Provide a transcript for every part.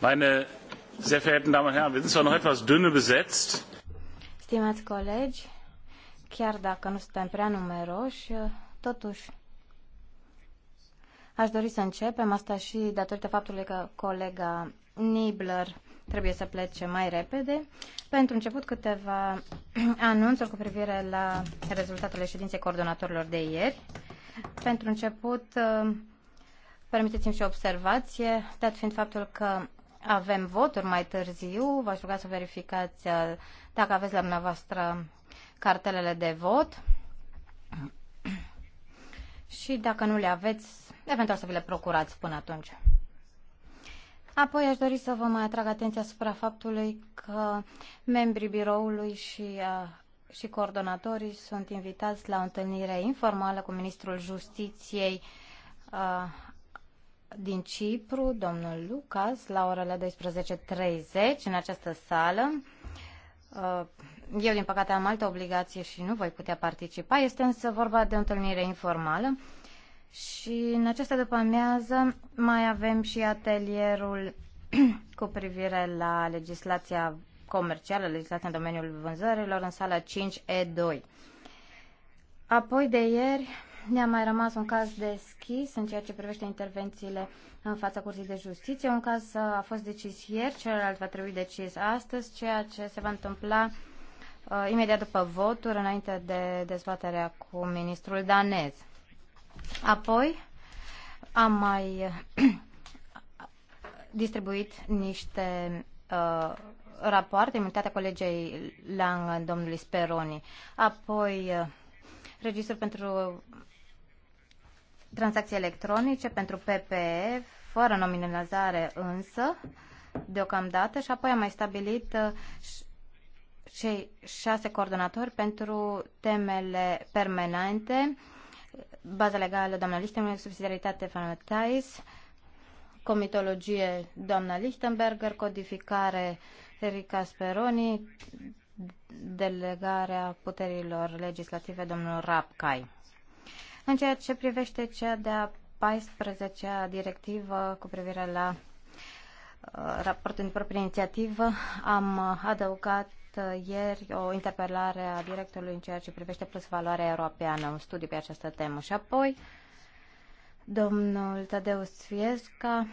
Meine sehr verehrten Damen und Herren, wir sind zwar noch etwas dünne besetzt. Stimați colegi, chiar dacă nu suntem prea numeroși, totuși aș dori să începem asta și datorită faptului că colega Nibler trebuie să plece mai repede. Pentru început câteva anunțuri cu privire la rezultatele ședinței coordonatorilor de ieri. Pentru început, uh, permiteți-mi și o observație, dat fiind faptul că avem voturi mai târziu. V-aș ruga să verificați uh, dacă aveți la dumneavoastră cartelele de vot. Și dacă nu le aveți, eventual să vi le procurați până atunci. Apoi aș dori să vă mai atrag atenția asupra faptului că membrii biroului și, uh, și coordonatorii sunt invitați la o întâlnire informală cu Ministrul Justiției uh, din Cipru, domnul Lucas, la orele 12.30 în această sală. Uh, eu, din păcate, am altă obligație și nu voi putea participa. Este însă vorba de o întâlnire informală și în această după-amiază mai avem și atelierul cu privire la legislația comercială, legislația în domeniul vânzărilor, în sala 5E2. Apoi de ieri ne-a mai rămas un caz deschis în ceea ce privește intervențiile în fața Curții de Justiție. Un caz uh, a fost decis ieri, celălalt va trebui decis astăzi, ceea ce se va întâmpla uh, imediat după voturi, înainte de dezbaterea cu ministrul danez. Apoi am mai uh, distribuit niște uh, rapoarte, imunitatea colegei Lang, domnului Speroni. Apoi, uh, registrul pentru tranzacții electronice pentru PPE, fără nominalizare însă, deocamdată, și apoi am mai stabilit uh, cei șase coordonatori pentru temele permanente, baza legală doamna Lichtenberg, subsidiaritate fanatais, comitologie doamna Lichtenberger, codificare Erika Speroni, delegarea puterilor legislative domnul Rapcai. În ceea ce privește cea de-a 14-a directivă cu privire la uh, raportul din proprie inițiativă, am adăugat uh, ieri o interpelare a directorului în ceea ce privește plus valoarea europeană, un studiu pe această temă. Și apoi, domnul Tadeusz Fiesca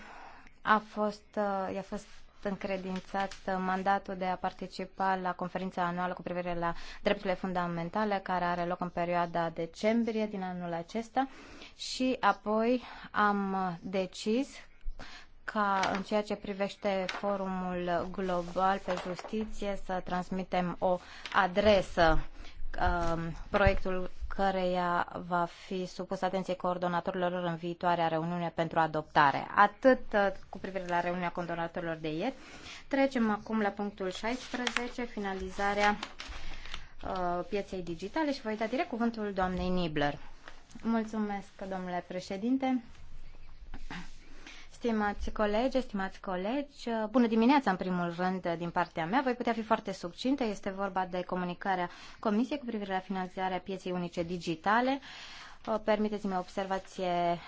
a fost, uh, i-a fost încredințat mandatul de a participa la conferința anuală cu privire la drepturile fundamentale, care are loc în perioada decembrie din anul acesta și apoi am decis ca în ceea ce privește forumul global pe justiție să transmitem o adresă um, proiectul căreia va fi supus atenție coordonatorilor în viitoarea reuniune pentru adoptare. Atât uh, cu privire la reuniunea coordonatorilor de ieri. Trecem acum la punctul 16, finalizarea uh, pieței digitale și voi da direct cuvântul doamnei Nibler. Mulțumesc, domnule președinte. Stimați colegi, stimați colegi, bună dimineața în primul rând din partea mea. Voi putea fi foarte succintă. Este vorba de comunicarea Comisiei cu privire la finanțarea pieței unice digitale. Uh, permiteți-mi o observație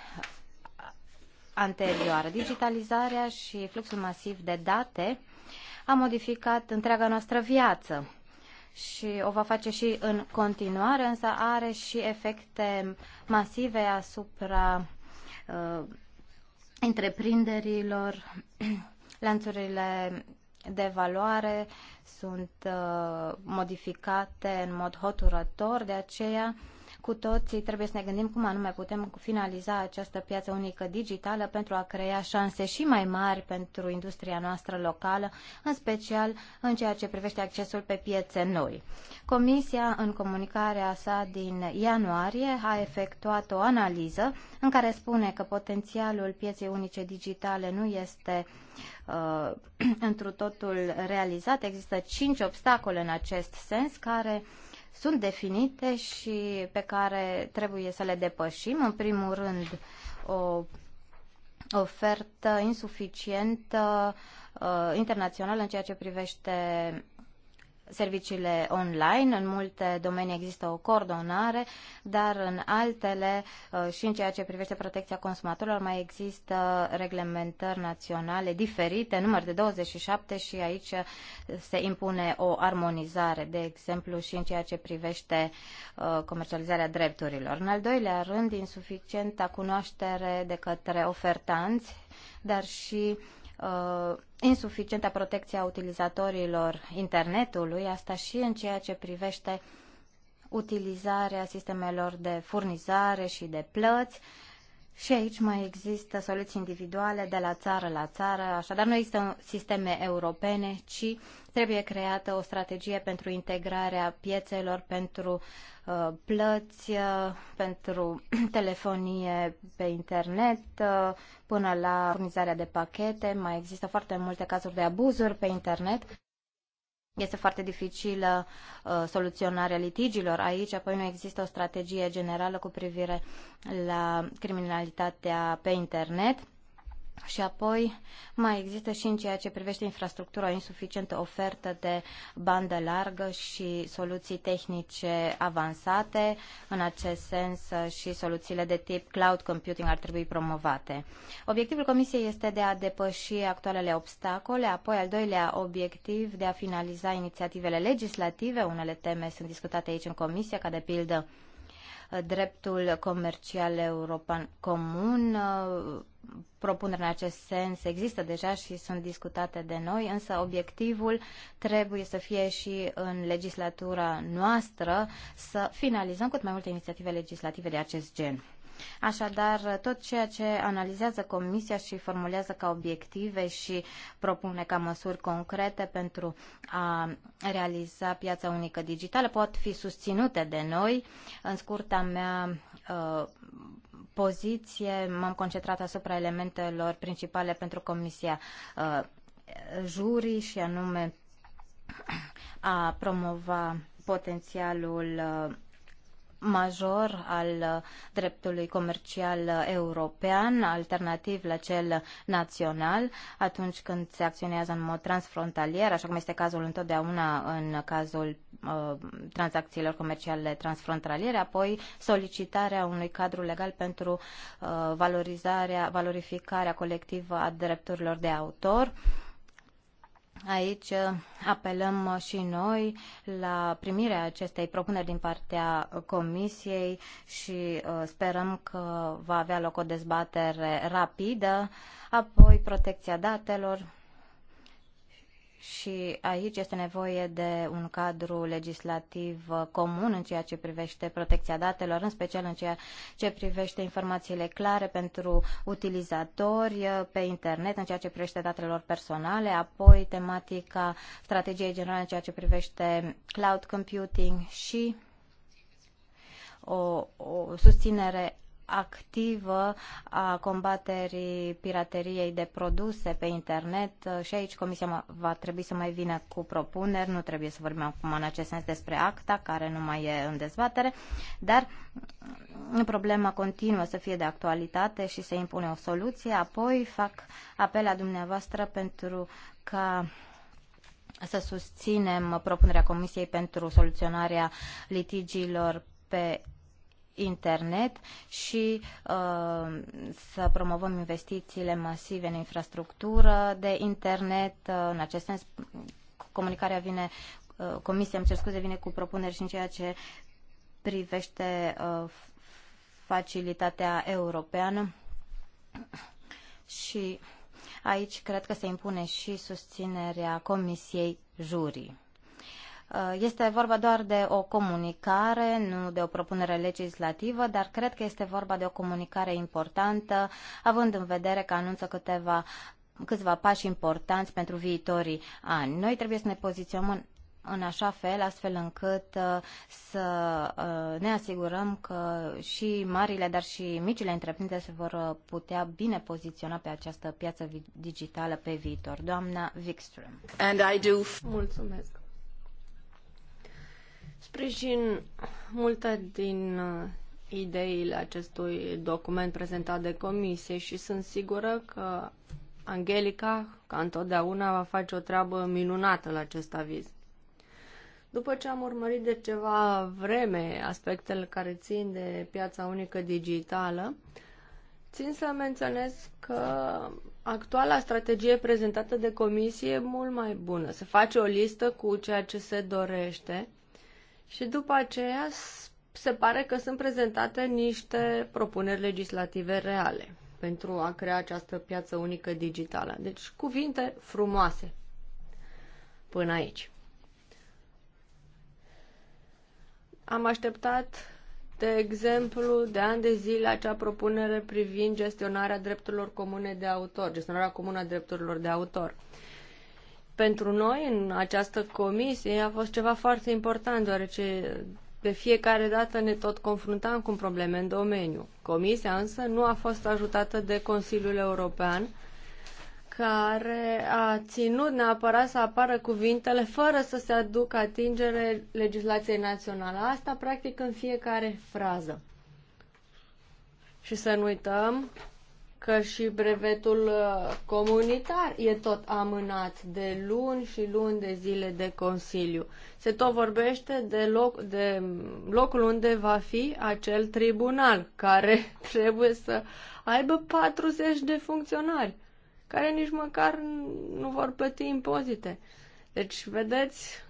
anterioară. Digitalizarea și fluxul masiv de date a modificat întreaga noastră viață și o va face și în continuare, însă are și efecte masive asupra uh, întreprinderilor, lanțurile de valoare sunt uh, modificate în mod hotărător, de aceea cu toții trebuie să ne gândim cum anume putem finaliza această piață unică digitală pentru a crea șanse și mai mari pentru industria noastră locală, în special în ceea ce privește accesul pe piețe noi. Comisia, în comunicarea sa din ianuarie, a efectuat o analiză în care spune că potențialul pieței unice digitale nu este uh, întru totul realizat. Există cinci obstacole în acest sens care uh, sunt definite și pe care trebuie să le depășim. În primul rând, o ofertă insuficientă uh, internațională în ceea ce privește serviciile online. În multe domenii există o coordonare, dar în altele uh, și în ceea ce privește protecția consumatorilor mai există reglementări naționale diferite, număr de 27 și aici se impune o armonizare, de exemplu și în ceea ce privește uh, comercializarea drepturilor. În al doilea rând, insuficienta cunoaștere de către ofertanți, dar și uh, uh, insuficientă a utilizatorilor internetului, asta și în ceea ce privește utilizarea sistemelor de furnizare și de plăți, uh, și aici mai există soluții individuale de la țară la țară, așadar nu există sisteme europene, ci trebuie creată o strategie pentru integrarea piețelor, pentru uh, plăți, uh, pentru telefonie pe internet, uh, până la furnizarea de pachete. Mai există foarte multe cazuri de abuzuri pe internet. Este foarte dificilă uh, soluționarea litigiilor aici, apoi nu există o strategie generală cu privire la criminalitatea pe internet. Și apoi mai există și în ceea ce privește infrastructura insuficientă ofertă de bandă largă și soluții tehnice avansate. În acest sens și soluțiile de tip cloud computing ar trebui promovate. Obiectivul Comisiei este de a depăși actualele obstacole, apoi al doilea obiectiv de a finaliza inițiativele legislative. Unele teme sunt discutate aici în Comisie, ca de pildă dreptul comercial european comun. Uh, propuneri în acest sens există deja și sunt discutate de noi, însă obiectivul trebuie să fie și în legislatura noastră să finalizăm cât mai multe inițiative legislative de acest gen. Așadar, tot ceea ce analizează Comisia și formulează ca obiective și propune ca măsuri concrete pentru a realiza piața unică digitală pot fi susținute de noi. În scurta mea uh, poziție m-am concentrat asupra elementelor principale pentru Comisia uh, jurii și anume a promova potențialul uh, major al uh, dreptului comercial uh, european, alternativ la cel național, atunci când se acționează în mod transfrontalier, așa cum este cazul întotdeauna în cazul uh, tranzacțiilor comerciale transfrontaliere, apoi solicitarea unui cadru legal pentru uh, valorizarea, valorificarea colectivă a drepturilor de autor. Uh, Aici uh, apelăm uh, și noi la primirea acestei propuneri din partea Comisiei și uh, sperăm că va avea loc o dezbatere rapidă, apoi protecția datelor, și aici este nevoie de un cadru legislativ uh, comun în ceea ce privește protecția datelor, în special în ceea ce privește informațiile clare pentru utilizatori uh, pe internet, în ceea ce privește datelor personale, apoi tematica strategiei generale în ceea ce privește cloud computing și o, o susținere activă a combaterii pirateriei de produse pe internet și aici Comisia va trebui să mai vină cu propuneri, nu trebuie să vorbim acum în acest sens despre acta, care nu mai e în dezbatere, dar problema continuă să fie de actualitate și să impune o soluție, apoi fac apel la dumneavoastră pentru ca să susținem propunerea Comisiei pentru soluționarea litigiilor pe internet și uh, să promovăm investițiile masive în infrastructură de internet. Uh, în acest sens, comunicarea vine, uh, comisia, îmi cer scuze, vine cu propuneri și în ceea ce privește uh, facilitatea europeană și aici cred că se impune și susținerea comisiei jurii. Uh, este vorba doar de o comunicare, nu de o propunere legislativă, dar cred că este vorba de o comunicare importantă, având în vedere că anunță câteva, câțiva pași importanți pentru viitorii ani. Noi trebuie să ne poziționăm în, în așa fel, astfel încât uh, să uh, ne asigurăm că și marile, dar și micile întreprinderi se vor putea bine poziționa pe această piață digitală pe viitor. Doamna Wikström. And I do. Mulțumesc. Sprijin multe din uh, ideile acestui document prezentat de comisie și sunt sigură că Angelica, ca întotdeauna, va face o treabă minunată la acest aviz. După ce am urmărit de ceva vreme aspectele care țin de piața unică digitală, țin să menționez că actuala strategie prezentată de comisie e mult mai bună. Se face o listă cu ceea ce se dorește și după aceea se pare că sunt prezentate niște propuneri legislative reale pentru a crea această piață unică digitală. Deci cuvinte frumoase până aici. Am așteptat, de exemplu, de ani de zile acea propunere privind gestionarea drepturilor comune de autor, gestionarea comună a drepturilor de autor. Uh, pentru noi, în această comisie, a fost ceva foarte important, deoarece de fiecare dată ne tot confruntam cu probleme în domeniu. Comisia însă nu a fost ajutată de Consiliul European, care a ținut neapărat să apară cuvintele fără să se aducă atingere legislației naționale. Asta practic în fiecare frază. Și să nu uităm că și brevetul uh, comunitar e tot amânat de luni și luni de zile de Consiliu. Se tot vorbește de, loc, de locul unde va fi acel tribunal, care trebuie să aibă 40 de funcționari, care nici măcar nu vor plăti impozite. Deci, vedeți,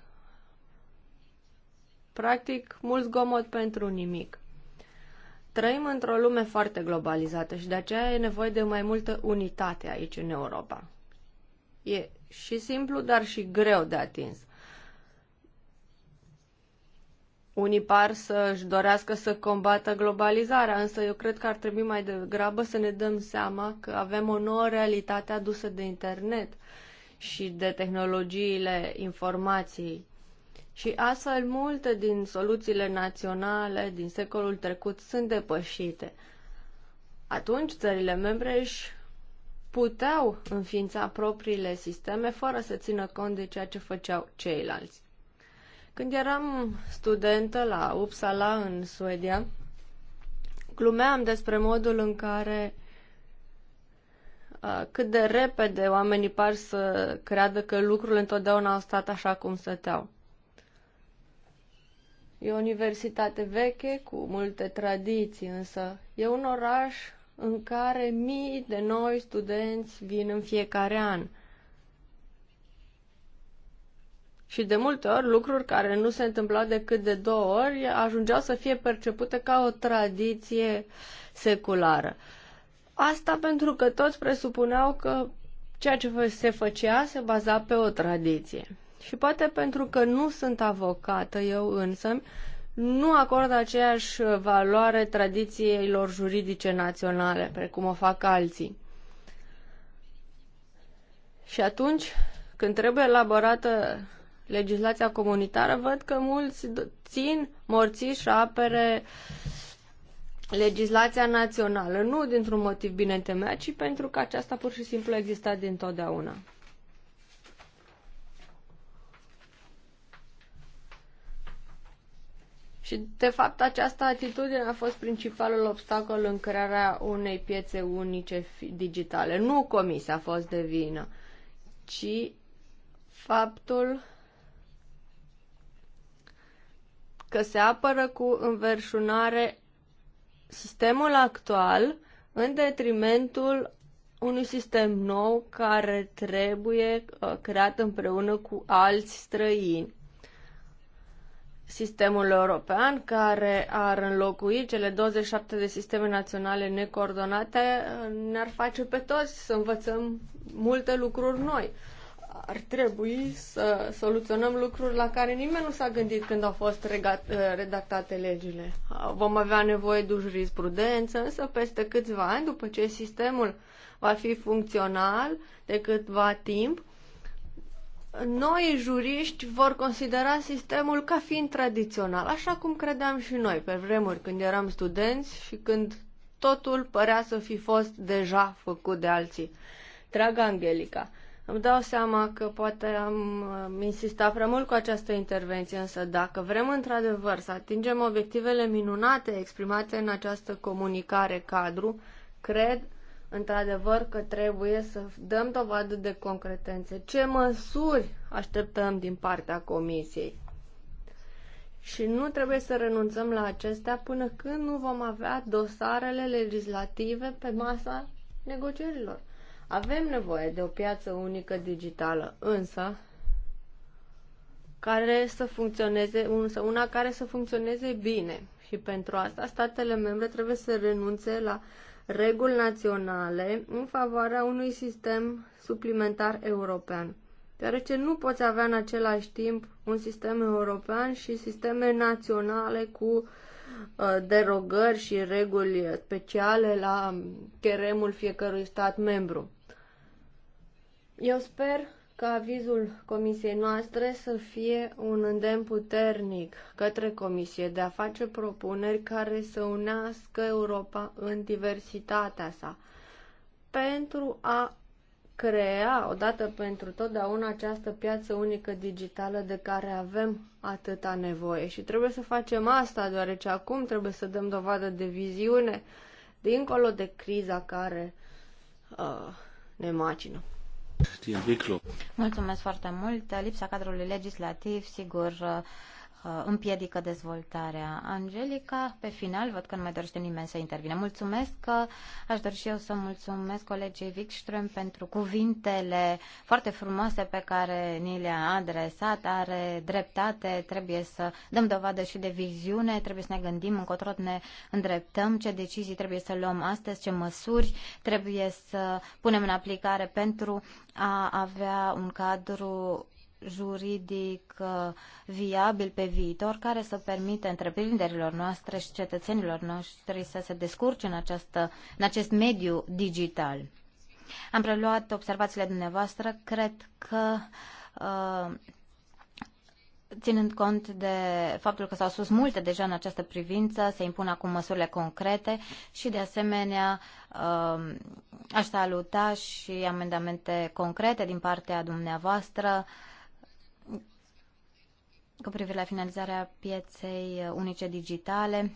practic, mult zgomot pentru nimic. Trăim într-o lume foarte globalizată și de aceea e nevoie de mai multă unitate aici în Europa. E și simplu, dar și greu de atins. Unii par să își dorească să combată globalizarea, însă eu cred că ar trebui mai degrabă să ne dăm seama că avem o nouă realitate adusă de internet și de tehnologiile informației și astfel multe din soluțiile naționale din secolul trecut sunt depășite. Atunci țările membre își puteau înființa propriile sisteme fără să țină cont de ceea ce făceau ceilalți. Când eram studentă la Uppsala, în Suedia, glumeam despre modul în care cât de repede oamenii par să creadă că lucrurile întotdeauna au stat așa cum stăteau. E o universitate veche cu multe tradiții, însă e un oraș în care mii de noi studenți vin în fiecare an. Și de multe ori lucruri care nu se întâmplau decât de două ori ajungeau să fie percepute ca o tradiție seculară. Asta pentru că toți presupuneau că ceea ce se făcea se baza pe o tradiție. Și poate pentru că nu sunt avocată eu însă, nu acord aceeași valoare tradițiilor juridice naționale, precum o fac alții. Și atunci, când trebuie elaborată legislația comunitară, văd că mulți țin morții și apere legislația națională, nu dintr-un motiv bine temea, ci pentru că aceasta pur și simplu a existat dintotdeauna. Și, de fapt, această atitudine a fost principalul obstacol în crearea unei piețe unice digitale. Nu comisia a fost de vină, ci faptul că se apără cu înverșunare sistemul actual în detrimentul unui sistem nou care trebuie uh, creat împreună cu alți străini sistemul european care ar înlocui cele 27 de sisteme naționale necoordonate ne-ar face pe toți să învățăm multe lucruri noi. Ar trebui să soluționăm lucruri la care nimeni nu s-a gândit când au fost eh, redactate legile. Vom avea nevoie de jurisprudență, însă peste câțiva ani, după ce sistemul va fi funcțional, de câtva timp, noi juriști vor considera sistemul ca fiind tradițional, așa cum credeam și noi pe vremuri când eram studenți și când totul părea să fi fost deja făcut de alții. Dragă Angelica, îmi dau seama că poate am insistat prea mult cu această intervenție, însă dacă vrem într-adevăr să atingem obiectivele minunate exprimate în această comunicare cadru, cred într-adevăr că trebuie să dăm dovadă de concretențe. Ce măsuri așteptăm din partea Comisiei? Și nu trebuie să renunțăm la acestea până când nu vom avea dosarele legislative pe masa negocierilor. Avem nevoie de o piață unică digitală, însă care să funcționeze, însă una care să funcționeze bine. Și pentru asta statele membre trebuie să renunțe la reguli naționale în favoarea unui sistem suplimentar european, deoarece nu poți avea în același timp un sistem european și sisteme naționale cu uh, derogări și reguli speciale la cheremul fiecărui stat membru. Eu sper ca avizul comisiei noastre să fie un îndemn puternic către comisie de a face propuneri care să unească Europa în diversitatea sa pentru a crea odată pentru totdeauna această piață unică digitală de care avem atâta nevoie. Și trebuie să facem asta, deoarece acum trebuie să dăm dovadă de viziune dincolo de criza care uh, ne macină. Mulțumesc foarte mult. Lipsa cadrului legislativ, sigur, Uh, împiedică dezvoltarea. Angelica, pe final, văd că nu mai dorește nimeni să intervine. Mulțumesc că aș dori și eu să mulțumesc colegii Wikström pentru cuvintele foarte frumoase pe care ni le-a adresat. Are dreptate, trebuie să dăm dovadă și de viziune, trebuie să ne gândim încotro ne îndreptăm, ce decizii trebuie să luăm astăzi, ce măsuri trebuie să punem în aplicare pentru a avea un cadru juridic uh, viabil pe viitor care să permite întreprinderilor noastre și cetățenilor noștri să se descurce în, această, în acest mediu digital. Am preluat observațiile dumneavoastră. Cred că uh, Ținând cont de faptul că s-au spus multe deja în această privință, se impun acum măsurile concrete și, de asemenea, uh, aș saluta și amendamente concrete din partea dumneavoastră cu privire la finalizarea pieței unice digitale.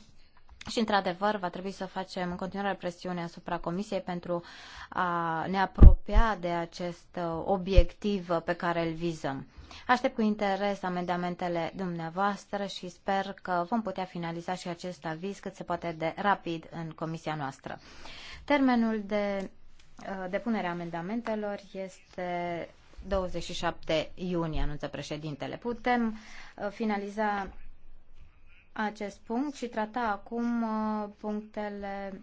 Și, într-adevăr, va trebui să facem în continuare presiune asupra Comisiei pentru a ne apropia de acest uh, obiectiv pe care îl vizăm. Aștept cu interes amendamentele dumneavoastră și sper că vom putea finaliza și acest aviz cât se poate de rapid în Comisia noastră. Termenul de uh, depunere a amendamentelor este 27 iunie, anunță președintele. Putem uh, finaliza acest punct și trata acum uh, punctele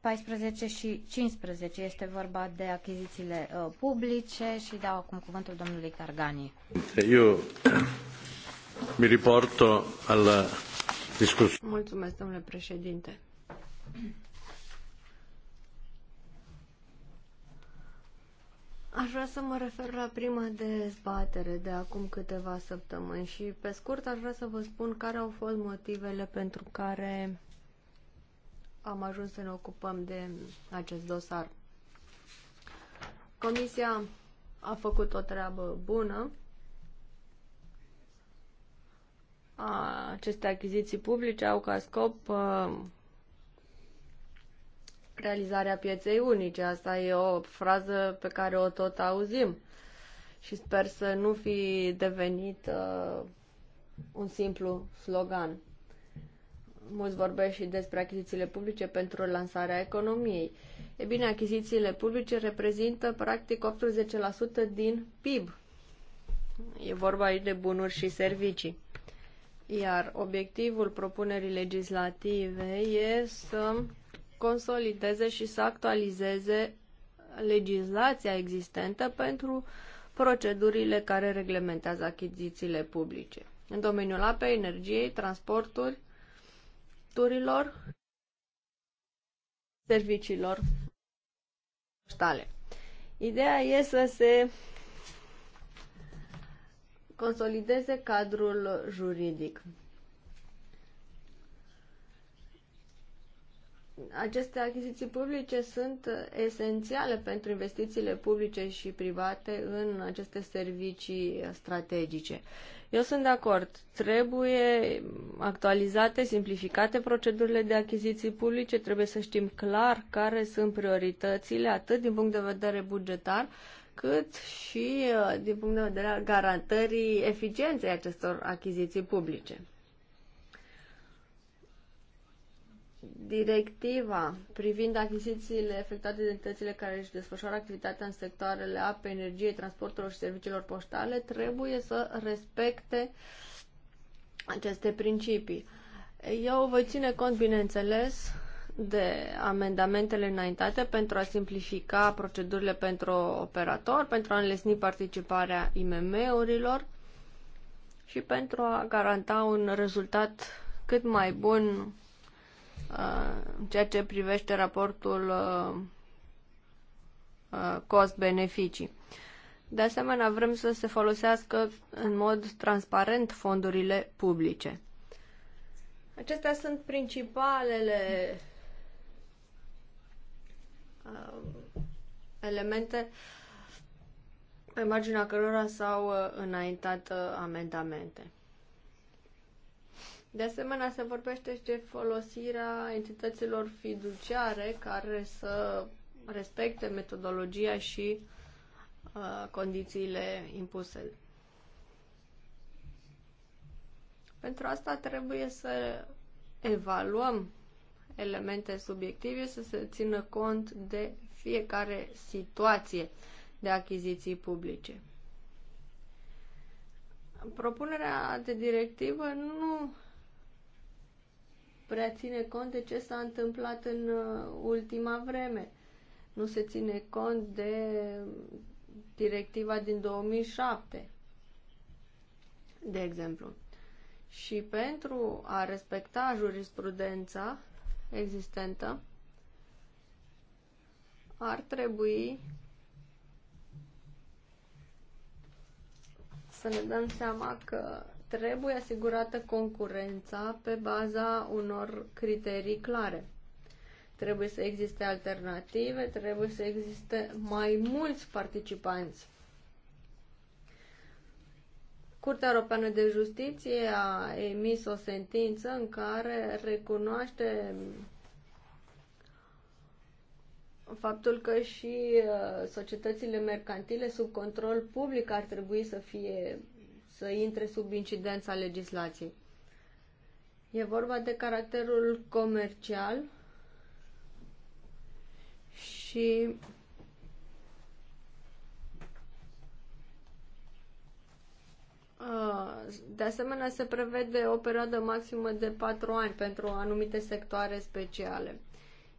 14 și 15. Este vorba de achizițiile uh, publice și dau acum cuvântul domnului Cargani. Eu mi riporto al discurs. Mulțumesc, domnule președinte. Aș vrea să mă refer la prima dezbatere de acum câteva săptămâni și pe scurt aș vrea să vă spun care au fost motivele pentru care am ajuns să ne ocupăm de acest dosar. Comisia a făcut o treabă bună. Aceste achiziții publice au ca scop uh, realizarea pieței unice. Asta e o frază pe care o tot auzim și sper să nu fi devenit uh, un simplu slogan. Mulți vorbesc și despre achizițiile publice pentru lansarea economiei. E bine, achizițiile publice reprezintă practic 18% din PIB. E vorba aici de bunuri și servicii. Iar obiectivul propunerii legislative e să consolideze și să actualizeze legislația existentă pentru procedurile care reglementează achizițiile publice în domeniul apei, energiei, transporturi, turilor, serviciilor poștale. Ideea e să se consolideze cadrul juridic. Aceste achiziții publice sunt esențiale pentru investițiile publice și private în aceste servicii strategice. Eu sunt de acord. Trebuie actualizate, simplificate procedurile de achiziții publice, trebuie să știm clar care sunt prioritățile, atât din punct de vedere bugetar, cât și uh, din punct de vedere al garantării eficienței acestor achiziții publice. Directiva privind achizițiile efectuate de entitățile care își desfășoară activitatea în sectoarele apă, energie, transporturilor și serviciilor poștale trebuie să respecte aceste principii. Eu voi ține cont, bineînțeles, de amendamentele înaintate pentru a simplifica procedurile pentru operator, pentru a înlesni participarea IMM-urilor și pentru a garanta un rezultat cât mai bun în ceea ce privește raportul uh, uh, cost-beneficii. De asemenea, vrem să se folosească în mod transparent fondurile publice. Acestea sunt principalele uh, elemente pe marginea cărora s-au înaintat amendamente. De asemenea, se vorbește și de folosirea entităților fiduciare care să respecte metodologia și uh, condițiile impuse. Pentru asta trebuie să evaluăm elemente subiective, să se țină cont de fiecare situație de achiziții publice. Propunerea de directivă nu prea ține cont de ce s-a întâmplat în uh, ultima vreme. Nu se ține cont de directiva din 2007, de exemplu. Și pentru a respecta jurisprudența existentă, ar trebui să ne dăm seama că trebuie asigurată concurența pe baza unor criterii clare. Trebuie să existe alternative, trebuie să existe mai mulți participanți. Curtea Europeană de Justiție a emis o sentință în care recunoaște faptul că și uh, societățile mercantile sub control public ar trebui să fie să intre sub incidența legislației. E vorba de caracterul comercial și De asemenea, se prevede o perioadă maximă de 4 ani pentru anumite sectoare speciale.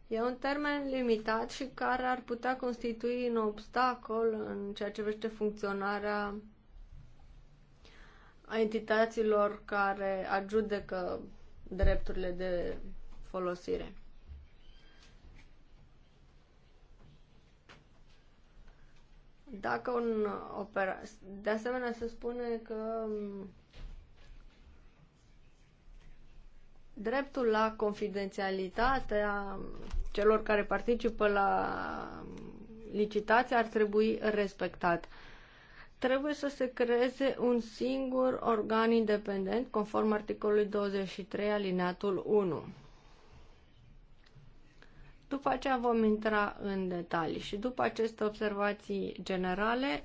E un termen limitat și care ar putea constitui un obstacol în ceea ce vește funcționarea a entităților care adjudecă drepturile de folosire. Dacă un opera... De asemenea, se spune că um, dreptul la a celor care participă la um, licitație ar trebui respectat. Uh, trebuie să se creeze un singur organ independent, conform articolului 23 alineatul 1. După aceea vom intra în detalii și după aceste observații generale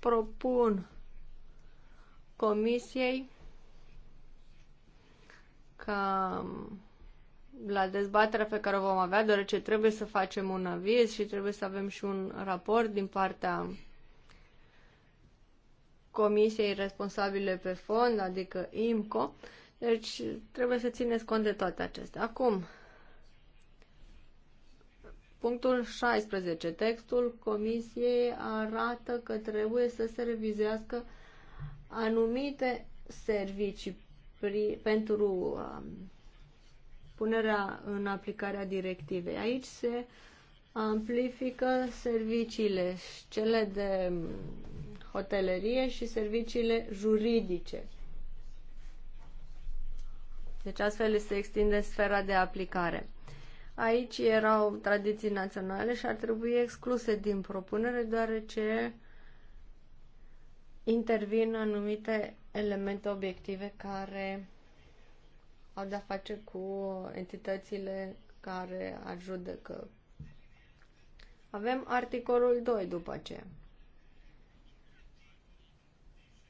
propun comisiei ca la dezbaterea pe care o vom avea, deoarece trebuie să facem un aviz și trebuie să avem și un raport din partea comisiei responsabile pe fond, adică IMCO. Deci trebuie să țineți cont de toate acestea. Acum, punctul 16. Textul comisiei arată că trebuie să se revizească anumite servicii pri, pentru um, punerea în aplicare a directivei. Aici se amplifică serviciile, cele de hotelerie și serviciile juridice. Deci astfel se extinde sfera de aplicare. Aici erau tradiții naționale și ar trebui excluse din propunere, deoarece intervin anumite elemente obiective care au de-a face cu entitățile care că Avem articolul 2 după aceea.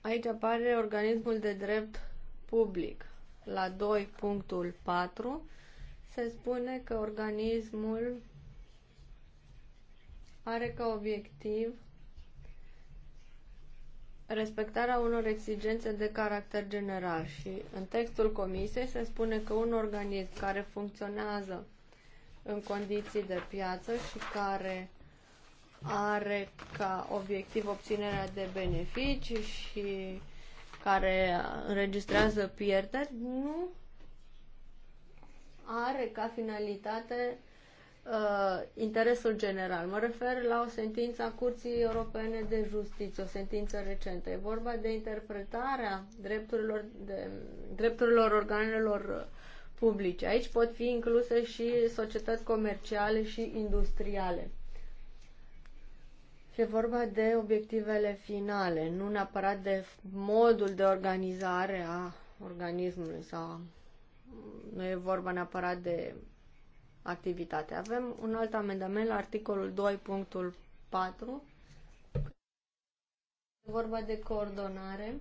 Aici apare organismul de drept public. La 2.4 se spune că organismul are ca obiectiv respectarea unor exigențe de caracter general și în textul comisiei se spune că un organism care funcționează în condiții de piață și care are ca obiectiv obținerea de beneficii și care înregistrează pierderi, nu are ca finalitate uh, interesul general. Mă refer la o sentință a Curții Europene de Justiție, o sentință recentă. E vorba de interpretarea drepturilor, de, drepturilor organelor publice. Aici pot fi incluse și societăți comerciale și industriale. E vorba de obiectivele finale, nu neapărat de modul de organizare a organismului sau nu e vorba neapărat de activitate. Avem un alt amendament la articolul 2.4. E vorba de coordonare.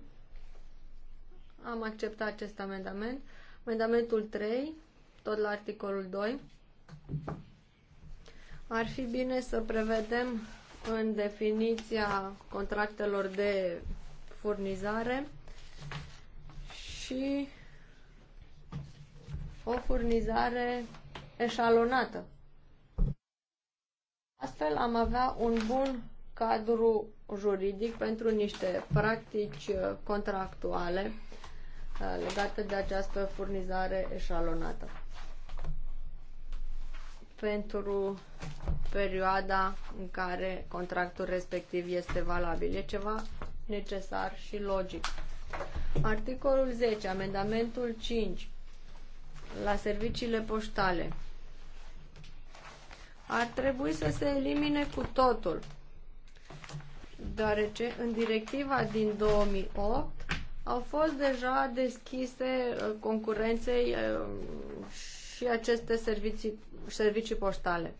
Am acceptat acest amendament. Amendamentul 3, tot la articolul 2. Ar fi bine să prevedem în definiția contractelor de furnizare și o furnizare eșalonată. Astfel am avea un bun cadru juridic pentru niște practici contractuale uh, legate de această furnizare eșalonată pentru perioada în care contractul respectiv este valabil. E ceva necesar și logic. Articolul 10, amendamentul 5 la serviciile poștale. Ar trebui să se elimine cu totul, deoarece în directiva din 2008 au fost deja deschise uh, concurenței uh, și aceste servicii, servicii poștale.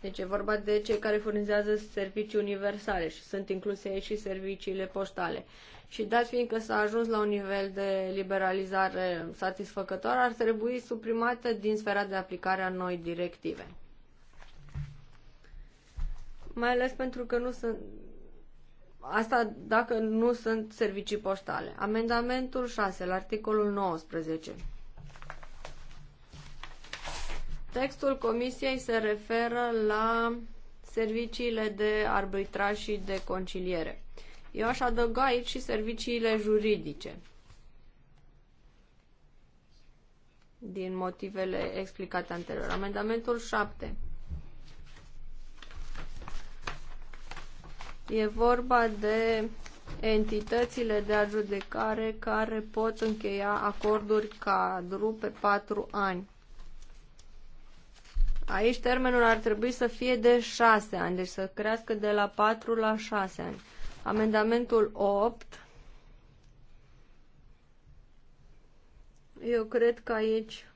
Deci e vorba de cei care furnizează servicii universale și sunt incluse aici și serviciile poștale. Și dat fiindcă s-a ajuns la un nivel de liberalizare satisfăcător, ar trebui suprimată din sfera de aplicare a noi directive. Mai ales pentru că nu sunt... Asta dacă nu sunt servicii poștale. Amendamentul 6, la articolul 19. Textul comisiei se referă la serviciile de arbitraj și de conciliere. Eu aș adăuga aici și serviciile juridice. Din motivele explicate anterior. Amendamentul 7. E vorba de entitățile de adjudecare care pot încheia acorduri cadru pe patru ani. Aici termenul ar trebui să fie de 6 ani, deci să crească de la 4 la 6 ani. Amendamentul 8. Eu cred că aici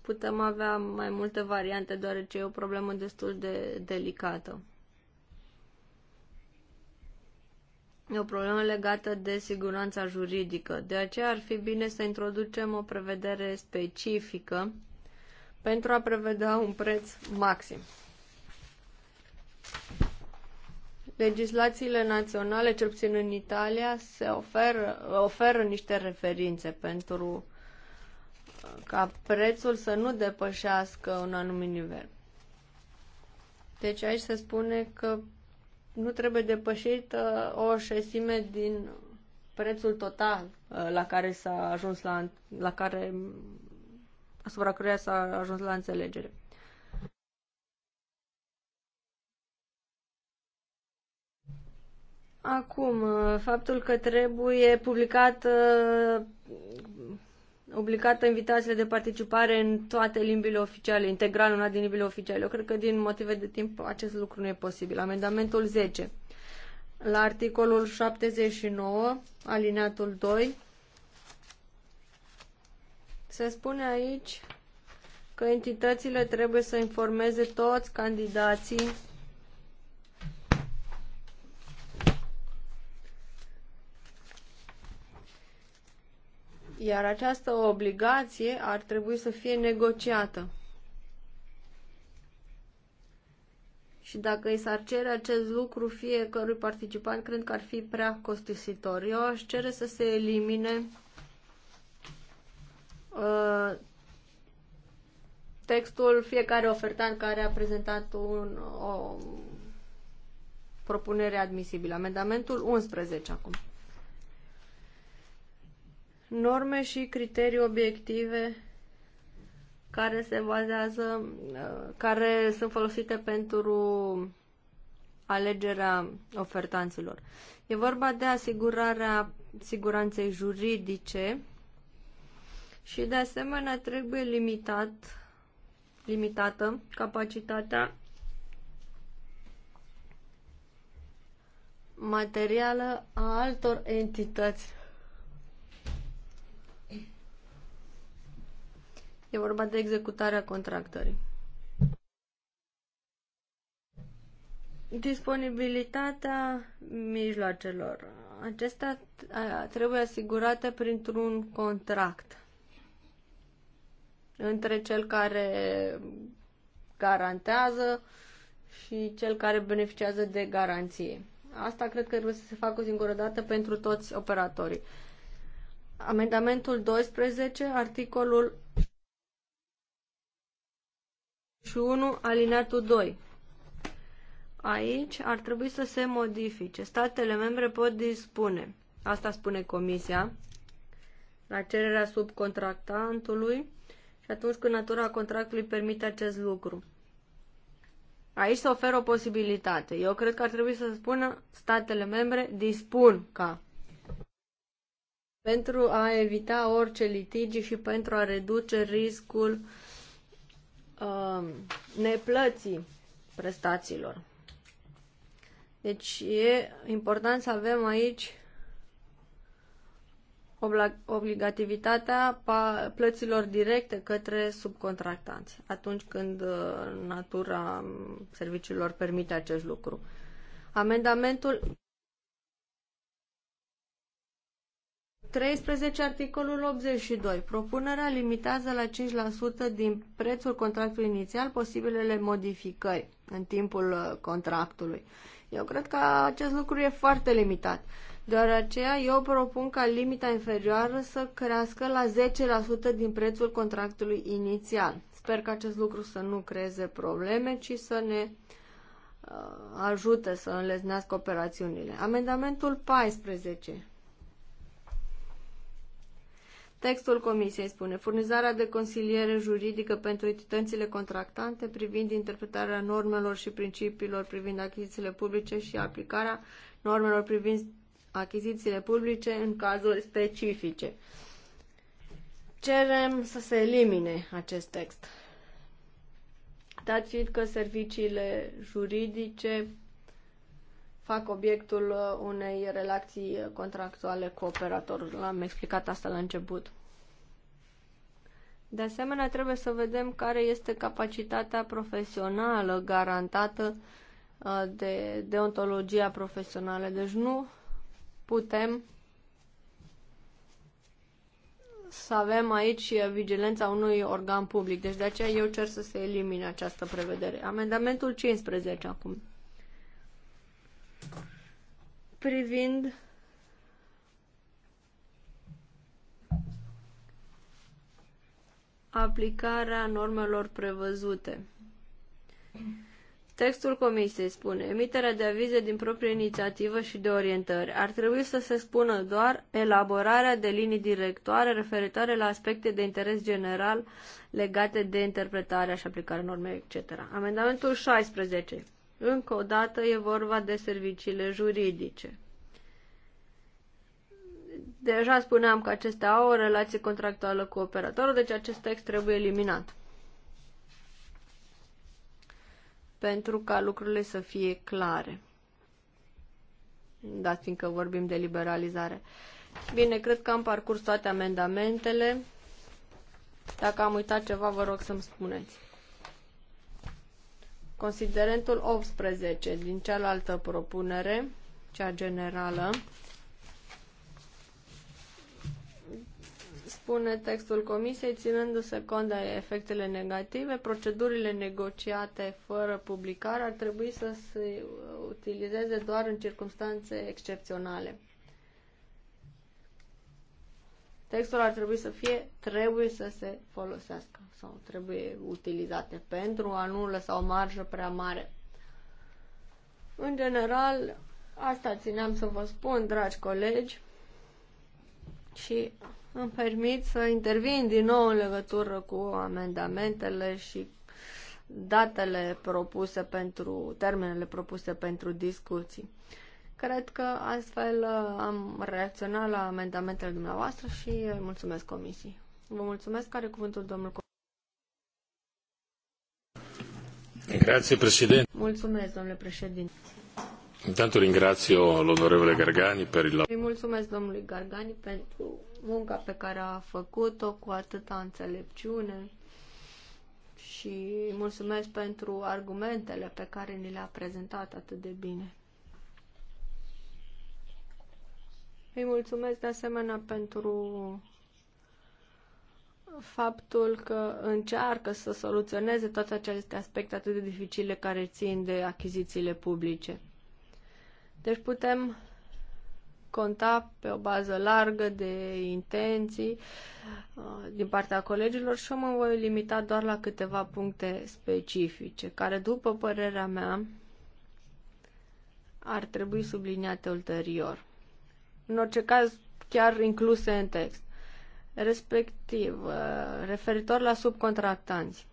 putem avea mai multe variante, deoarece e o problemă destul de delicată. E o problemă legată de siguranța juridică. De aceea ar fi bine să introducem o prevedere specifică pentru a prevedea un preț maxim. Legislațiile naționale, cel puțin în Italia, se oferă, oferă niște referințe pentru uh, ca prețul să nu depășească un anumit nivel. Deci aici se spune că nu trebuie depășit o șesime din prețul total uh, la care s-a ajuns la, la care asupra căruia s-a ajuns la înțelegere. Acum, faptul că trebuie publicat uh, obligată invitațiile de participare în toate limbile oficiale, integral una din limbile oficiale. Eu cred că din motive de timp acest lucru nu e posibil. Amendamentul 10. La articolul 79, alineatul 2, se spune aici că entitățile trebuie să informeze toți candidații iar această obligație ar trebui să fie negociată. Și dacă îi s-ar cere acest lucru fiecărui participant, cred că ar fi prea costisitor. Eu aș cere să se elimine Uh, textul fiecare ofertant care a prezentat un, o propunere admisibilă. Amendamentul 11 acum. Norme și criterii obiective care se bazează, uh, care sunt folosite pentru alegerea ofertanților. E vorba de asigurarea siguranței juridice și de asemenea trebuie limitat, limitată capacitatea materială a altor entități. E vorba de executarea contractării. Disponibilitatea mijloacelor. Acestea trebuie asigurată printr-un contract între cel care garantează și cel care beneficiază de garanție. Asta cred că trebuie să se facă o singură dată pentru toți operatorii. Amendamentul 12, articolul 1, alineatul 2. Aici ar trebui să se modifice. Statele membre pot dispune, asta spune Comisia, la cererea subcontractantului, atunci când natura contractului permite acest lucru. Aici se oferă o posibilitate. Eu cred că ar trebui să spună statele membre dispun ca pentru a evita orice litigi și pentru a reduce riscul uh, neplății prestațiilor. Deci e important să avem aici obligativitatea plăților directe către subcontractanți, atunci când uh, natura um, serviciilor permite acest lucru. Amendamentul 13, articolul 82. Propunerea limitează la 5% din prețul contractului inițial posibilele modificări în timpul uh, contractului. Eu cred că acest lucru e foarte limitat. Uh, doar aceea eu propun ca limita inferioară să crească la 10% din prețul contractului inițial. Sper că acest lucru să nu creeze probleme, ci să ne uh, ajute să înleznească operațiunile. Amendamentul 14. Textul comisiei spune furnizarea de consiliere juridică pentru entitățile contractante privind interpretarea normelor și principiilor privind achizițiile publice și aplicarea normelor privind achizițiile publice în cazuri specifice. Cerem să se elimine acest text. Dat fiind că serviciile juridice fac obiectul unei relații contractuale cu operatorul. L-am explicat asta la început. De asemenea, trebuie să vedem care este capacitatea profesională garantată uh, de deontologia profesională. Deci nu putem să avem aici vigilența unui organ public. Deci de aceea eu cer să se elimine această prevedere. Amendamentul 15 acum. Privind aplicarea normelor prevăzute. Textul comisiei spune, emiterea de avize din proprie inițiativă și de orientări. Ar trebui să se spună doar elaborarea de linii directoare referitoare la aspecte de interes general legate de interpretarea și aplicarea normei, etc. Amendamentul 16. Încă o dată e vorba de serviciile juridice. Deja spuneam că acestea au o relație contractuală cu operatorul, deci acest text trebuie eliminat. pentru ca lucrurile să fie clare. Dat fiindcă vorbim de liberalizare. Bine, cred că am parcurs toate amendamentele. Dacă am uitat ceva, vă rog să-mi spuneți. Considerentul 18 din cealaltă propunere, cea generală, spune textul comisiei, ținându-se cont de efectele negative, procedurile negociate fără publicare ar trebui să se utilizeze doar în circunstanțe excepționale. Textul ar trebui să fie trebuie să se folosească sau trebuie utilizate pentru a nu lăsa o marjă prea mare. În general, asta țineam să vă spun, dragi colegi, și îmi permit să intervin din nou în legătură cu amendamentele și datele propuse pentru, termenele propuse pentru discuții. Cred că astfel uh, am reacționat la amendamentele dumneavoastră și mulțumesc comisii. Vă mulțumesc. Care cuvântul domnul Grazie, președinte. Mulțumesc, domnule președinte. Intanto ringrazio l'onorevole Gargani per il lavoro. Mulțumesc domnului Gargani pentru munca pe care a făcut-o cu atâta înțelepciune și mulțumesc pentru argumentele pe care ni le-a prezentat atât de bine. Îi mulțumesc de asemenea pentru faptul că încearcă să soluționeze toate aceste aspecte atât de dificile care țin de achizițiile publice. Deci putem conta pe o bază largă de intenții uh, din partea colegilor și eu mă voi limita doar la câteva puncte specifice, care, după părerea mea, ar trebui subliniate ulterior. În orice caz, chiar incluse în text. Respectiv, uh, referitor la subcontractanți.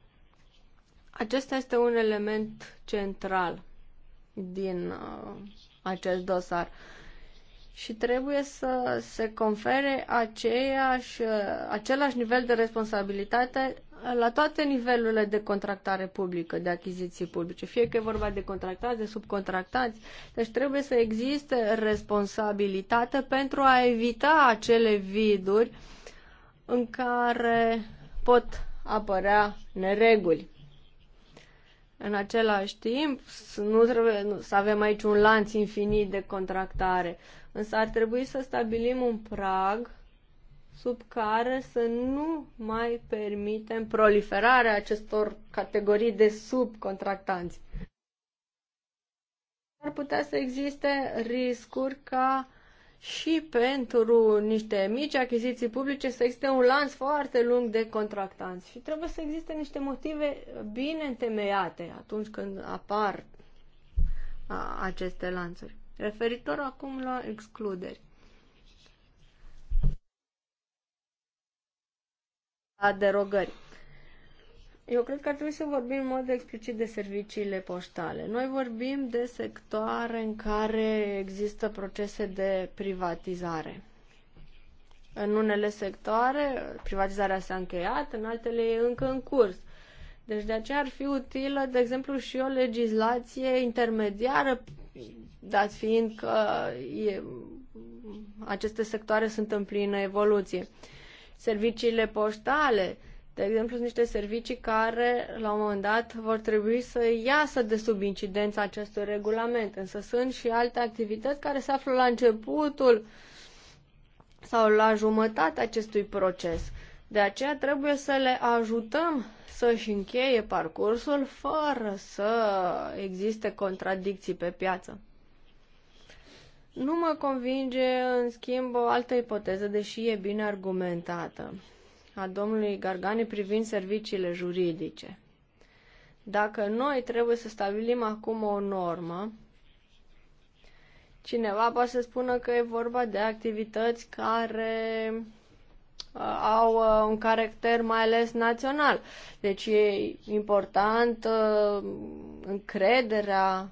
Acesta este un element central din uh, acest dosar. Uh, și trebuie să se confere aceeași, același nivel de responsabilitate la toate nivelurile de contractare publică, de achiziții publice, fie că e vorba de contractați, de subcontractați. Deci trebuie să existe responsabilitate pentru a evita acele viduri în care pot apărea nereguli. În același timp, nu trebuie nu, să avem aici un lanț infinit de contractare. Însă ar trebui să stabilim un prag sub care să nu mai permitem proliferarea acestor categorii de subcontractanți. Ar putea să existe riscuri ca și pentru niște mici achiziții publice să existe un lanț foarte lung de contractanți și trebuie să existe niște motive bine întemeiate atunci când apar aceste lanțuri. Referitor acum la excluderi. La derogări. Eu cred că ar trebui să vorbim în mod explicit de serviciile poștale. Noi vorbim de sectoare în care există procese de privatizare. În unele sectoare privatizarea s-a încheiat, în altele e încă în curs. Deci de aceea ar fi utilă, de exemplu, și o legislație intermediară dat fiind că e, aceste sectoare sunt în plină evoluție. Serviciile poștale, de exemplu, sunt niște servicii care, la un moment dat, vor trebui să iasă de sub incidența acestui regulament. Însă sunt și alte activități care se află la începutul sau la jumătatea acestui proces. De aceea trebuie să le ajutăm să-și încheie parcursul fără să existe contradicții pe piață. Nu mă convinge, în schimb, o altă ipoteză, deși e bine argumentată, a domnului Gargani privind serviciile juridice. Dacă noi trebuie să stabilim acum o normă, cineva poate să spună că e vorba de activități care Uh, au uh, un caracter mai ales național. Deci e important uh, încrederea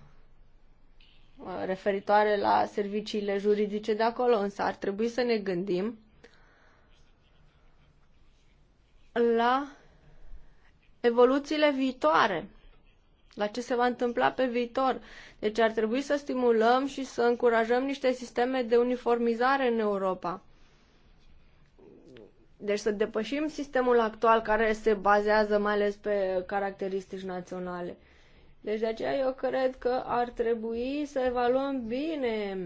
referitoare la serviciile juridice de acolo, însă ar trebui să ne gândim la evoluțiile viitoare, la ce se va întâmpla pe viitor. Deci ar trebui să stimulăm și să încurajăm niște sisteme de uniformizare în Europa. Deci să depășim sistemul actual care se bazează mai ales pe caracteristici naționale. Deci de aceea eu cred că ar trebui să evaluăm bine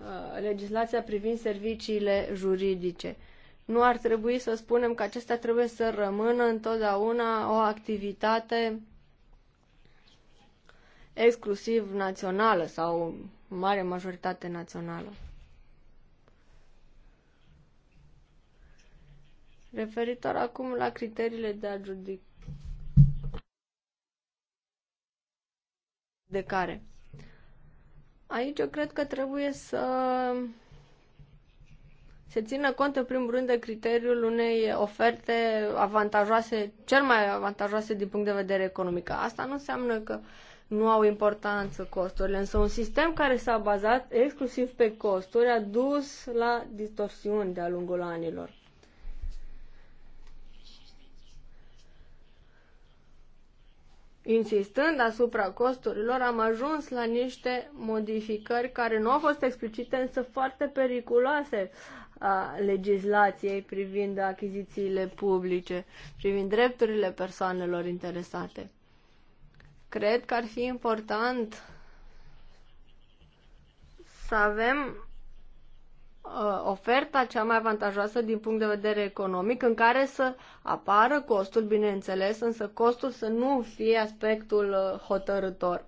uh, legislația privind serviciile juridice. Nu ar trebui să spunem că acestea trebuie să rămână întotdeauna o activitate exclusiv națională sau mare majoritate națională. Referitor acum la criteriile de adjudic. De care? Aici eu cred că trebuie să se țină cont în primul rând de criteriul unei oferte avantajoase, cel mai avantajoase din punct de vedere economic. Asta nu înseamnă că nu au importanță costurile, însă un sistem care s-a bazat exclusiv pe costuri a dus la distorsiuni de-a lungul anilor. Insistând asupra costurilor, am ajuns la niște modificări care nu au fost explicite, însă foarte periculoase a legislației privind achizițiile publice, privind drepturile persoanelor interesate. Cred că ar fi important să avem Uh, oferta cea mai avantajoasă din punct de vedere economic, în care să apară costul, bineînțeles, însă costul să nu fie aspectul uh, hotărător.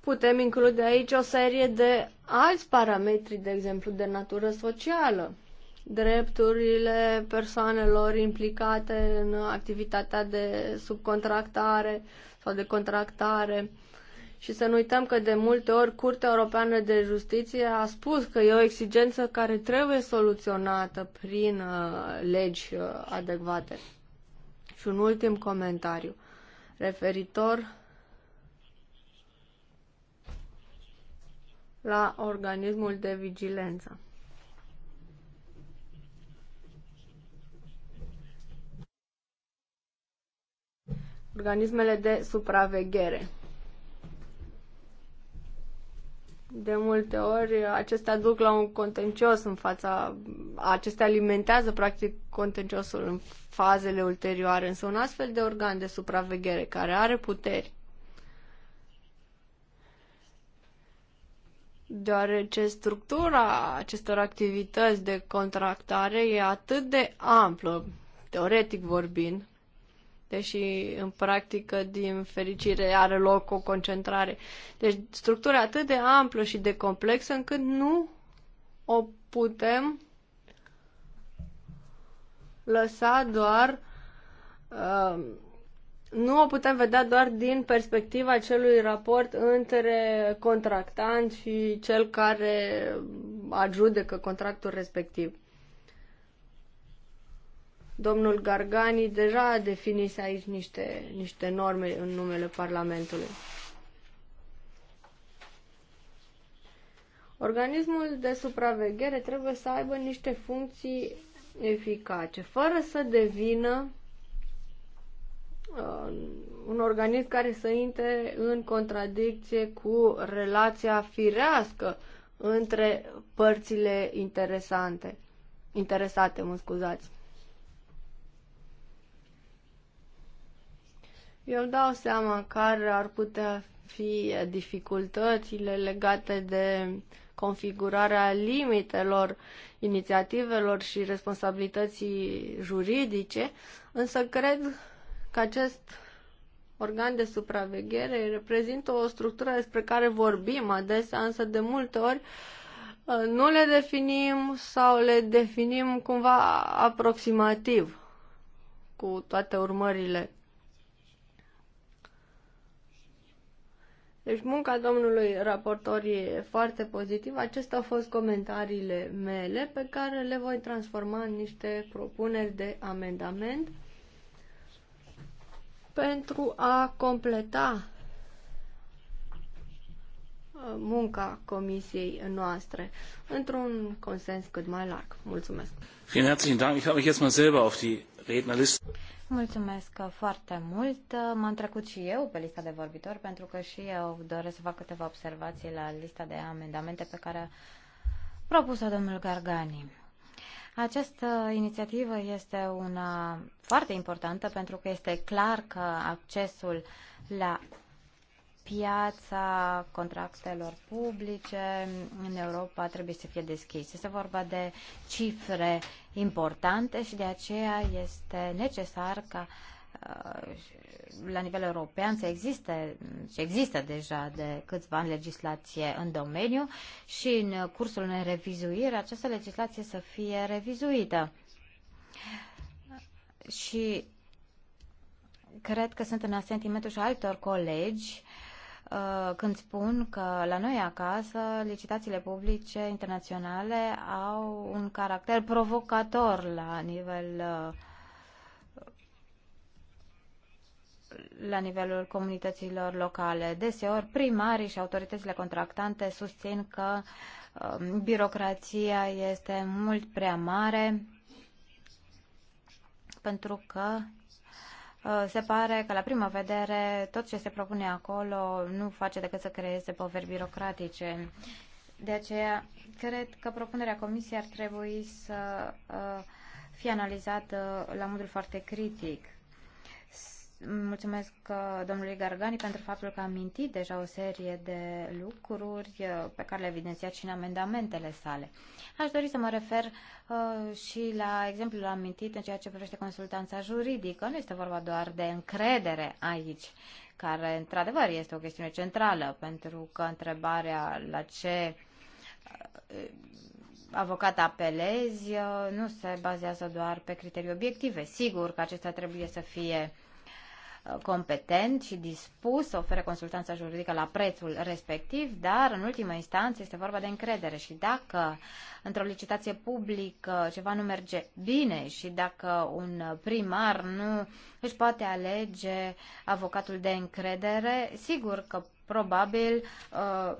Putem include aici o serie de alți parametri, de exemplu, de natură socială, drepturile persoanelor implicate în activitatea de subcontractare sau de contractare, și să nu uităm că de multe ori Curtea Europeană de Justiție a spus că e o exigență care trebuie soluționată prin uh, legi uh, adecvate. Și un ultim comentariu referitor la organismul de vigilență. Organismele de supraveghere. De multe ori acestea duc la un contencios în fața, acestea alimentează practic contenciosul în fazele ulterioare, însă un astfel de organ de supraveghere care are puteri, deoarece structura acestor activități de contractare e atât de amplă, teoretic vorbind, deși în practică, din fericire, are loc o concentrare. Deci, structura atât de amplă și de complexă încât nu o putem lăsa doar. Uh, nu o putem vedea doar din perspectiva acelui raport între contractant și cel care ajudecă contractul respectiv. Domnul Gargani deja a definit aici niște, niște norme în numele Parlamentului. Organismul de supraveghere trebuie să aibă niște funcții eficace, fără să devină uh, un organism care să intre în contradicție cu relația firească între părțile interesante, interesate, mă scuzați. Eu dau seama care ar putea fi dificultățile legate de configurarea limitelor inițiativelor și responsabilității juridice, însă cred că acest organ de supraveghere reprezintă o structură despre care vorbim adesea, însă de multe ori ă, nu le definim sau le definim cumva aproximativ cu toate urmările Deci munca domnului raportor e foarte pozitivă. Acestea au fost comentariile mele pe care le voi transforma în niște propuneri de amendament pentru a completa uh, munca comisiei noastre într-un consens cât mai larg. Mulțumesc. Vielen herzlichen Dank. Ich habe mich jetzt mal selber auf die Rednerliste. Mulțumesc foarte mult. M-am trecut și eu pe lista de vorbitori pentru că și eu doresc să fac câteva observații la lista de amendamente pe care a propus-o domnul Gargani. Această inițiativă este una foarte importantă pentru că este clar că accesul la piața contractelor publice în Europa trebuie să fie deschisă. Este vorba de cifre importante și de aceea este necesar ca uh, la nivel european să existe și există deja de câțiva ani legislație în domeniu și în cursul unei revizuiri această legislație să fie revizuită. Și cred că sunt în asentimentul și altor colegi uh, Uh, când spun că la noi acasă licitațiile publice internaționale au un caracter provocator la nivel uh, la nivelul comunităților locale. Deseori primarii și autoritățile contractante susțin că uh, birocrația este mult prea mare pentru că Uh, se pare că la prima vedere tot ce se propune acolo nu face decât să creeze poveri birocratice. De aceea, cred că propunerea Comisiei ar trebui să uh, fie analizată uh, la modul foarte critic mulțumesc uh, domnului Gargani pentru faptul că a mintit deja o serie de lucruri uh, pe care le evidențiat și în amendamentele sale. Aș dori să mă refer uh, și la exemplul amintit în ceea ce privește consultanța juridică. Nu este vorba doar de încredere aici, care într-adevăr este o chestiune centrală, pentru că întrebarea la ce uh, avocat apelezi uh, nu se bazează doar pe criterii obiective. Sigur că acestea trebuie să fie competent și dispus să ofere consultanța juridică la prețul respectiv, dar în ultima instanță este vorba de încredere și dacă într-o licitație publică ceva nu merge bine și dacă un primar nu își poate alege avocatul de încredere, sigur că probabil uh,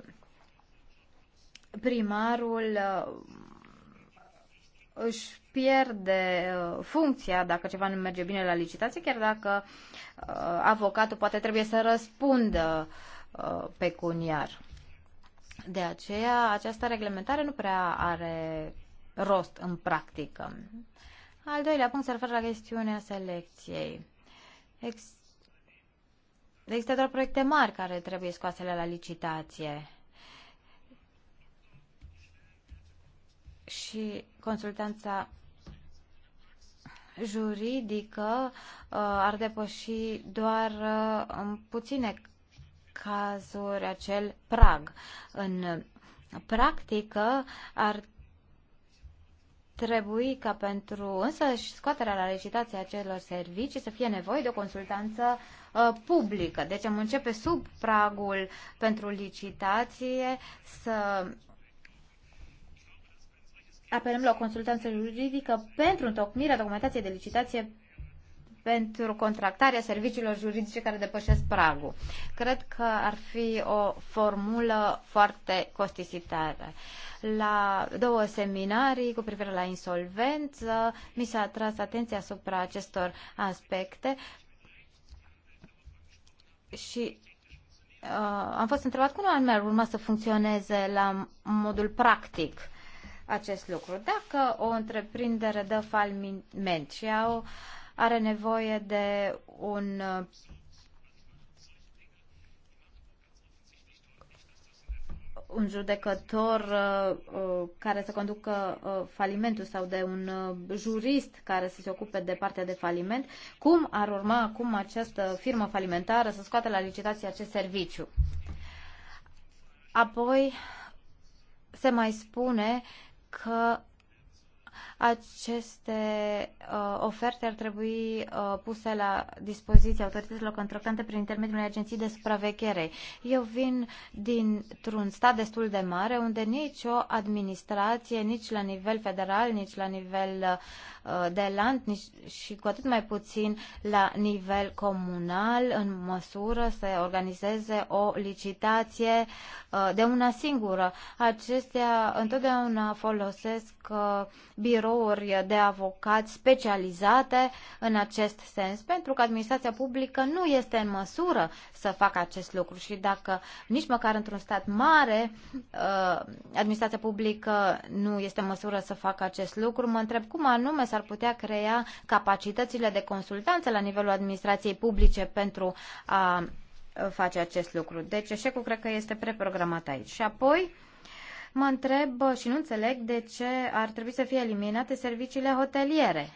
primarul uh, își pierde uh, funcția dacă ceva nu merge bine la licitație, chiar dacă uh, avocatul poate trebuie să răspundă uh, pecuniar. De aceea, această reglementare nu prea are rost în practică. Al doilea punct se referă la chestiunea selecției. Ex- există doar proiecte mari care trebuie scoasele la licitație. și consultanța juridică uh, ar depăși doar uh, în puține cazuri acel prag. În practică ar trebui ca pentru însă și scoaterea la licitație acelor servicii să fie nevoie de o consultanță uh, publică. Deci am începe sub pragul pentru licitație să apelăm la o consultanță juridică pentru întocmirea documentației de licitație pentru contractarea serviciilor juridice care depășesc pragul. Cred că ar fi o formulă foarte costisitare. La două seminarii cu privire la insolvență mi s-a atras atenția asupra acestor aspecte și uh, am fost întrebat cum anume ar urma să funcționeze la modul practic uh, acest lucru. Dacă o întreprindere dă faliment și au, are nevoie de un un judecător uh, care să conducă uh, falimentul sau de un uh, jurist care să se ocupe de partea de faliment, cum ar urma acum această firmă falimentară să scoată la licitație acest serviciu? Apoi se mai spune că aceste uh, oferte ar trebui uh, puse la dispoziția autorităților contractante prin intermediul unei agenții de supraveghere. Eu vin dintr-un stat destul de mare unde nicio administrație, nici la nivel federal, nici la nivel uh, de land, nici, și cu atât mai puțin la nivel comunal, în măsură să organizeze o licitație uh, de una singură. Acestea întotdeauna folosesc uh, birou birouri de avocați specializate în acest sens, pentru că administrația publică nu este în măsură să facă acest lucru și dacă nici măcar într-un stat mare uh, administrația publică nu este în măsură să facă acest lucru, mă întreb cum anume s-ar putea crea capacitățile de consultanță la nivelul administrației publice pentru a face acest lucru. Deci eșecul cred că este preprogramat aici. Și apoi, Mă întreb și nu înțeleg de ce ar trebui să fie eliminate serviciile hoteliere.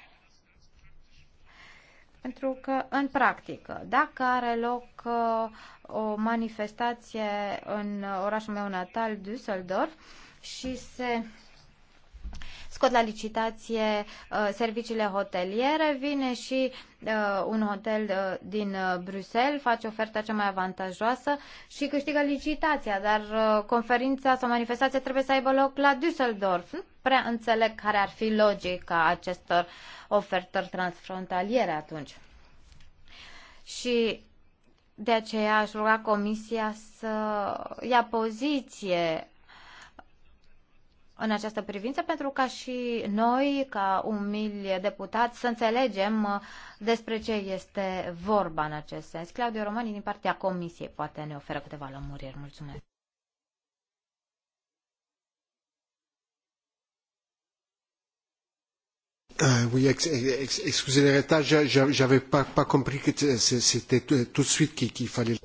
Pentru că, în practică, dacă are loc uh, o manifestație în orașul meu natal, Düsseldorf, și se scot la licitație uh, serviciile hoteliere, vine și uh, un hotel uh, din Bruxelles, face oferta cea mai avantajoasă și câștigă licitația, dar conferința sau manifestația trebuie să aibă loc la Düsseldorf. Nu prea înțeleg care ar fi logica acestor ofertări transfrontaliere atunci. Și de aceea aș ruga Comisia să ia poziție în această privință pentru ca și noi, ca umili deputați, să înțelegem uh, despre ce este vorba în acest sens. Claudiu Romani, din partea Comisiei, poate ne oferă câteva lămuriri. Mulțumesc! Uh, oui, ex, ex, excusez les retards, j'avais pas, pas compris que c'était tout de suite qu'il qu fallait.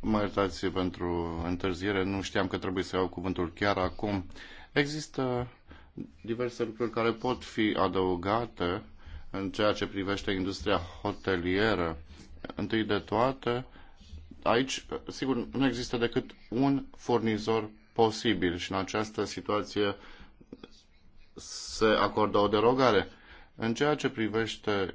Mă iertați pentru întârziere, nu știam că trebuie să iau cuvântul chiar acum. Uh, Există diverse lucruri care pot fi adăugate în ceea ce privește industria hotelieră. Întâi de toate, aici, sigur, nu există decât un furnizor posibil și în această situație se acordă o derogare. În ceea ce privește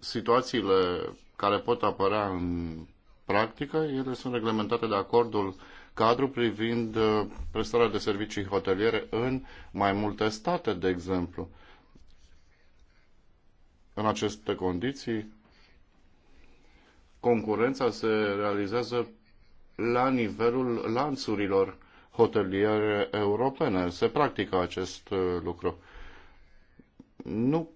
situațiile care pot apărea în practică, ele sunt reglementate de acordul cadru privind uh, prestarea de servicii hoteliere în mai multe state, de exemplu. În aceste condiții, concurența se realizează la nivelul lanțurilor hoteliere europene. Se practică acest uh, lucru. Nu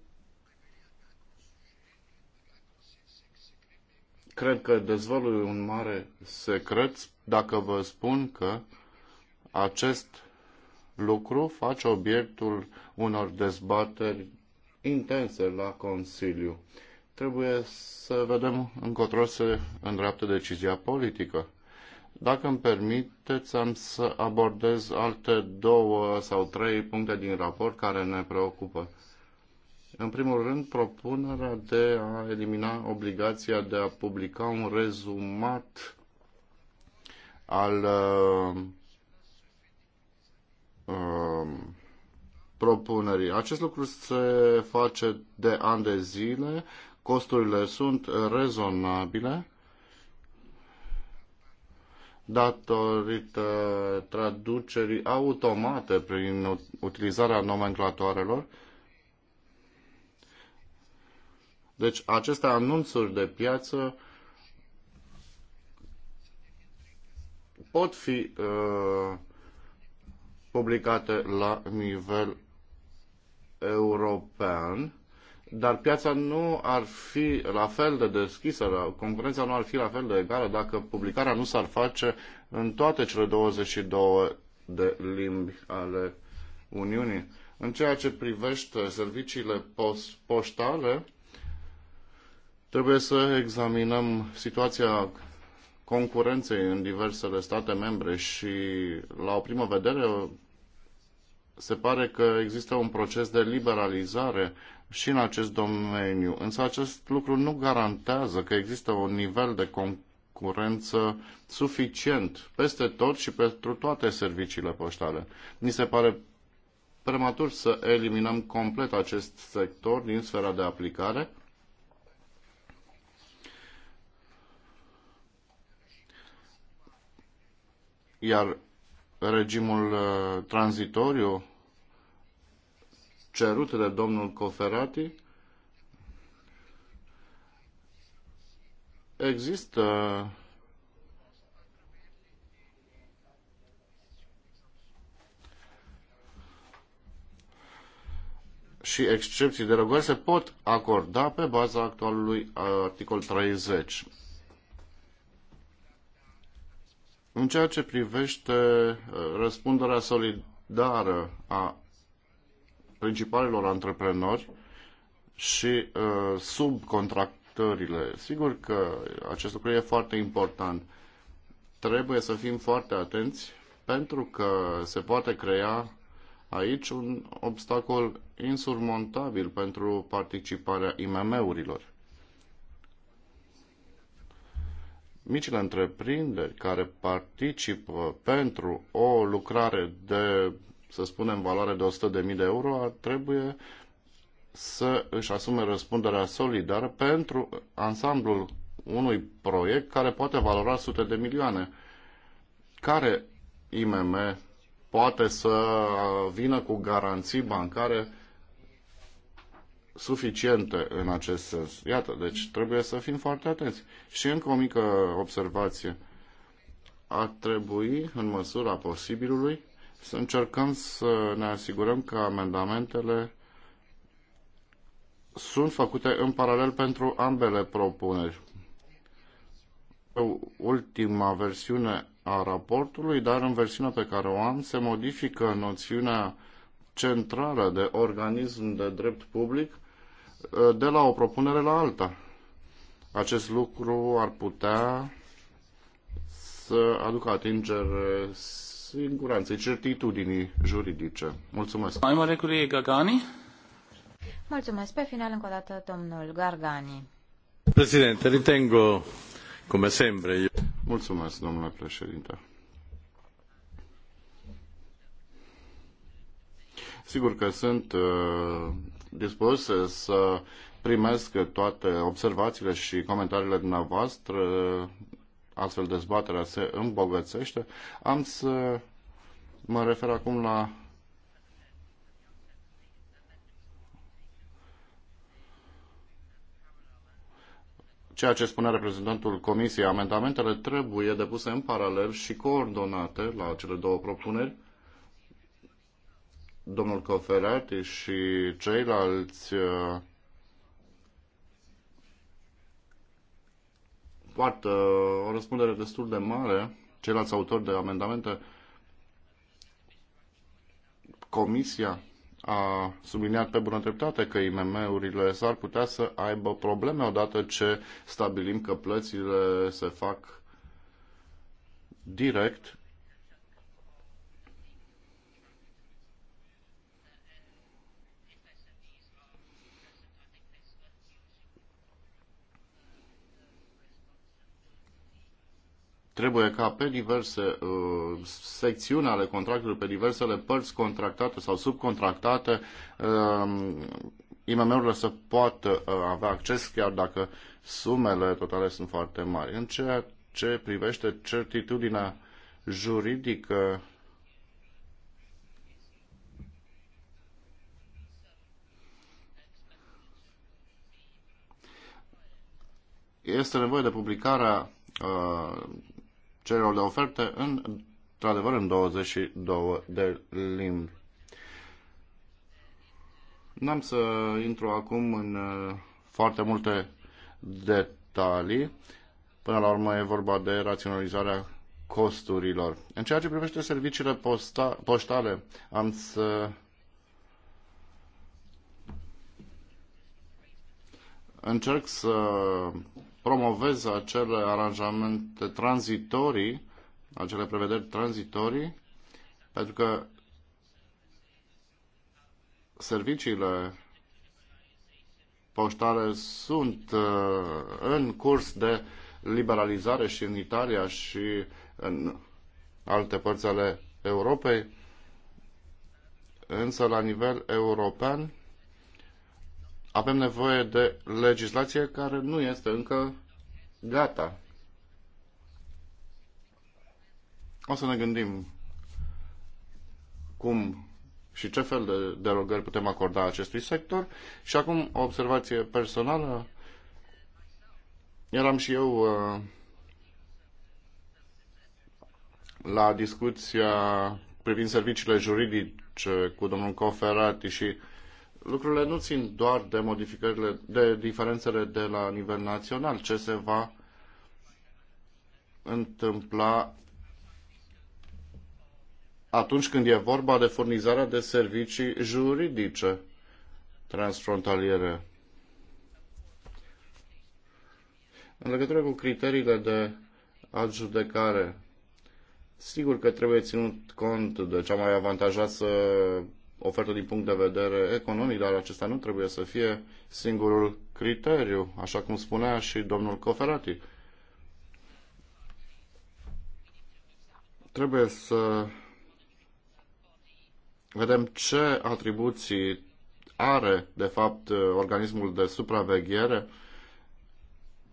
cred că dezvăluie un mare secret dacă vă spun că acest lucru face obiectul unor dezbateri intense la Consiliu. Trebuie să vedem încotro se îndreaptă decizia politică. Dacă îmi permiteți, am să abordez alte două sau trei puncte din raport care ne preocupă. În primul rând, propunerea de a elimina obligația de a publica un rezumat al uh, um, propunerii. Acest lucru se face de ani de zile, costurile sunt rezonabile datorită traducerii automate prin utilizarea nomenclatoarelor. Deci aceste anunțuri de piață uh, pot fi uh, publicate la nivel european, dar piața nu ar fi la fel de deschisă, concurența nu ar fi la fel de egală dacă publicarea nu s-ar face în toate cele 22 de limbi ale Uniunii. În ceea ce privește serviciile post poștale, trebuie să examinăm situația concurenței în diversele state membre și la o primă vedere se pare că există un proces de liberalizare și în acest domeniu, însă acest lucru nu garantează că există un nivel de concurență suficient peste tot și pentru toate serviciile poștale. Mi se pare prematur să eliminăm complet acest sector din sfera de aplicare Iar regimul uh, tranzitoriu cerut de domnul Coferati există și excepții de derogări se pot acorda pe baza actualului uh, articol 30. În ceea ce privește uh, răspunderea solidară a principalilor antreprenori și uh, subcontractările, sigur că acest lucru e foarte important. Trebuie să fim foarte atenți pentru că se poate crea aici un obstacol insurmontabil pentru participarea IMM-urilor. micile întreprinderi care participă pentru o lucrare de, să spunem, valoare de 100.000 de euro, ar trebuie să își asume răspunderea solidară pentru ansamblul unui proiect care poate valora sute de milioane. Care IMM poate să vină cu garanții bancare suficiente în acest sens. Iată, deci trebuie să fim foarte atenți. Și încă o mică observație. Ar trebui, în măsura posibilului, să încercăm să ne asigurăm că amendamentele sunt făcute în paralel pentru ambele propuneri. Ultima versiune a raportului, dar în versiunea pe care o am se modifică noțiunea centrală de organism de drept public de la o propunere la alta. Acest lucru ar putea să aducă atingere siguranței, certitudinii juridice. Mulțumesc. Mai mare curie Gagani. Mulțumesc. Pe final, încă o dată, domnul Gargani. Președinte, ritengo, cum sempre... Eu... Mulțumesc, domnule președinte. Sigur că sunt uh, dispus să primesc toate observațiile și comentariile dumneavoastră, astfel dezbaterea se îmbogățește. Am să mă refer acum la ceea ce spunea reprezentantul Comisiei, amendamentele trebuie depuse în paralel și coordonate la cele două propuneri domnul Coferati și ceilalți uh, poartă o răspundere destul de mare, ceilalți autori de amendamente. Comisia a subliniat pe bună dreptate că IMM-urile s-ar putea să aibă probleme odată ce stabilim că plățile se fac direct Trebuie ca pe diverse uh, secțiuni ale contractului, pe diversele părți contractate sau subcontractate, uh, IMM-urile să poată uh, avea acces chiar dacă sumele totale sunt foarte mari. În ceea ce privește certitudinea juridică, este nevoie de publicarea uh, cererile oferte în, într-adevăr în 22 de limbi. N-am să intru acum în uh, foarte multe detalii. Până la urmă e vorba de raționalizarea costurilor. În ceea ce privește serviciile posta, poștale, am să încerc să promoveze acele aranjamente tranzitorii, acele prevederi tranzitorii, pentru că serviciile poștale sunt uh, în curs de liberalizare și în Italia și în alte părți ale Europei, însă la nivel european avem nevoie de legislație care nu este încă gata. O să ne gândim cum și ce fel de derogări putem acorda acestui sector. Și acum o observație personală. Eram și eu uh, la discuția privind serviciile juridice cu domnul Coferati și lucrurile nu țin doar de modificările, de diferențele de la nivel național, ce se va întâmpla atunci când e vorba de furnizarea de servicii juridice transfrontaliere. În legătură cu criteriile de adjudecare, sigur că trebuie ținut cont de cea mai avantajoasă ofertă din punct de vedere economic, dar acesta nu trebuie să fie singurul criteriu, așa cum spunea și domnul Coferati. Trebuie să vedem ce atribuții are, de fapt, organismul de supraveghere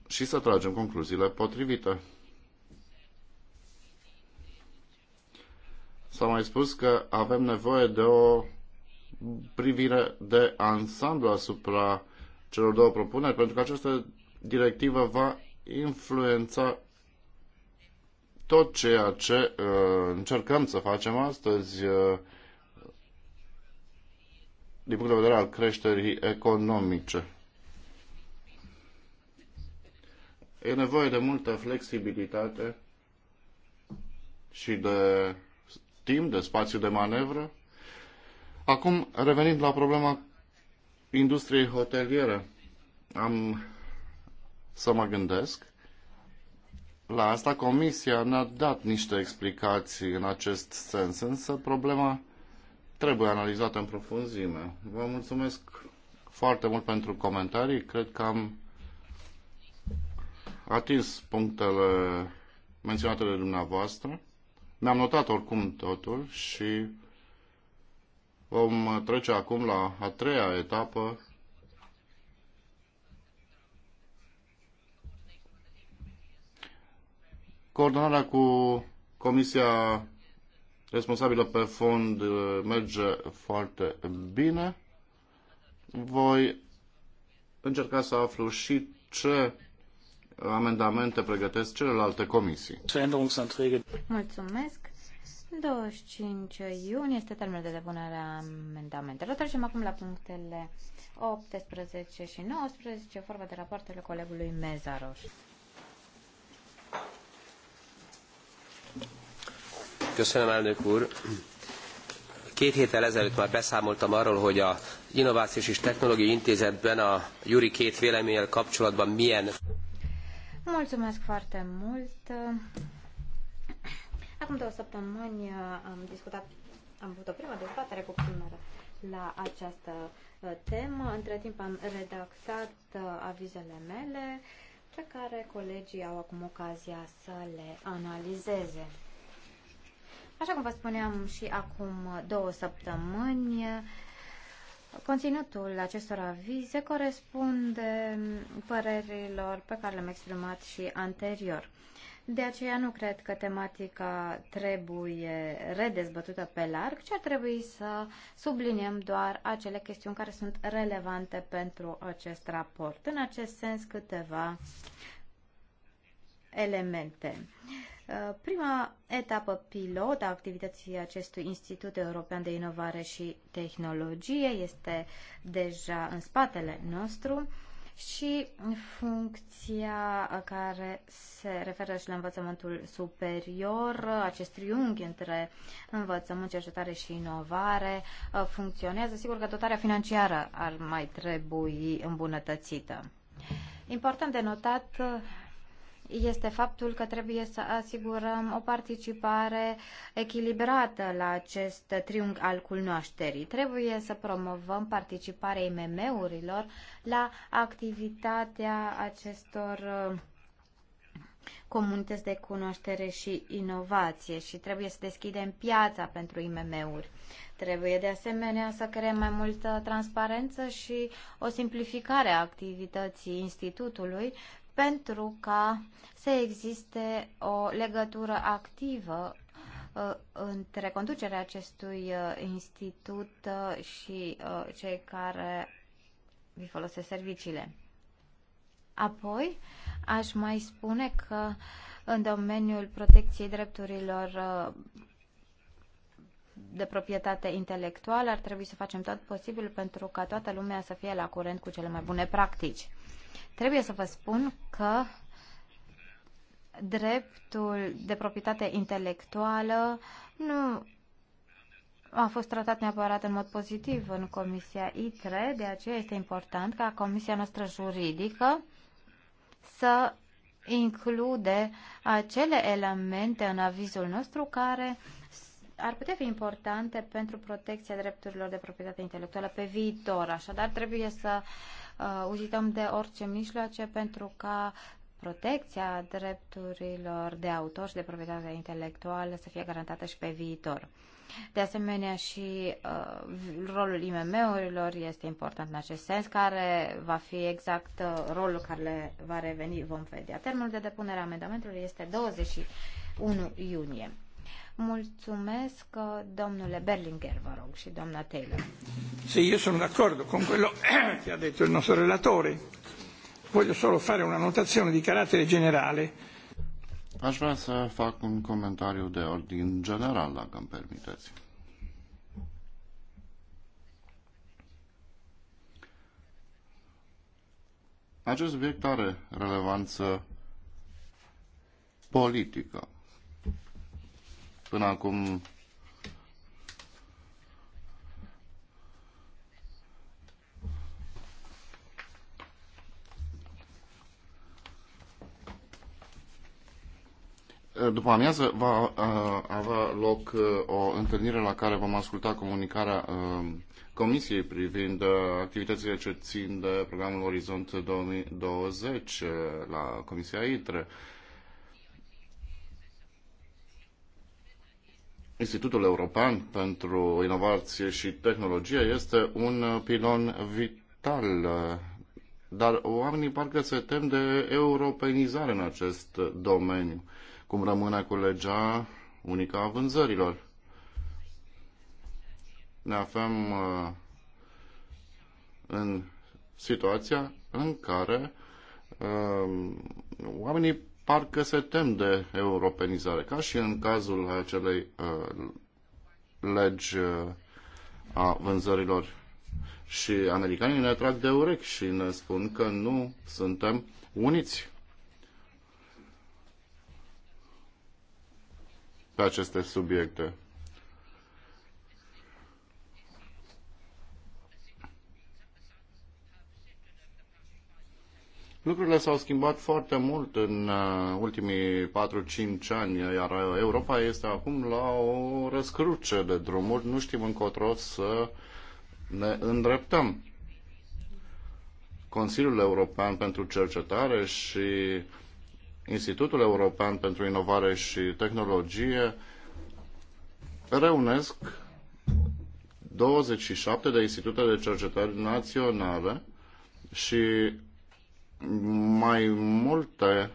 și să tragem concluziile potrivite. S-a mai spus că avem nevoie de o privire de ansamblu asupra celor două propuneri, pentru că această directivă va influența tot ceea ce uh, încercăm să facem astăzi uh, din punct de vedere al creșterii economice. E nevoie de multă flexibilitate și de timp, de spațiu de manevră Acum, revenind la problema industriei hoteliere, am să mă gândesc. La asta Comisia ne-a dat niște explicații în acest sens, însă problema trebuie analizată în profunzime. Vă mulțumesc foarte mult pentru comentarii. Cred că am atins punctele menționate de dumneavoastră. Mi-am notat oricum totul și Vom trece acum la a treia etapă coordonarea cu comisia responsabilă pe fond uh, merge foarte bine. Voi încerca să aflu și ce amendamente pregătesc celelalte comisii. Mulțumesc. 25 iunie este termenul de depunere a amendamentelor. Trecem acum la punctele 18 și 19, vorba de rapoartele colegului Mezaros. Köszönöm, elnök úr! Két héttel ezelőtt már beszámoltam arról, hogy a Innovációs és Technológiai Intézetben a Juri két véleményel kapcsolatban milyen... Mulțumesc foarte mult! Acum două săptămâni uh, am discutat, am avut o primă dezbatere cu primără la această uh, temă. Între timp am redactat uh, avizele mele pe care colegii au acum ocazia să le analizeze. Așa cum vă spuneam și acum două săptămâni, Conținutul acestor avize corespunde părerilor pe care le-am exprimat și anterior. De aceea nu cred că tematica trebuie redezbătută pe larg, ci ar trebui să subliniem doar acele chestiuni care sunt relevante pentru acest raport. În acest sens, câteva elemente. Uh, prima etapă pilot a activității acestui Institut European de Inovare și Tehnologie este deja în spatele nostru și funcția care se referă și la învățământul superior, acest triunghi între învățământ, cercetare și inovare uh, funcționează. Sigur că dotarea financiară ar mai trebui îmbunătățită. Important de notat este faptul că trebuie să asigurăm o participare echilibrată la acest triunghi al cunoașterii. Trebuie să promovăm participarea IMM-urilor la activitatea acestor uh, comunități de cunoaștere și inovație și trebuie să deschidem piața pentru IMM-uri. Trebuie de asemenea să creăm mai multă transparență și o simplificare a activității institutului pentru ca să existe o legătură activă uh, între conducerea acestui uh, institut uh, și cei care îi folosesc serviciile. Apoi, aș mai spune că în domeniul protecției drepturilor de proprietate intelectuală, ar trebui să facem tot posibil pentru ca toată lumea să fie la curent cu cele mai bune practici. Trebuie să vă spun că dreptul de proprietate intelectuală nu a fost tratat neapărat în mod pozitiv în Comisia ITRE, de aceea este important ca Comisia noastră juridică să include acele elemente în avizul nostru care uh, ar putea fi importante pentru protecția drepturilor de proprietate intelectuală pe viitor. Așadar, trebuie să uh, uzităm de orice mijloace pentru ca protecția drepturilor de autor și de proprietate intelectuală să fie garantată și pe viitor. De asemenea, și uh, rolul IMM-urilor este important în acest sens, care va fi exact uh, rolul care le va reveni, vom vedea. Termenul de depunere a amendamentului este 21 iunie. Mulțumesc, uh, domnule Berlinger, vă rog, și doamna Taylor. Sì, io sono d'accordo con quello che ha detto il nostro relatore. Voglio solo fare una notazione di carattere generale. Aș vrea să fac un comentariu de ordin general, dacă îmi permiteți. Acest subiect are relevanță politică până acum După amiază va uh, avea loc uh, o întâlnire la care vom asculta comunicarea uh, Comisiei privind uh, activitățile ce țin de programul Orizont 2020 uh, la Comisia ITRE. Uh, Institutul European pentru Inovație și Tehnologie este un pilon vital, dar oamenii parcă se tem de europenizare în acest domeniu, cum rămâne cu legea unică a vânzărilor. Ne aflăm uh, în situația în care uh, oamenii parcă se tem de europenizare, ca și în cazul acelei uh, legi uh, a vânzărilor. Și americanii ne atrag de urechi și ne spun că nu suntem uniți pe aceste subiecte. Lucrurile s-au schimbat foarte mult în uh, ultimii 4-5 ani, iar uh, Europa este acum la o răscruce de drumuri. Nu știm încotro să ne îndreptăm. Consiliul European pentru Cercetare și Institutul European pentru Inovare și Tehnologie reunesc 27 de institute de cercetare naționale și mai multe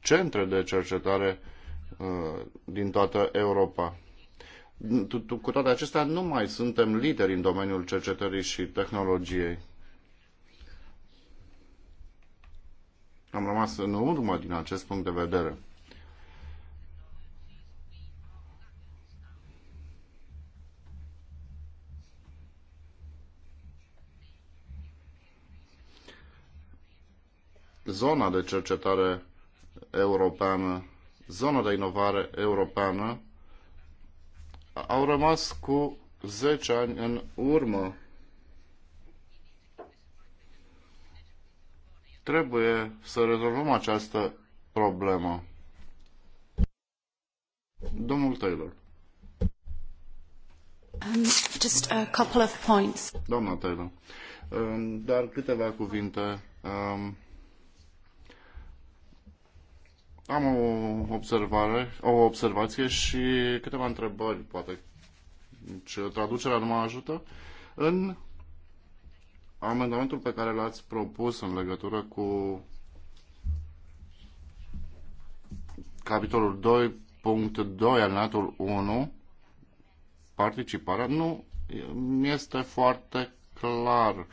centre de cercetare uh, din toată Europa. Cu toate acestea, nu mai suntem lideri în domeniul cercetării și tehnologiei. Am rămas în urmă din acest punct de vedere. zona de cercetare europeană, zona de inovare europeană, au rămas cu 10 ani în urmă. Trebuie să rezolvăm această problemă. Domnul Taylor. Um, just a couple of points. Doamna Taylor, um, dar câteva cuvinte. Um, am o observare, o observație și câteva întrebări, poate. Deci, traducerea nu mă ajută. În amendamentul pe care l-ați propus în legătură cu capitolul 2.2 alineatul 1, participarea, nu mi este foarte clar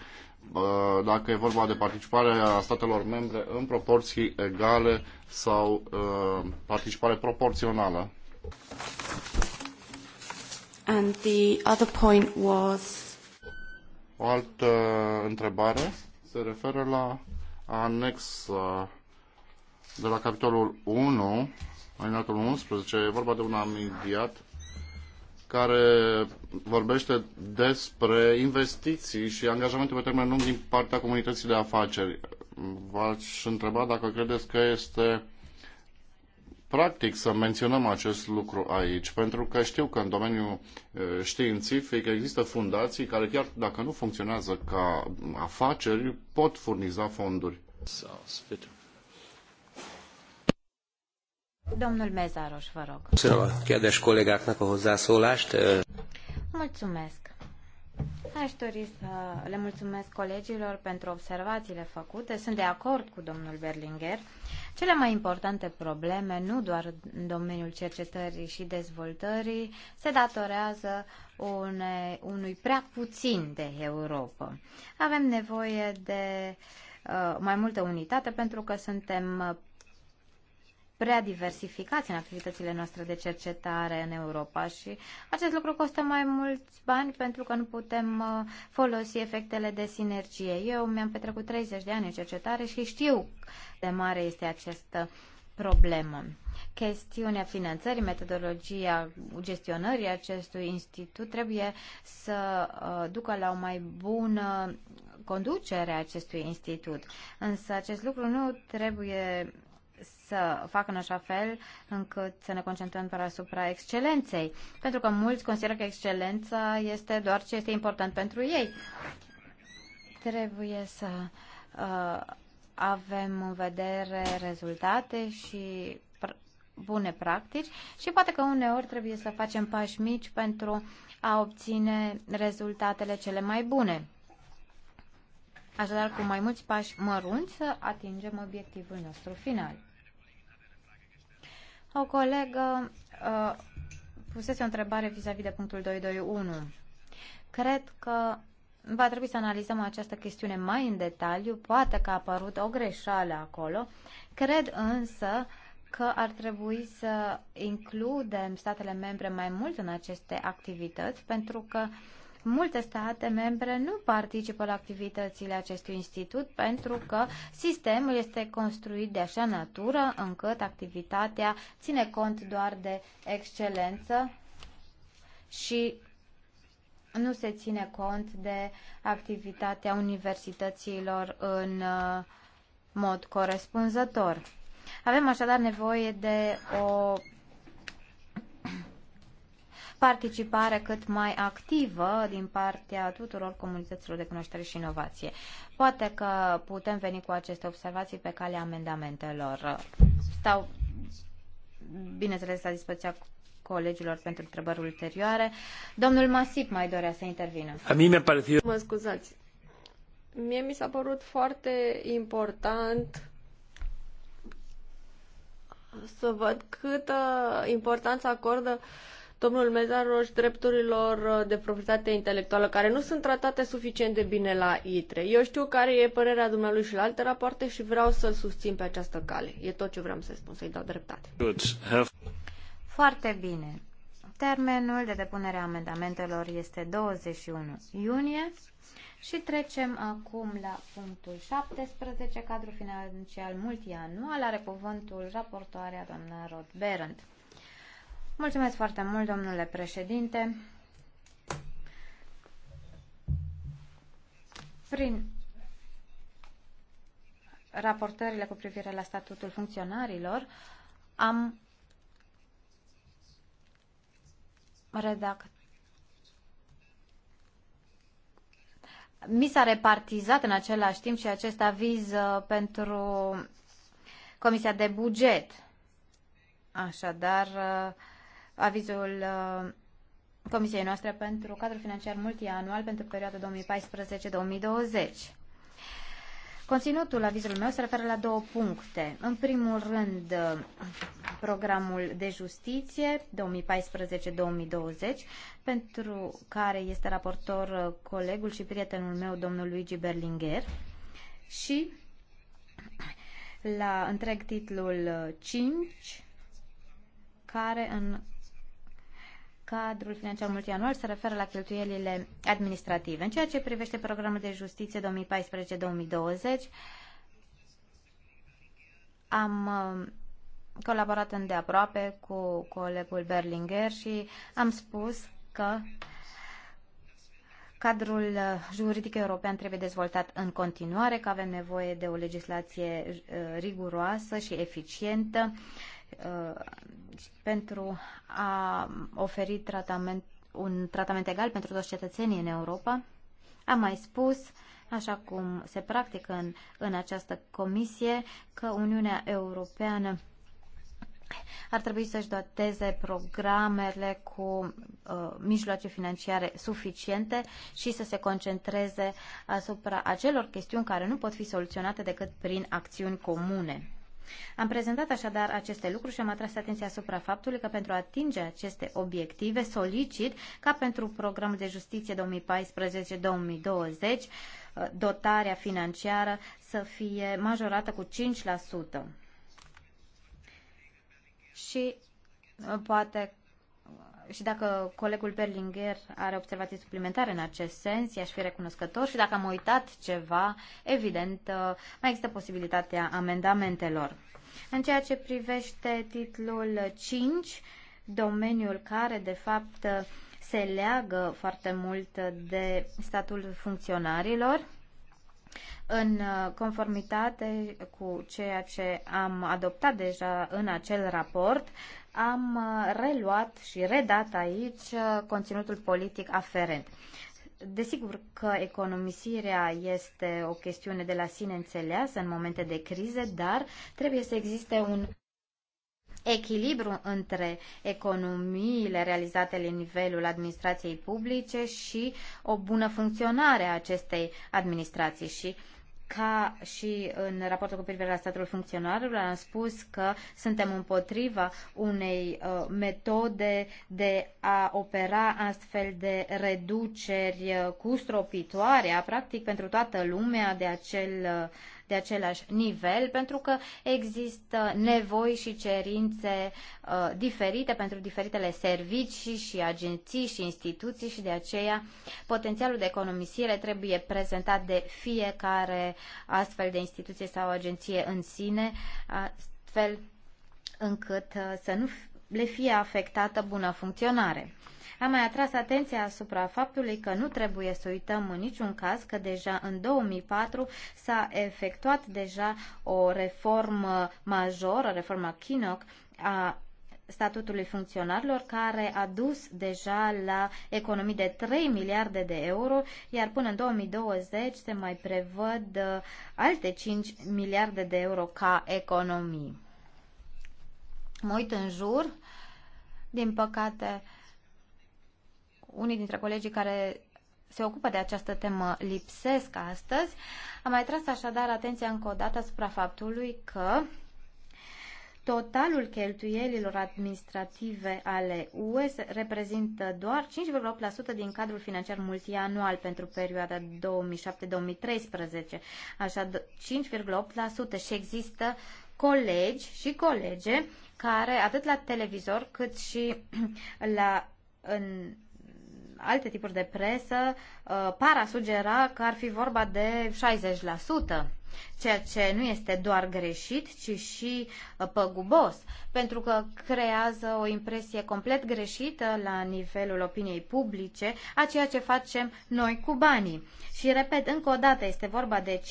dacă e vorba de participare a statelor membre în proporții egale sau ă, participare proporțională. And the other point was... O altă întrebare se referă la anexa de la capitolul 1, alineatul 11, e vorba de un amidiat care vorbește despre investiții și angajamente pe termen lung din partea comunității de afaceri. V-aș întreba dacă credeți că este practic să menționăm acest lucru aici, pentru că știu că în domeniul științific există fundații care chiar dacă nu funcționează ca afaceri, pot furniza fonduri. Sau, Domnul Mezaros, vă rog. Köszönöm a kedves kollégáknak a hozzászólást. Mulțumesc. Aș dori să le mulțumesc colegilor pentru observațiile făcute. Sunt de acord cu domnul Berlinger. Cele mai importante probleme, nu doar în domeniul cercetării și dezvoltării, se datorează une, unui prea puțin de Europa. Avem nevoie de uh, mai multă unitate pentru că suntem prea diversificați în activitățile noastre de cercetare în Europa și acest lucru costă mai mulți bani pentru că nu putem uh, folosi efectele de sinergie. Eu mi-am petrecut 30 de ani în cercetare și știu de mare este acest problemă. Chestiunea finanțării, metodologia gestionării acestui institut trebuie să uh, ducă la o mai bună conducere a acestui institut. Însă acest lucru nu trebuie să facă în așa fel încât să ne concentrăm pe asupra excelenței. Pentru că mulți consideră că excelența este doar ce este important pentru ei. Trebuie să uh, avem în vedere rezultate și pr- bune practici și poate că uneori trebuie să facem pași mici pentru a obține rezultatele cele mai bune. Așadar, cu mai mulți pași mărunți să atingem obiectivul nostru final. O colegă uh, pusese o întrebare vis-a-vis -vis de punctul 221. Cred că va trebui să analizăm această chestiune mai în detaliu. Poate că a apărut o greșeală acolo. Cred însă că ar trebui să includem statele membre mai mult în aceste activități, pentru că uh, Multe state membre nu participă la activitățile acestui institut pentru că sistemul este construit de așa natură încât activitatea ține cont doar de excelență și nu se ține cont de activitatea universităților în uh, mod corespunzător. Avem așadar nevoie de o participare cât mai activă din partea tuturor comunităților de cunoaștere și inovație. Poate că putem veni cu aceste observații pe calea amendamentelor. Stau, bineînțeles, la dispoziția colegilor pentru întrebări ulterioare. Domnul Masip mai dorea să intervină. A mie mi-a parețit... Mă scuzați. Mie mi s-a părut foarte important să văd câtă importanță acordă uh, domnul Mezaroș, Roș drepturilor uh, de proprietate intelectuală, care nu sunt tratate suficient de bine la ITRE. Eu știu care e părerea dumnealui și la alte rapoarte și vreau să-l susțin pe această cale. E tot ce vreau să spun, să-i dau dreptate. Foarte bine. Termenul de depunere a amendamentelor este 21 iunie și trecem acum la punctul 17, cadrul financiar multianual, are cuvântul raportoarea doamna Rod Berendt. Mulțumesc foarte mult, domnule președinte. Prin raportările cu privire la statutul funcționarilor, am redactat mi s-a repartizat în același timp și acest aviz uh, pentru Comisia de Buget. Așadar, uh, avizul uh, Comisiei noastre pentru cadrul financiar multianual pentru perioada 2014-2020. Conținutul avizului meu se referă la două puncte. În primul rând, uh, programul de justiție 2014-2020, pentru care este raportor uh, colegul și prietenul meu, domnul Luigi Berlinger, și la întreg titlul 5, care în cadrul financiar multianual se referă la cheltuielile administrative. În ceea ce privește programul de justiție 2014-2020, am uh, colaborat îndeaproape cu colegul Berlinger și am spus că cadrul uh, juridic european trebuie dezvoltat în continuare, că avem nevoie de o legislație uh, riguroasă și eficientă Uh, pentru a oferi tratament, un tratament egal pentru toți cetățenii în Europa. Am mai spus, așa cum se practică în, în această comisie, că Uniunea Europeană ar trebui să-și doteze programele cu uh, mijloace financiare suficiente și să se concentreze asupra acelor chestiuni care nu pot fi soluționate decât prin acțiuni comune. Am prezentat așadar aceste lucruri și am atras atenția asupra faptului că pentru a atinge aceste obiective solicit ca pentru programul de justiție 2014-2020 uh, dotarea financiară să fie majorată cu 5%. Și uh, poate și dacă colegul Berlinger are observații suplimentare în acest sens, i-aș fi recunoscător și dacă am uitat ceva, evident, uh, mai există posibilitatea amendamentelor. În ceea ce privește titlul 5, domeniul care, de fapt, se leagă foarte mult de statul funcționarilor, în uh, conformitate cu ceea ce am adoptat deja în acel raport, am uh, reluat și redat aici uh, conținutul politic aferent. Desigur că economisirea este o chestiune de la sine înțeleasă în momente de crize, dar trebuie să existe un echilibru între economiile realizate la nivelul administrației publice și o bună funcționare a acestei administrații și ca și în raportul cu privire la statul funcționarilor, am spus că suntem împotriva unei uh, metode de a opera astfel de reduceri uh, cu stropitoare, practic pentru toată lumea de acel uh, de același nivel, pentru că există nevoi și cerințe uh, diferite pentru diferitele servicii și agenții și instituții și de aceea potențialul de economisire trebuie prezentat de fiecare astfel de instituție sau agenție în sine, astfel încât uh, să nu le fie afectată bună funcționare. Am mai atras atenția asupra faptului că nu trebuie să uităm în niciun caz că deja în 2004 s-a efectuat deja o reformă majoră, reforma Kinoc, a statutului funcționarilor, care a dus deja la economii de 3 miliarde de euro, iar până în 2020 se mai prevăd uh, alte 5 miliarde de euro ca economii. Mă uit în jur din păcate, unii dintre colegii care se ocupă de această temă lipsesc astăzi. Am mai tras așadar atenția încă o dată asupra faptului că totalul cheltuielilor administrative ale UE reprezintă doar 5,8% din cadrul financiar multianual pentru perioada 2007-2013, așa 5,8% și există colegi și colege care atât la televizor cât și la, în alte tipuri de presă uh, par a sugera că ar fi vorba de 60%, ceea ce nu este doar greșit, ci și uh, păgubos, pentru că creează o impresie complet greșită la nivelul opiniei publice a ceea ce facem noi cu banii. Și repet, încă o dată, este vorba de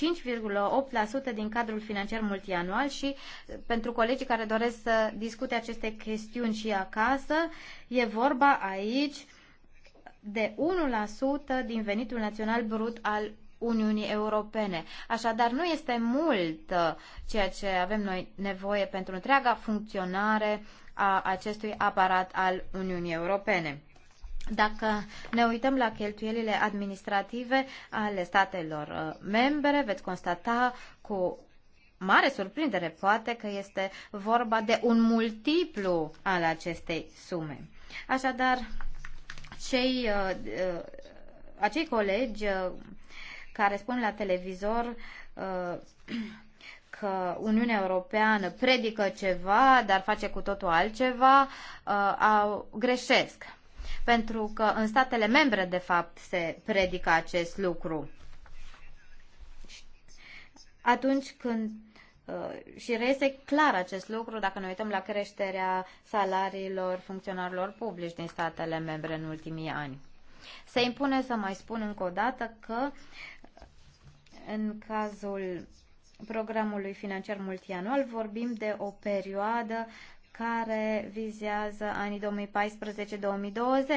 5,8% din cadrul financiar multianual și uh, pentru colegii care doresc să discute aceste chestiuni și acasă, e vorba aici de 1% din venitul național brut al Uniunii Europene. Așadar, nu este mult uh, ceea ce avem noi nevoie pentru întreaga funcționare a acestui aparat al Uniunii Europene. Dacă ne uităm la cheltuielile administrative ale statelor uh, membre, veți constata cu mare surprindere, poate, că este vorba de un multiplu al acestei sume. Așadar, Uh, uh, acei colegi uh, care spun la televizor uh, că Uniunea Europeană predică ceva, dar face cu totul altceva, au, greșesc. Pentru că în statele membre, de fapt, se predică acest lucru. Atunci când Uh, și reiese clar acest lucru dacă ne uităm la creșterea salariilor funcționarilor publici din statele membre în ultimii ani. Se impune să mai spun încă o dată că în cazul programului financiar multianual vorbim de o perioadă care vizează anii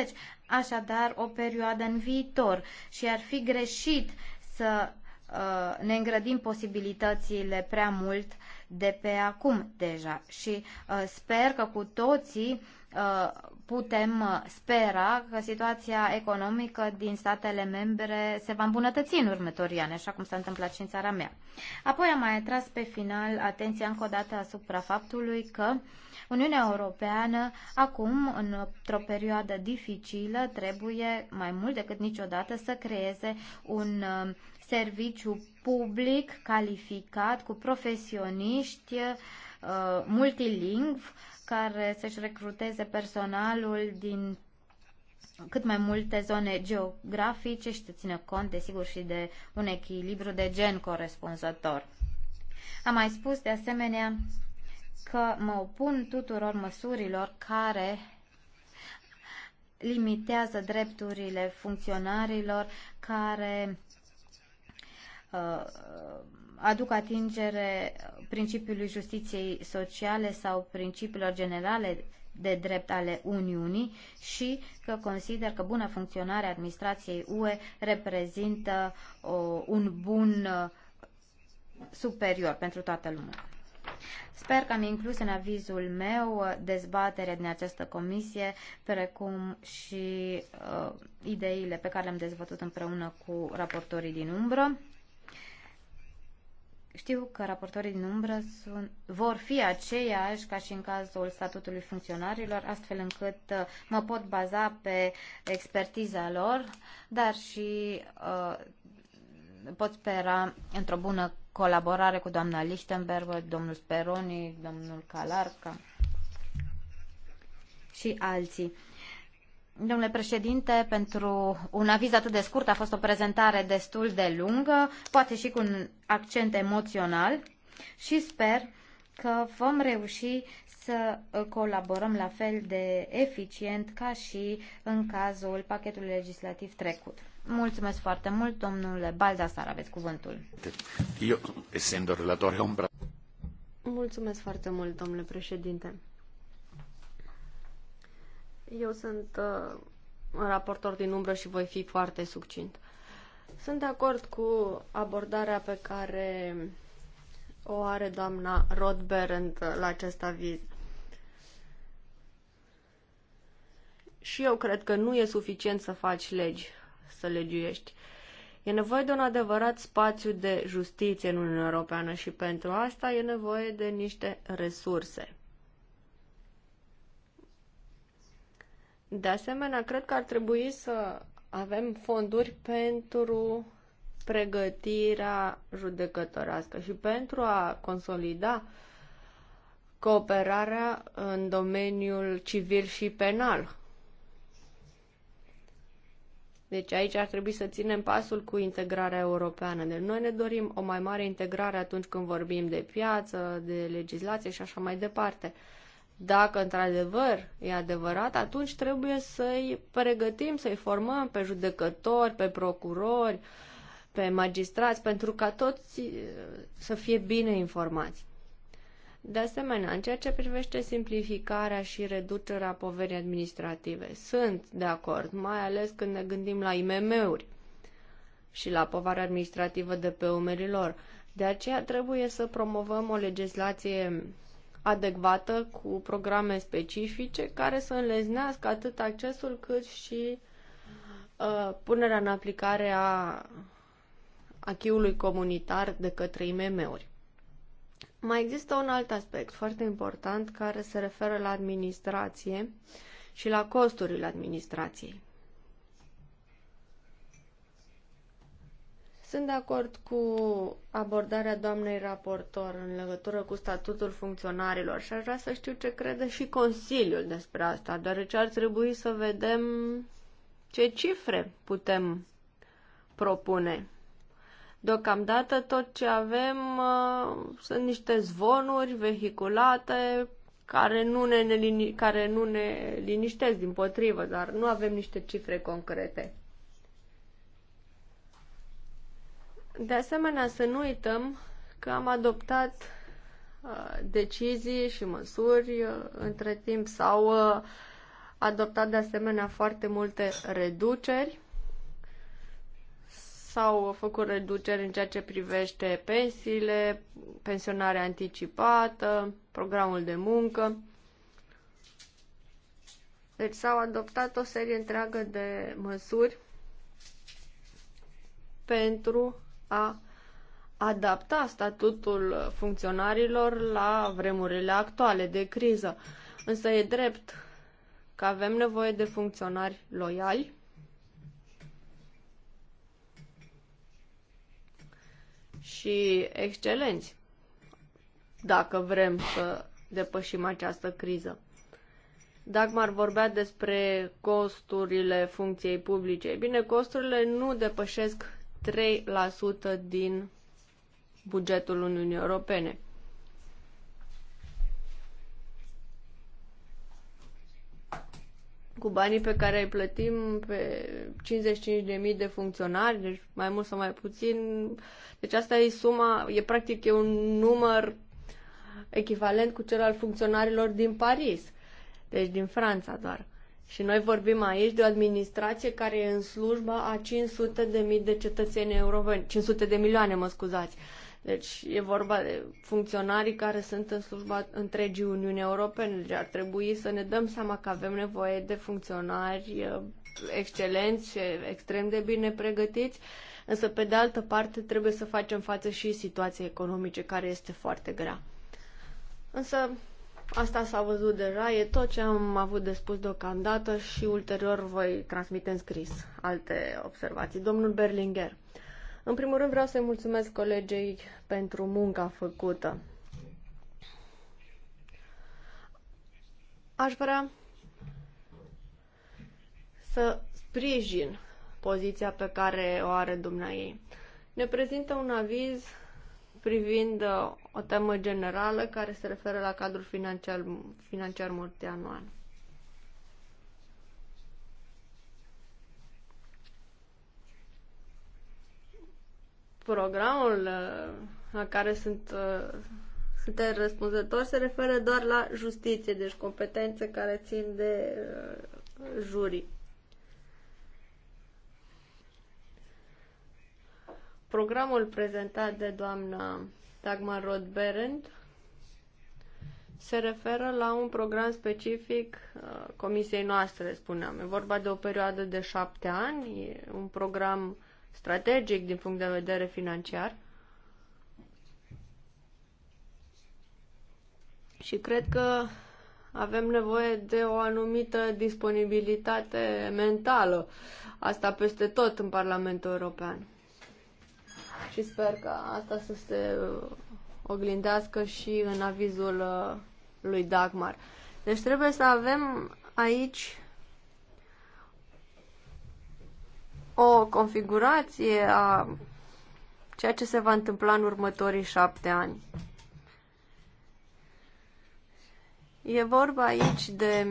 2014-2020, așadar o perioadă în viitor și ar fi greșit să Uh, ne îngrădim posibilitățile prea mult de pe acum deja și uh, sper că cu toții uh, putem spera că situația economică din statele membre se va îmbunătăți în următorii ani, așa cum s-a întâmplat și în țara mea. Apoi am mai atras pe final atenția încă o dată asupra faptului că Uniunea Europeană acum, într-o perioadă dificilă, trebuie mai mult decât niciodată să creeze un serviciu public calificat cu profesioniști uh, multilingv care să-și recruteze personalul din cât mai multe zone geografice și să țină cont, desigur, și de un echilibru de gen corespunzător. Am mai spus, de asemenea, că mă opun tuturor măsurilor care limitează drepturile funcționarilor care Uh, aduc atingere principiului justiției sociale sau principiilor generale de drept ale Uniunii și că consider că bună funcționare a administrației UE reprezintă o, un bun uh, superior pentru toată lumea. Sper că am inclus în avizul meu uh, dezbaterea din această comisie, precum și uh, ideile pe care le-am dezbătut împreună cu raportorii din umbră. Știu că raportorii din umbră sunt, vor fi aceiași ca și în cazul statutului funcționarilor, astfel încât uh, mă pot baza pe expertiza lor, dar și uh, pot spera într-o bună colaborare cu doamna Lichtenberg, domnul Speroni, domnul Calarca și alții. Domnule președinte, pentru un aviz atât de scurt a fost o prezentare destul de lungă, poate și cu un accent emoțional și sper că vom reuși să colaborăm la fel de eficient ca și în cazul pachetului legislativ trecut. Mulțumesc foarte mult, domnule Baldasar, aveți cuvântul. Eu, relator, relatore ombra. Mulțumesc foarte mult, domnule președinte. Eu sunt uh, un raportor din umbră și voi fi foarte succint. Sunt de acord cu abordarea pe care o are doamna Rodberend la acest aviz. Și eu cred că nu e suficient să faci legi, să legiuiești. E nevoie de un adevărat spațiu de justiție în Uniunea Europeană și pentru asta e nevoie de niște resurse. De asemenea, cred că ar trebui să avem fonduri pentru pregătirea judecătorească și pentru a consolida cooperarea în domeniul civil și penal. Deci aici ar trebui să ținem pasul cu integrarea europeană. Deci noi ne dorim o mai mare integrare atunci când vorbim de piață, de legislație și așa mai departe. Dacă într-adevăr e adevărat, atunci trebuie să-i pregătim, să-i formăm pe judecători, pe procurori, pe magistrați, pentru ca toți eh, să fie bine informați. De asemenea, în ceea ce privește simplificarea și reducerea poverii administrative, sunt de acord, mai ales când ne gândim la IMM-uri și la povara administrativă de pe umerilor. De aceea trebuie să promovăm o legislație adecvată cu programe specifice care să înleznească atât accesul cât și uh, punerea în aplicare a achiului comunitar de către IMM-uri. Mai există un alt aspect foarte important care se referă la administrație și la costurile administrației. Sunt de acord cu abordarea doamnei raportor în legătură cu statutul funcționarilor și aș vrea să știu ce crede și Consiliul despre asta, deoarece ar trebui să vedem ce cifre putem propune. Deocamdată tot ce avem uh, sunt niște zvonuri vehiculate care nu ne, ne, care nu ne liniștesc din potrivă, dar nu avem niște cifre concrete. De asemenea, să nu uităm că am adoptat uh, decizii și măsuri uh, între timp sau uh, adoptat de asemenea foarte multe reduceri sau au făcut reduceri în ceea ce privește pensiile, pensionarea anticipată, programul de muncă. Deci s-au adoptat o serie întreagă de măsuri pentru a adapta statutul funcționarilor la vremurile actuale de criză. Însă e drept că avem nevoie de funcționari loiali și excelenți dacă vrem să depășim această criză. Dagmar vorbea despre costurile funcției publice. Bine, costurile nu depășesc 3% din bugetul Uniunii Europene. Cu banii pe care îi plătim pe 55.000 de funcționari, deci mai mult sau mai puțin, deci asta e suma, e practic e un număr echivalent cu cel al funcționarilor din Paris, deci din Franța doar. Și noi vorbim aici de o administrație care e în slujba a 500 de mii de cetățeni europeni, 500 de milioane, mă scuzați. Deci e vorba de funcționarii care sunt în slujba întregii Uniuni Europene. Deci ar trebui să ne dăm seama că avem nevoie de funcționari excelenți, extrem de bine pregătiți, însă pe de altă parte trebuie să facem față și situației economice care este foarte grea. Însă Asta s-a văzut deja, e tot ce am avut de spus deocamdată și ulterior voi transmite în scris alte observații. Domnul Berlinger, în primul rând vreau să-i mulțumesc colegei pentru munca făcută. Aș vrea să sprijin poziția pe care o are dumneai. ei. Ne prezintă un aviz privind uh, o temă generală care se referă la cadrul financiar, financiar multianual. Programul uh, la care sunt, uh, suntem răspunzători se referă doar la justiție, deci competențe care țin de uh, juri Programul prezentat de doamna Dagmar Rodberend berend se referă la un program specific uh, comisiei noastre, spuneam. E vorba de o perioadă de șapte ani, e un program strategic din punct de vedere financiar. Și cred că avem nevoie de o anumită disponibilitate mentală, asta peste tot în Parlamentul European și sper că asta să se uh, oglindească și în avizul uh, lui Dagmar. Deci trebuie să avem aici o configurație a ceea ce se va întâmpla în următorii șapte ani. E vorba aici de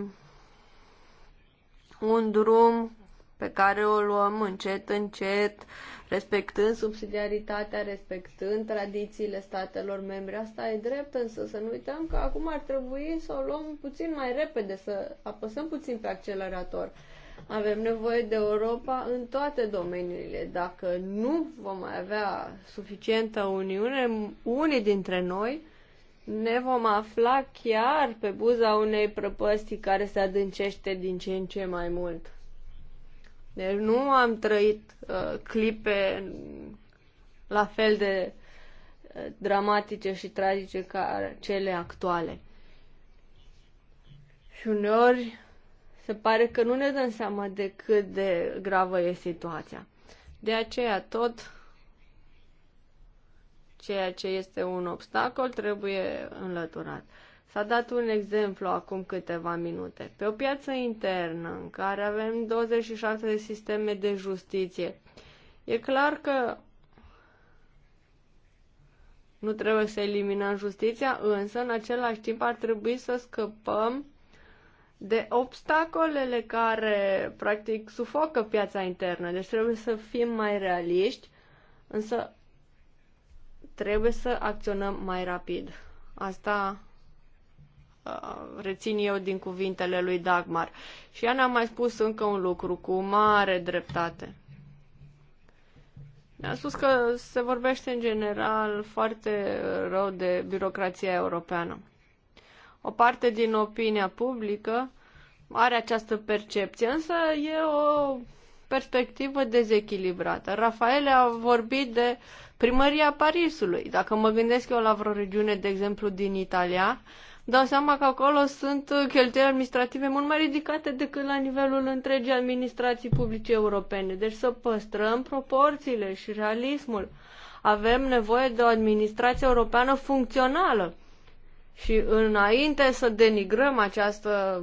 un drum pe care o luăm încet, încet, uh, respectând subsidiaritatea, respectând tradițiile statelor membre. Asta e drept, însă să nu uităm că acum ar trebui să o luăm puțin mai repede, să apăsăm puțin pe accelerator. Avem nevoie de Europa în toate domeniile. Dacă nu vom mai avea suficientă uniune, unii dintre noi ne vom afla chiar pe buza unei prăpăstii care se adâncește din ce în ce mai mult. Deci nu am trăit uh, clipe la fel de uh, dramatice și tragice ca cele actuale. Și uneori se pare că nu ne dăm seama de cât de gravă e situația. De aceea tot ceea ce este un obstacol trebuie înlăturat. S-a dat un exemplu acum câteva minute. Pe o piață internă în care avem 26 de sisteme de justiție, e clar că nu trebuie să eliminăm justiția, însă în același timp ar trebui să scăpăm de obstacolele care practic sufocă piața internă. Deci trebuie să fim mai realiști, însă trebuie să acționăm mai rapid. Asta Uh, rețin eu din cuvintele lui Dagmar. Și ea ne-a mai spus încă un lucru cu mare dreptate. Ne-a spus că se vorbește în general foarte rău de birocrația europeană. O parte din opinia publică are această percepție, însă e o perspectivă dezechilibrată. Rafael a vorbit de primăria Parisului. Dacă mă gândesc eu la vreo regiune, de exemplu, din Italia, dau seama că acolo sunt cheltuieli administrative mult mai ridicate decât la nivelul întregii administrații publice europene. Deci să păstrăm proporțiile și realismul. Avem nevoie de o administrație europeană funcțională. Și înainte să denigrăm această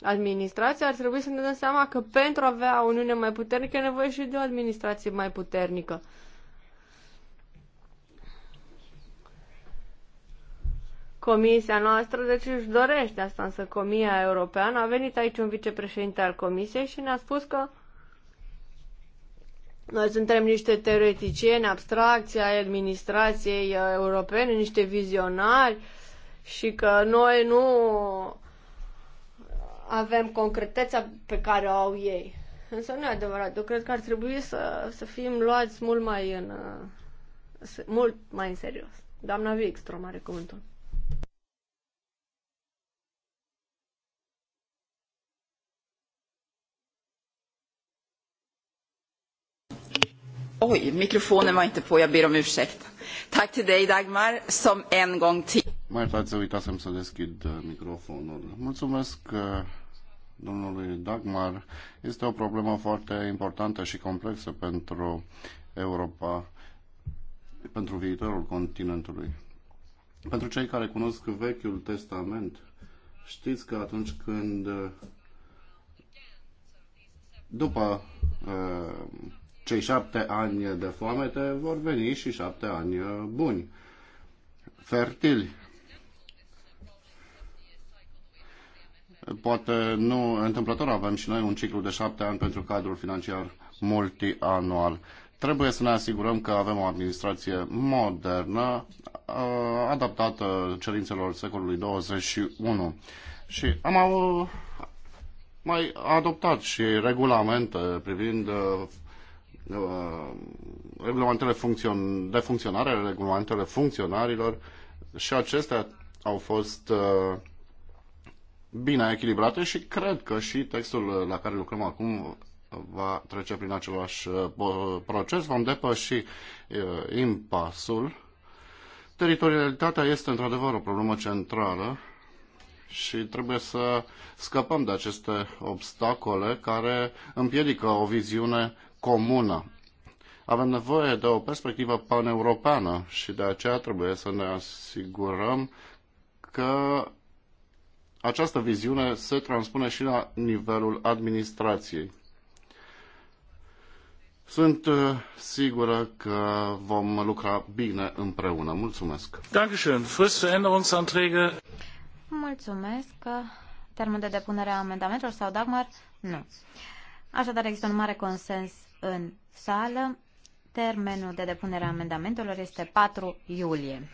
administrație, ar trebui să ne dăm seama că pentru a avea o Uniune mai puternică e nevoie și de o administrație mai puternică. Comisia noastră, deci își dorește asta, însă Comisia Europeană a venit aici un vicepreședinte al Comisiei și ne-a spus că noi suntem niște teoreticieni, abstracții ai administrației uh, europene, niște vizionari și că noi nu avem concretețea pe care o au ei. Însă nu e adevărat. Eu cred că ar trebui să, să fim luați mult mai în, uh, mult mai în serios. Doamna Wikstrom are cuvântul. Oj, mikrofonen var inte på, jag ber om ursäkt. Tack till dig Dagmar, som en gång till... uitasem să deschid uh, microfonul. Mulțumesc uh, domnului Dagmar. Este o problemă foarte importantă și complexă pentru Europa, pentru viitorul continentului. Pentru cei care cunosc Vechiul Testament, știți că atunci când uh, după uh, cei șapte ani de foamete vor veni și șapte ani uh, buni, fertili. Poate nu întâmplător avem și noi un ciclu de șapte ani pentru cadrul financiar multianual. Trebuie să ne asigurăm că avem o administrație modernă, uh, adaptată cerințelor secolului 21. Și am mai adoptat și regulamente privind uh, Uh, reglementele funcțion- de funcționare, reglementele funcționarilor și acestea au fost uh, bine echilibrate și cred că și textul la care lucrăm acum va trece prin același uh, proces, vom depăși impasul. Teritorialitatea este într-adevăr o problemă centrală și trebuie să scăpăm de aceste obstacole care împiedică o viziune comună. Avem nevoie de o perspectivă paneuropeană și de aceea trebuie să ne asigurăm că această viziune se transpune și la nivelul administrației. Sunt uh, sigură că vom lucra bine împreună. Mulțumesc. Dankeschön. Frist Mulțumesc. Termen de depunere a amendamentelor sau Dagmar? Nu. Așadar există un mare consens în sală. Termenul de depunere a amendamentelor este 4 iulie.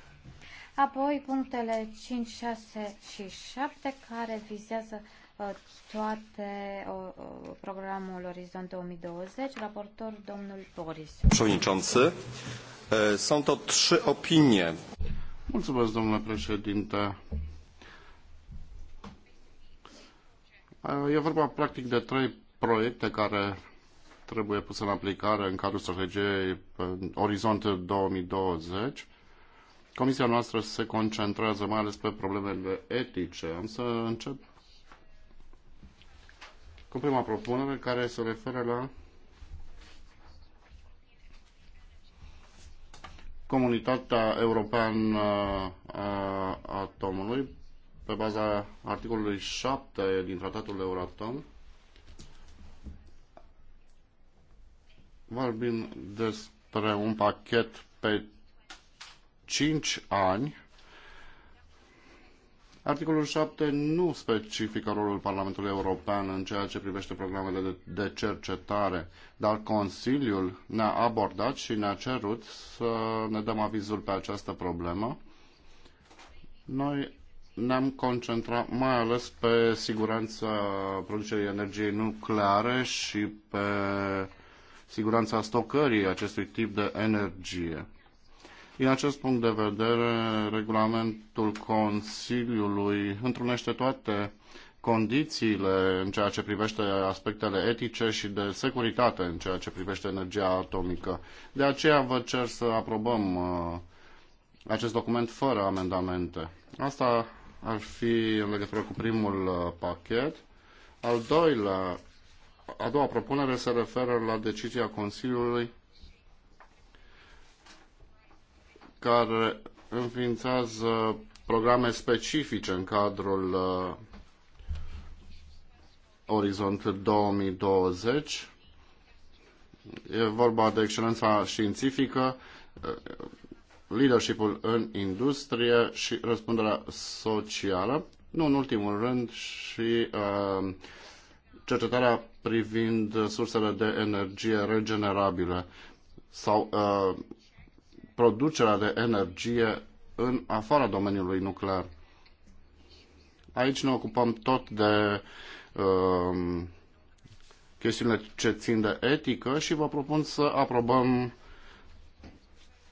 Apoi punctele 5, 6 și 7 care vizează uh, toate uh, uh, programul Orizont 2020, raportor domnul Boris. Przewodniczący, są to trzy opinie. Mulțumesc, domnule președinte. E vorba practic de trei proiecte care trebuie pusă în aplicare în cadrul strategiei Orizont 2020. Comisia noastră se concentrează mai ales pe problemele etice. Am să încep cu prima propunere care se referă la Comunitatea Europeană a Atomului pe baza articolului 7 din Tratatul Euratom. Vorbim despre un pachet pe 5 ani. Articolul 7 nu specifică rolul Parlamentului European în ceea ce privește programele de, de cercetare, dar Consiliul ne-a abordat și ne-a cerut să ne dăm avizul pe această problemă. Noi ne-am concentrat mai ales pe siguranța producerii energiei nucleare și pe siguranța stocării acestui tip de energie. Din acest punct de vedere, regulamentul Consiliului întrunește toate condițiile în ceea ce privește aspectele etice și de securitate în ceea ce privește energia atomică. De aceea vă cer să aprobăm uh, acest document fără amendamente. Asta ar fi în legătură cu primul uh, pachet. Al doilea a doua propunere se referă la decizia Consiliului care înființează programe specifice în cadrul uh, Orizont 2020. E vorba de excelența științifică, uh, leadership-ul în industrie și răspunderea socială. Nu în ultimul rând și uh, cercetarea privind sursele de energie regenerabile sau uh, producerea de energie în afara domeniului nuclear. Aici ne ocupăm tot de uh, chestiunile ce țin de etică și vă propun să aprobăm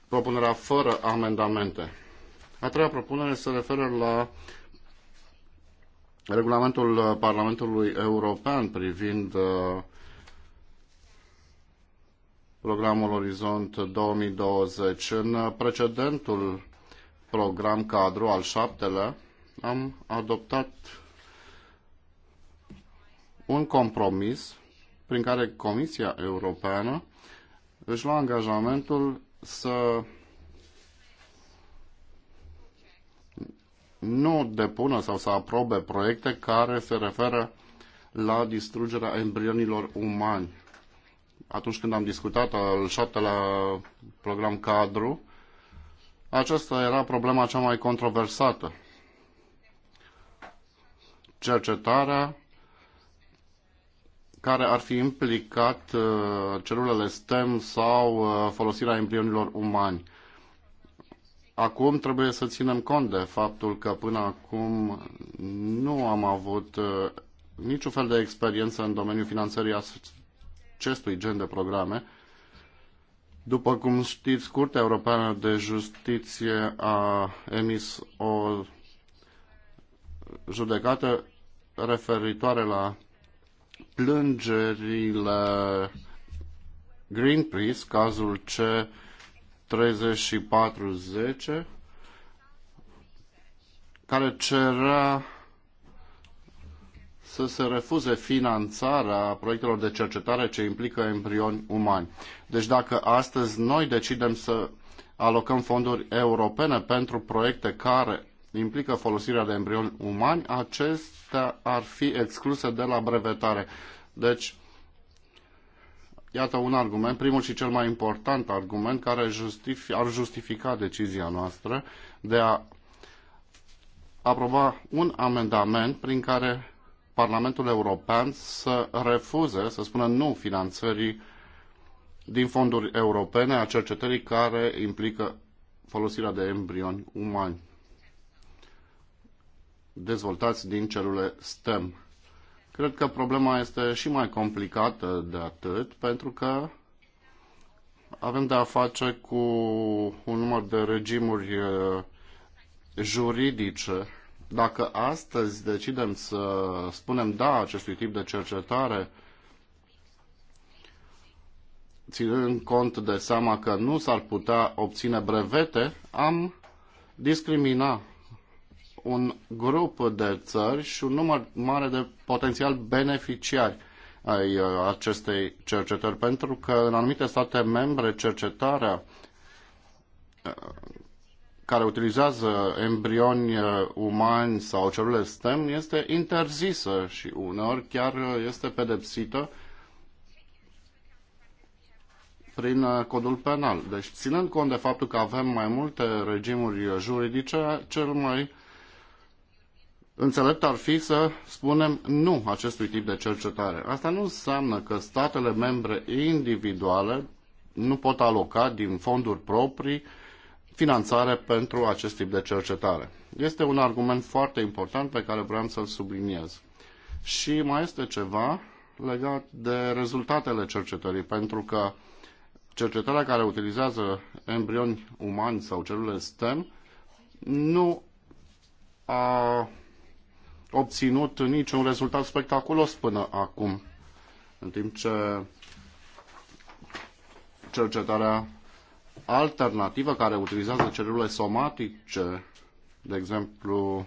propunerea fără amendamente. A treia propunere se referă la regulamentul uh, Parlamentului European privind uh, programul Orizont 2020. În uh, precedentul program cadru, al șaptelea, am adoptat un compromis prin care Comisia Europeană își lua angajamentul să nu depună sau să aprobe proiecte care se referă la distrugerea embrionilor umani. Atunci când am discutat al șaptelea program cadru, aceasta era problema cea mai controversată. Cercetarea care ar fi implicat uh, celulele stem sau uh, folosirea embrionilor umani. Acum trebuie să ținem cont de faptul că până acum nu am avut uh, niciun fel de experiență în domeniul finanțării acestui gen de programe. După cum știți, Curtea Europeană de Justiție a emis o judecată referitoare la plângerile Greenpeace, cazul ce 3410 care cerea să se refuze finanțarea proiectelor de cercetare ce implică embrioni umani. Deci dacă astăzi noi decidem să alocăm fonduri europene pentru proiecte care implică folosirea de embrioni umani, acestea ar fi excluse de la brevetare. Deci, Iată un argument, primul și cel mai important argument care justifi, ar justifica decizia noastră de a aproba un amendament prin care Parlamentul European să refuze, să spună nu finanțării din fonduri europene a cercetării care implică folosirea de embrioni umani dezvoltați din celule STEM. Cred că problema este și mai complicată de atât, pentru că avem de a face cu un număr de regimuri uh, juridice. Dacă astăzi decidem să spunem da acestui tip de cercetare, ținând cont de seama că nu s-ar putea obține brevete, am discrimina un grup de țări și un număr mare de potențial beneficiari ai uh, acestei cercetări, pentru că în anumite state membre cercetarea uh, care utilizează embrioni uh, umani sau celule STEM este interzisă și uneori chiar este pedepsită prin codul penal. Deci, ținând cont de faptul că avem mai multe regimuri juridice, cel mai Înțelept ar fi să spunem nu acestui tip de cercetare. Asta nu înseamnă că statele membre individuale nu pot aloca din fonduri proprii finanțare pentru acest tip de cercetare. Este un argument foarte important pe care vreau să-l subliniez. Și mai este ceva legat de rezultatele cercetării, pentru că cercetarea care utilizează embrioni umani sau celule STEM nu a obținut niciun rezultat spectaculos până acum, în timp ce cercetarea alternativă care utilizează celule somatice, de exemplu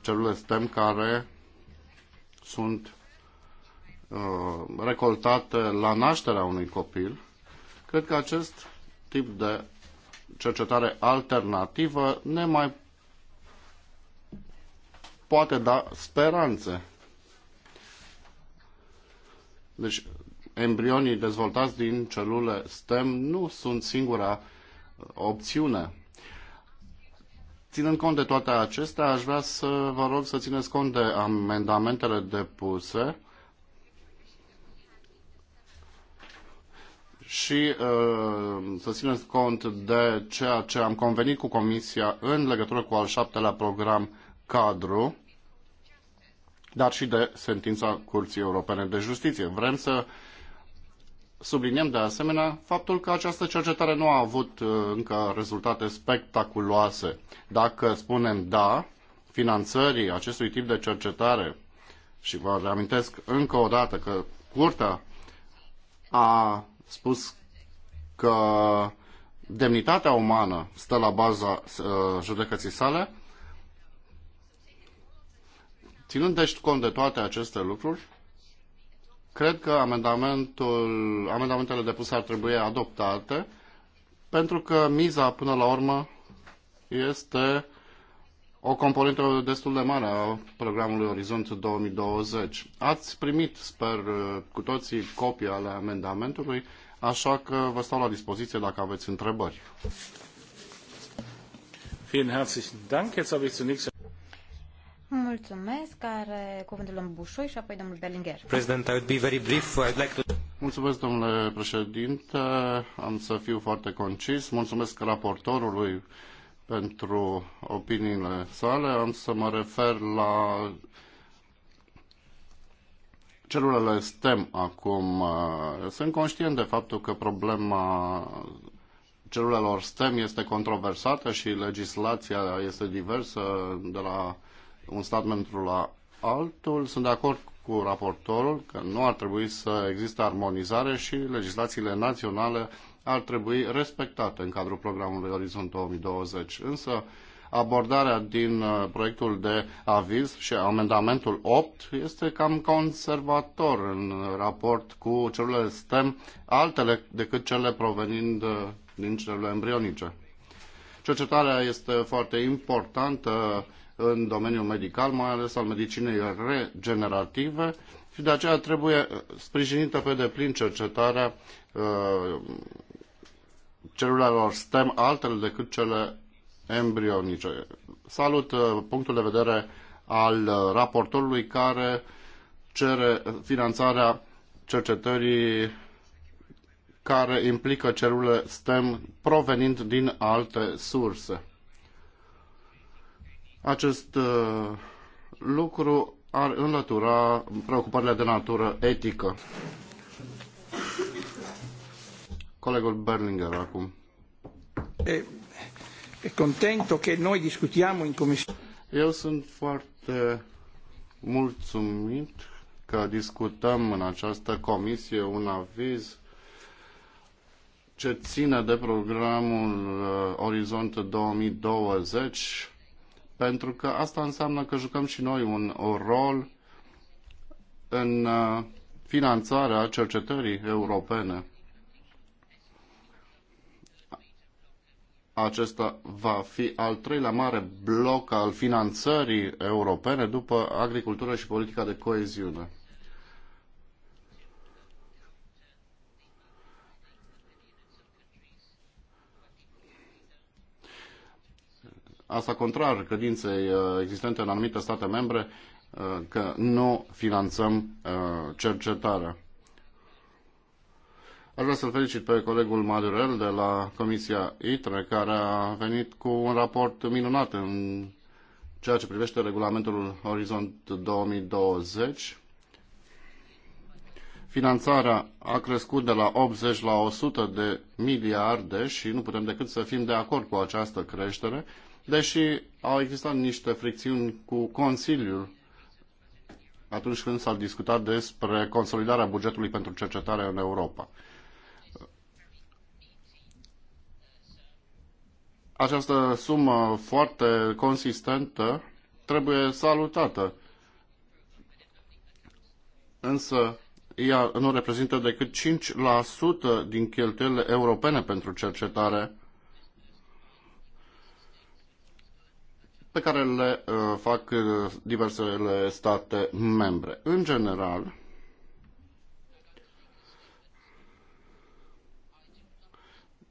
celule stem care sunt uh, recoltate la nașterea unui copil, cred că acest tip de cercetare alternativă ne mai poate da speranțe. Deci, embrionii dezvoltați din celule STEM nu sunt singura uh, opțiune. Ținând cont de toate acestea, aș vrea să vă rog să țineți cont de amendamentele depuse și uh, să țineți cont de ceea ce am convenit cu Comisia în legătură cu al șaptelea program cadru dar și de sentința Curții Europene de Justiție. Vrem să subliniem de asemenea faptul că această cercetare nu a avut uh, încă rezultate spectaculoase. Dacă spunem da finanțării acestui tip de cercetare, și vă reamintesc încă o dată că Curtea a spus că demnitatea umană stă la baza uh, judecății sale, Ținând deci cont de toate aceste lucruri, cred că amendamentul, amendamentele depuse ar trebui adoptate, pentru că miza, până la urmă, este o componentă destul de mare a programului Orizont 2020. Ați primit, sper, cu toții copii ale amendamentului, așa că vă stau la dispoziție dacă aveți întrebări. Vielen herzlichen Dank. Jetzt habe ich zunächst Mulțumesc. Are cuvântul în Bușoi și apoi domnul Bellinger. President, I would be very brief. I'd like to... Mulțumesc, domnule președinte. Am să fiu foarte concis. Mulțumesc raportorului pentru opiniile sale. Am să mă refer la celulele STEM acum. Sunt conștient de faptul că problema celulelor STEM este controversată și legislația este diversă de la un stat membru la altul. Sunt de acord cu raportorul că nu ar trebui să existe armonizare și legislațiile naționale ar trebui respectate în cadrul programului Orizont 2020. Însă, abordarea din uh, proiectul de aviz și amendamentul 8 este cam conservator în raport cu celulele STEM, altele decât cele provenind uh, din celulele embrionice. Cercetarea este foarte importantă în domeniul medical, mai ales al medicinei regenerative și de aceea trebuie sprijinită pe deplin cercetarea uh, celulelor STEM altele decât cele embrionice. Salut uh, punctul de vedere al uh, raportorului care cere finanțarea cercetării care implică celule STEM provenind din alte surse. Acest uh, lucru ar înlătura preocupările de natură etică. Colegul Berlinger acum. E, e contento că noi discutăm în comisie Eu sunt foarte mulțumit că discutăm în această comisie un aviz ce ține de programul uh, Orizont 2020 pentru că asta înseamnă că jucăm și noi un rol în uh, finanțarea cercetării europene. Acesta va fi al treilea mare bloc al finanțării europene după agricultură și politica de coeziune. asta contrar credinței uh, existente în anumite state membre uh, că nu finanțăm uh, cercetarea. Aș vrea să-l felicit pe colegul Madurel de la Comisia ITRE, care a venit cu un raport minunat în ceea ce privește regulamentul Orizont 2020. Finanțarea a crescut de la 80 la 100 de miliarde și nu putem decât să fim de acord cu această creștere deși au existat niște fricțiuni cu Consiliul atunci când s-a discutat despre consolidarea bugetului pentru cercetare în Europa. Această sumă foarte consistentă trebuie salutată, însă ea nu reprezintă decât 5% din cheltuielile europene pentru cercetare pe care le uh, fac uh, diversele state membre. În general,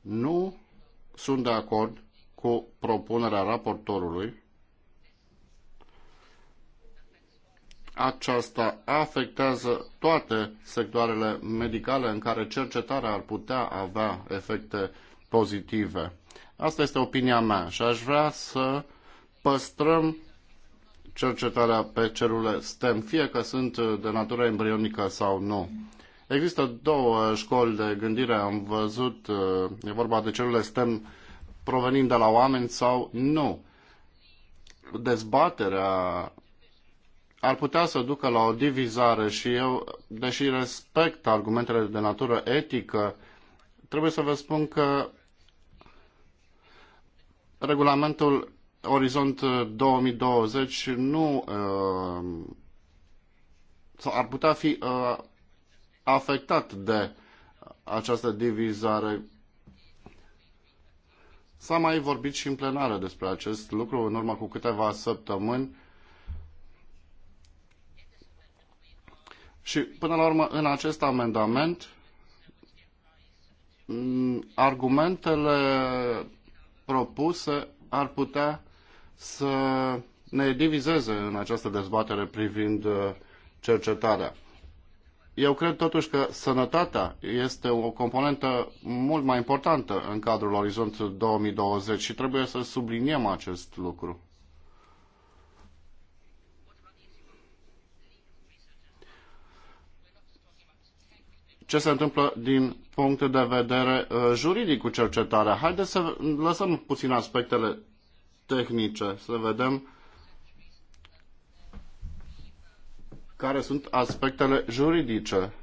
nu sunt de acord cu propunerea raportorului. Aceasta afectează toate sectoarele medicale în care cercetarea ar putea avea efecte pozitive. Asta este opinia mea și aș vrea să păstrăm cercetarea pe celule STEM, fie că sunt de natură embrionică sau nu. Există două școli de gândire, am văzut, uh, e vorba de celule STEM provenind de la oameni sau nu. Dezbaterea ar putea să ducă la o divizare și eu, deși respect argumentele de natură etică, trebuie să vă spun că regulamentul Orizont 2020 uh, nu uh, sau ar putea fi uh, afectat de această divizare. S-a mai vorbit și în plenară despre acest lucru în urmă cu câteva săptămâni. Și până la urmă, în acest amendament, mm, argumentele propuse ar putea să ne divizeze în această dezbatere privind uh, cercetarea. Eu cred totuși că sănătatea este o componentă mult mai importantă în cadrul Orizont 2020 și trebuie să subliniem acest lucru. ce se întâmplă din punct de vedere uh, juridic cu cercetarea. Haideți să lăsăm puțin aspectele tehnice, să vedem care sunt aspectele juridice.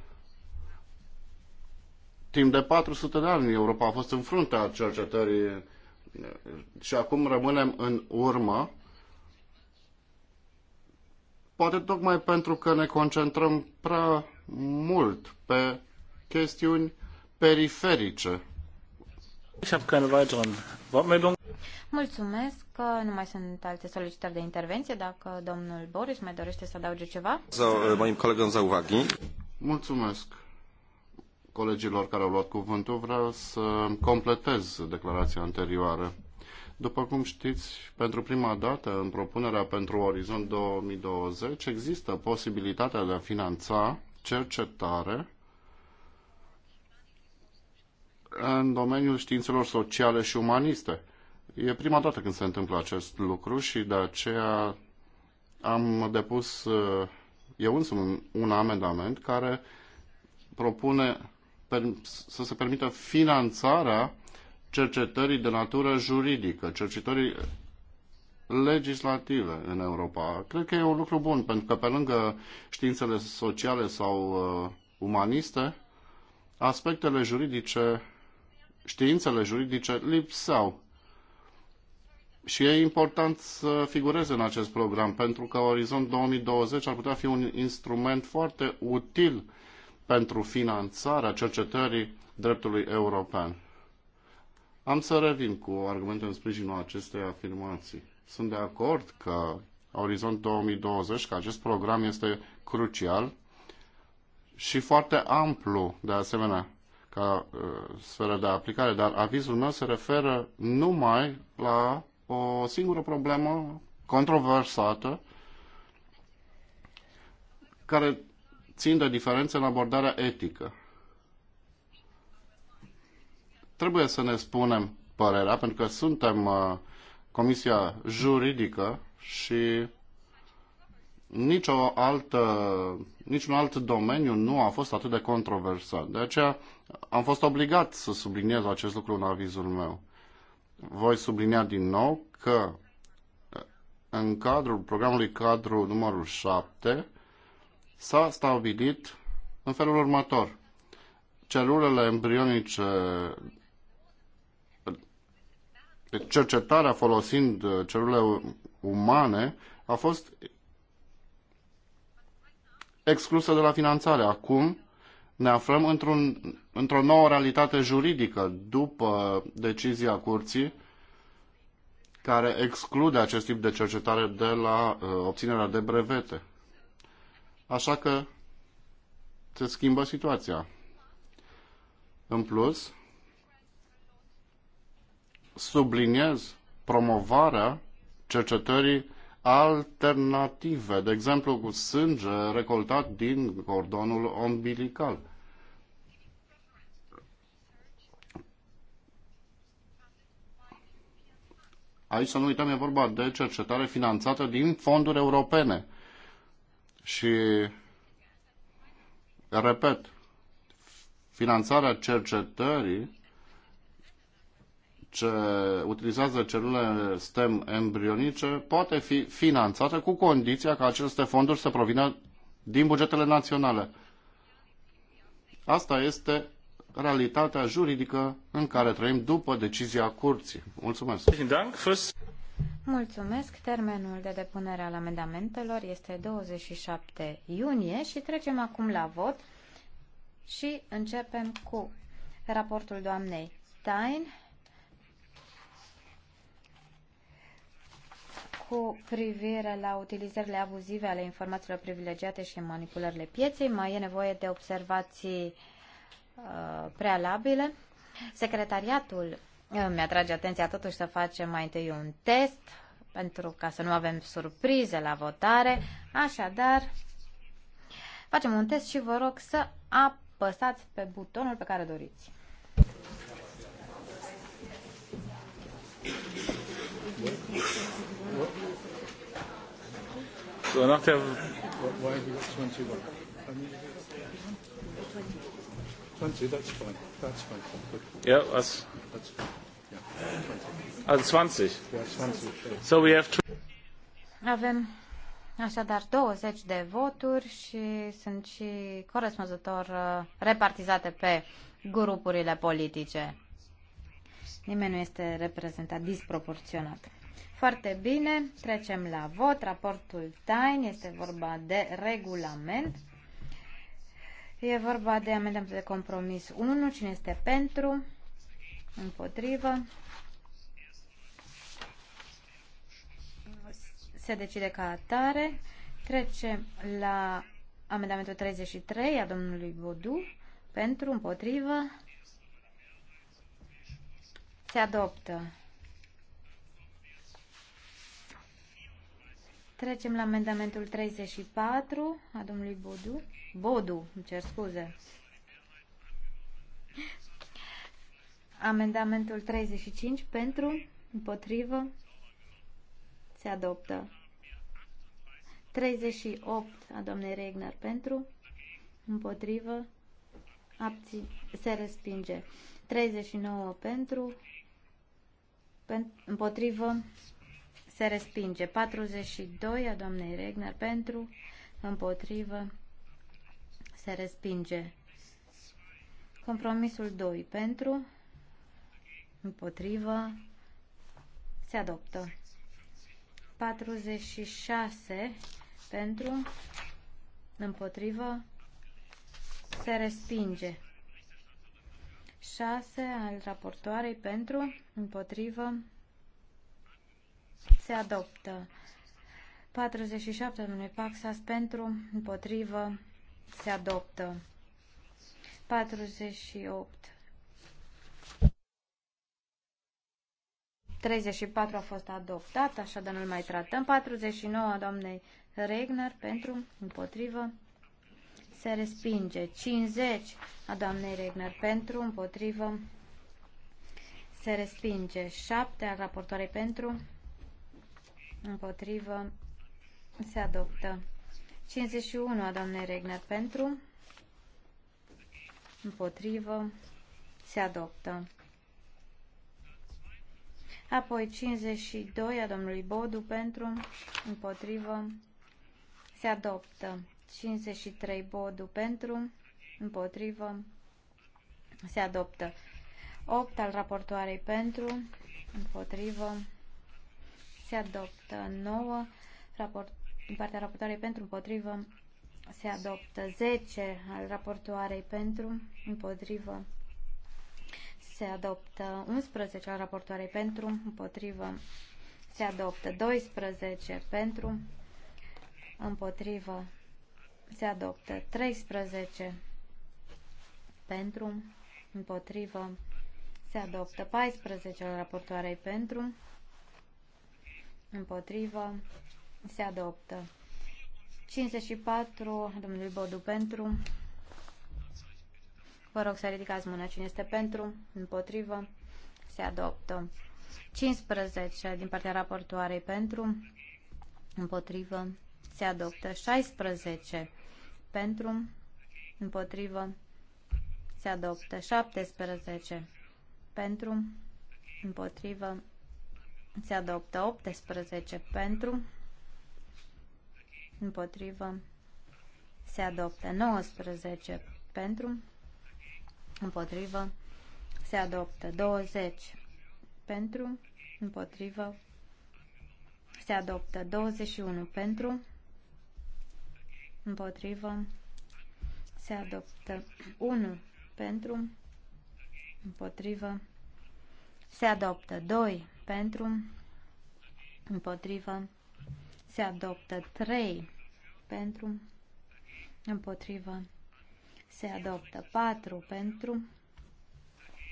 Timp de 400 de ani Europa a fost în fruntea cercetării și acum rămânem în urmă. Poate tocmai pentru că ne concentrăm prea mult pe chestiuni periferice. Mulțumesc că nu mai sunt alte solicitări de intervenție. Dacă domnul Boris mai dorește să adauge ceva. Moim colegom za uwagi. Mulțumesc colegilor care au luat cuvântul. Vreau să completez declarația anterioară. După cum știți, pentru prima dată în propunerea pentru Orizont 2020 există posibilitatea de a finanța cercetare în domeniul științelor sociale și umaniste. E prima dată când se întâmplă acest lucru și de aceea am depus uh, eu însumi un amendament care propune să se permită finanțarea cercetării de natură juridică, cercetării legislative în Europa. Cred că e un lucru bun, pentru că pe lângă științele sociale sau uh, umaniste, aspectele juridice științele juridice lipsau. Și e important să figureze în acest program, pentru că Orizont 2020 ar putea fi un instrument foarte util pentru finanțarea cercetării dreptului european. Am să revin cu argumente în sprijinul acestei afirmații. Sunt de acord că Orizont 2020, că acest program este crucial și foarte amplu, de asemenea, ca uh, sferă de aplicare, dar avizul meu se referă numai la o singură problemă controversată care țin de diferențe în abordarea etică. Trebuie să ne spunem părerea, pentru că suntem uh, comisia juridică și nicio altă, niciun alt domeniu nu a fost atât de controversat. De aceea am fost obligat să subliniez acest lucru în avizul meu. Voi sublinia din nou că în cadrul programului cadru numărul 7 s-a stabilit în felul următor. Celulele embrionice cercetarea folosind celule umane a fost excluse de la finanțare. Acum ne aflăm într-un, într-o nouă realitate juridică după decizia curții care exclude acest tip de cercetare de la uh, obținerea de brevete. Așa că se schimbă situația. În plus, subliniez promovarea cercetării alternative, de exemplu cu sânge recoltat din cordonul ombilical. Aici să nu uităm, e vorba de cercetare finanțată din fonduri europene. Și, repet, finanțarea cercetării ce utilizează celule stem embrionice poate fi finanțată cu condiția ca aceste fonduri să provină din bugetele naționale. Asta este realitatea juridică în care trăim după decizia curții. Mulțumesc! Mulțumesc! Termenul de depunere al amendamentelor este 27 iunie și trecem acum la vot și începem cu raportul doamnei Stein cu privire la utilizările abuzive ale informațiilor privilegiate și manipulările pieței. Mai e nevoie de observații uh, prealabile. Secretariatul mi uh, mi-atrage atenția totuși să facem mai întâi un test pentru ca să nu avem surprize la votare. Așadar, facem un test și vă rog să apăsați pe butonul pe care doriți. Thank you. So So not have. Why have you got 21? 20, that's fine. That's fine. Good. Yeah, that's. That's fine. Yeah, 20. 20. Yeah, 20. So we have Avem Așadar, 20 de voturi și sunt și corespunzător uh, repartizate pe grupurile politice. Nimeni nu este reprezentat disproporționat. Foarte bine, trecem la vot. Raportul TAIN este vorba de regulament. E vorba de amendamentul de compromis 1. Cine este pentru? Împotrivă? Se decide ca atare. Trecem la amendamentul 33 a domnului Bodu. Pentru, împotrivă, se adoptă. Trecem la amendamentul 34 a domnului Bodu. Bodu, îmi cer scuze. Amendamentul 35 pentru, împotrivă, se adoptă. 38 a domnului Regner pentru, împotrivă, abții, se respinge. 39 pentru, pentru împotrivă, se respinge. 42 a doamnei Regner pentru, împotrivă, se respinge. Compromisul 2 pentru, împotrivă, se adoptă. 46 pentru, împotrivă, se respinge. 6 al raportoarei pentru, împotrivă, se adoptă. 47 domnului Paxas pentru, împotrivă, se adoptă. 48 34 a fost adoptat, așa de nu-l mai tratăm. 49 a doamnei Regner pentru, împotrivă, se respinge. 50 a doamnei Regner pentru, împotrivă, se respinge. 7 a raportoarei pentru, împotrivă, se adoptă. 51 a doamnei Regner pentru, împotrivă, se adoptă. Apoi 52 a domnului Bodu pentru, împotrivă, se adoptă. 53 Bodu pentru, împotrivă, se adoptă. 8 al raportoarei pentru, împotrivă, se adoptă. 9 raport, din partea raportoarei pentru împotrivă se adoptă. 10 al raportoarei pentru împotrivă se adoptă. 11 al raportoarei pentru împotrivă se adoptă. 12 pentru împotrivă se adoptă. 13 pentru împotrivă se adoptă. 14 al raportoarei pentru împotrivă, se adoptă. 54, domnul Bodu pentru. Vă rog să ridicați mâna cine este pentru, împotrivă, se adoptă. 15 din partea raportoarei pentru, împotrivă, se adoptă. 16 pentru, împotrivă, se adoptă. 17 pentru, împotrivă, se adoptă 18 pentru. Împotrivă. Se adoptă 19 pentru. Împotrivă. Se adoptă 20 pentru. Împotrivă. Se adoptă 21 pentru. Împotrivă. Se adoptă 1 pentru. Împotrivă. Se adoptă 2 pentru, împotrivă, se adoptă 3 pentru, împotrivă, se adoptă 4 pentru,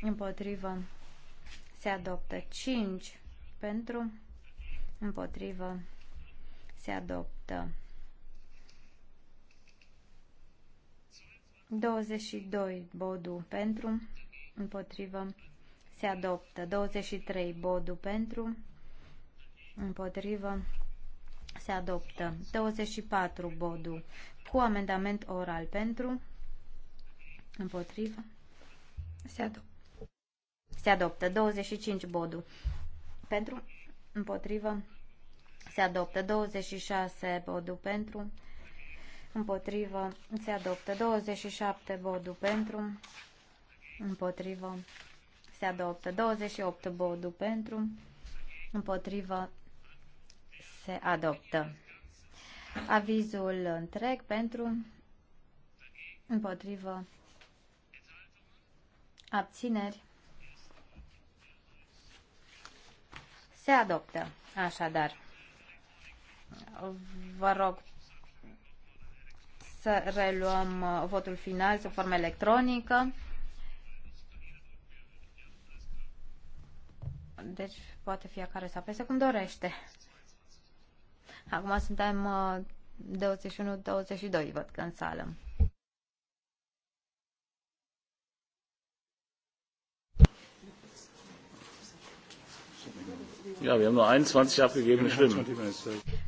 împotrivă, se adoptă 5 pentru, împotrivă, se adoptă 22 bodu pentru, împotrivă, se adoptă. 23 Bodu pentru, împotrivă, se adoptă. 24 Bodu cu amendament oral pentru, împotrivă, se adoptă. Se adoptă 25 Bodu pentru, împotrivă, se adoptă 26 Bodu pentru, împotrivă, se adoptă 27 Bodu pentru, împotrivă, se adoptă. 28 Bodu pentru, împotrivă, se adoptă. Avizul întreg pentru, împotrivă, abțineri, se adoptă. Așadar, vă rog să reluăm uh, votul final sub formă electronică. Deci poate fiecare să apese cum dorește. Acum suntem 21-22, uh, văd că în sală. Ja, wir haben nur 21 abgegebene Stimmen.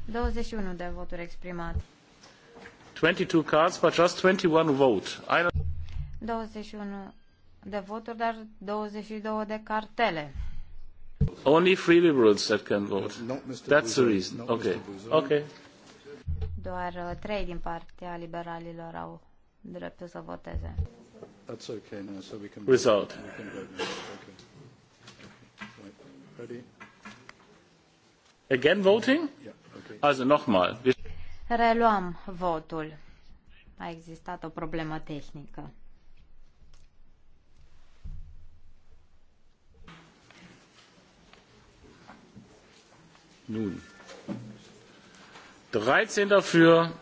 21 de voturi exprimate. 22 cards, but just 21 vote. 21 de voturi, dar 22 de cartele. Only free liberals that can vote. That's the reason. Okay. Okay. Doar uh, trei din partea liberalilor au dreptul să voteze. That's okay now, so we can result. Ready? Again voting? Also nochmal. Reluăm votul. A existat o problemă tehnică. Nun. 13 dafür.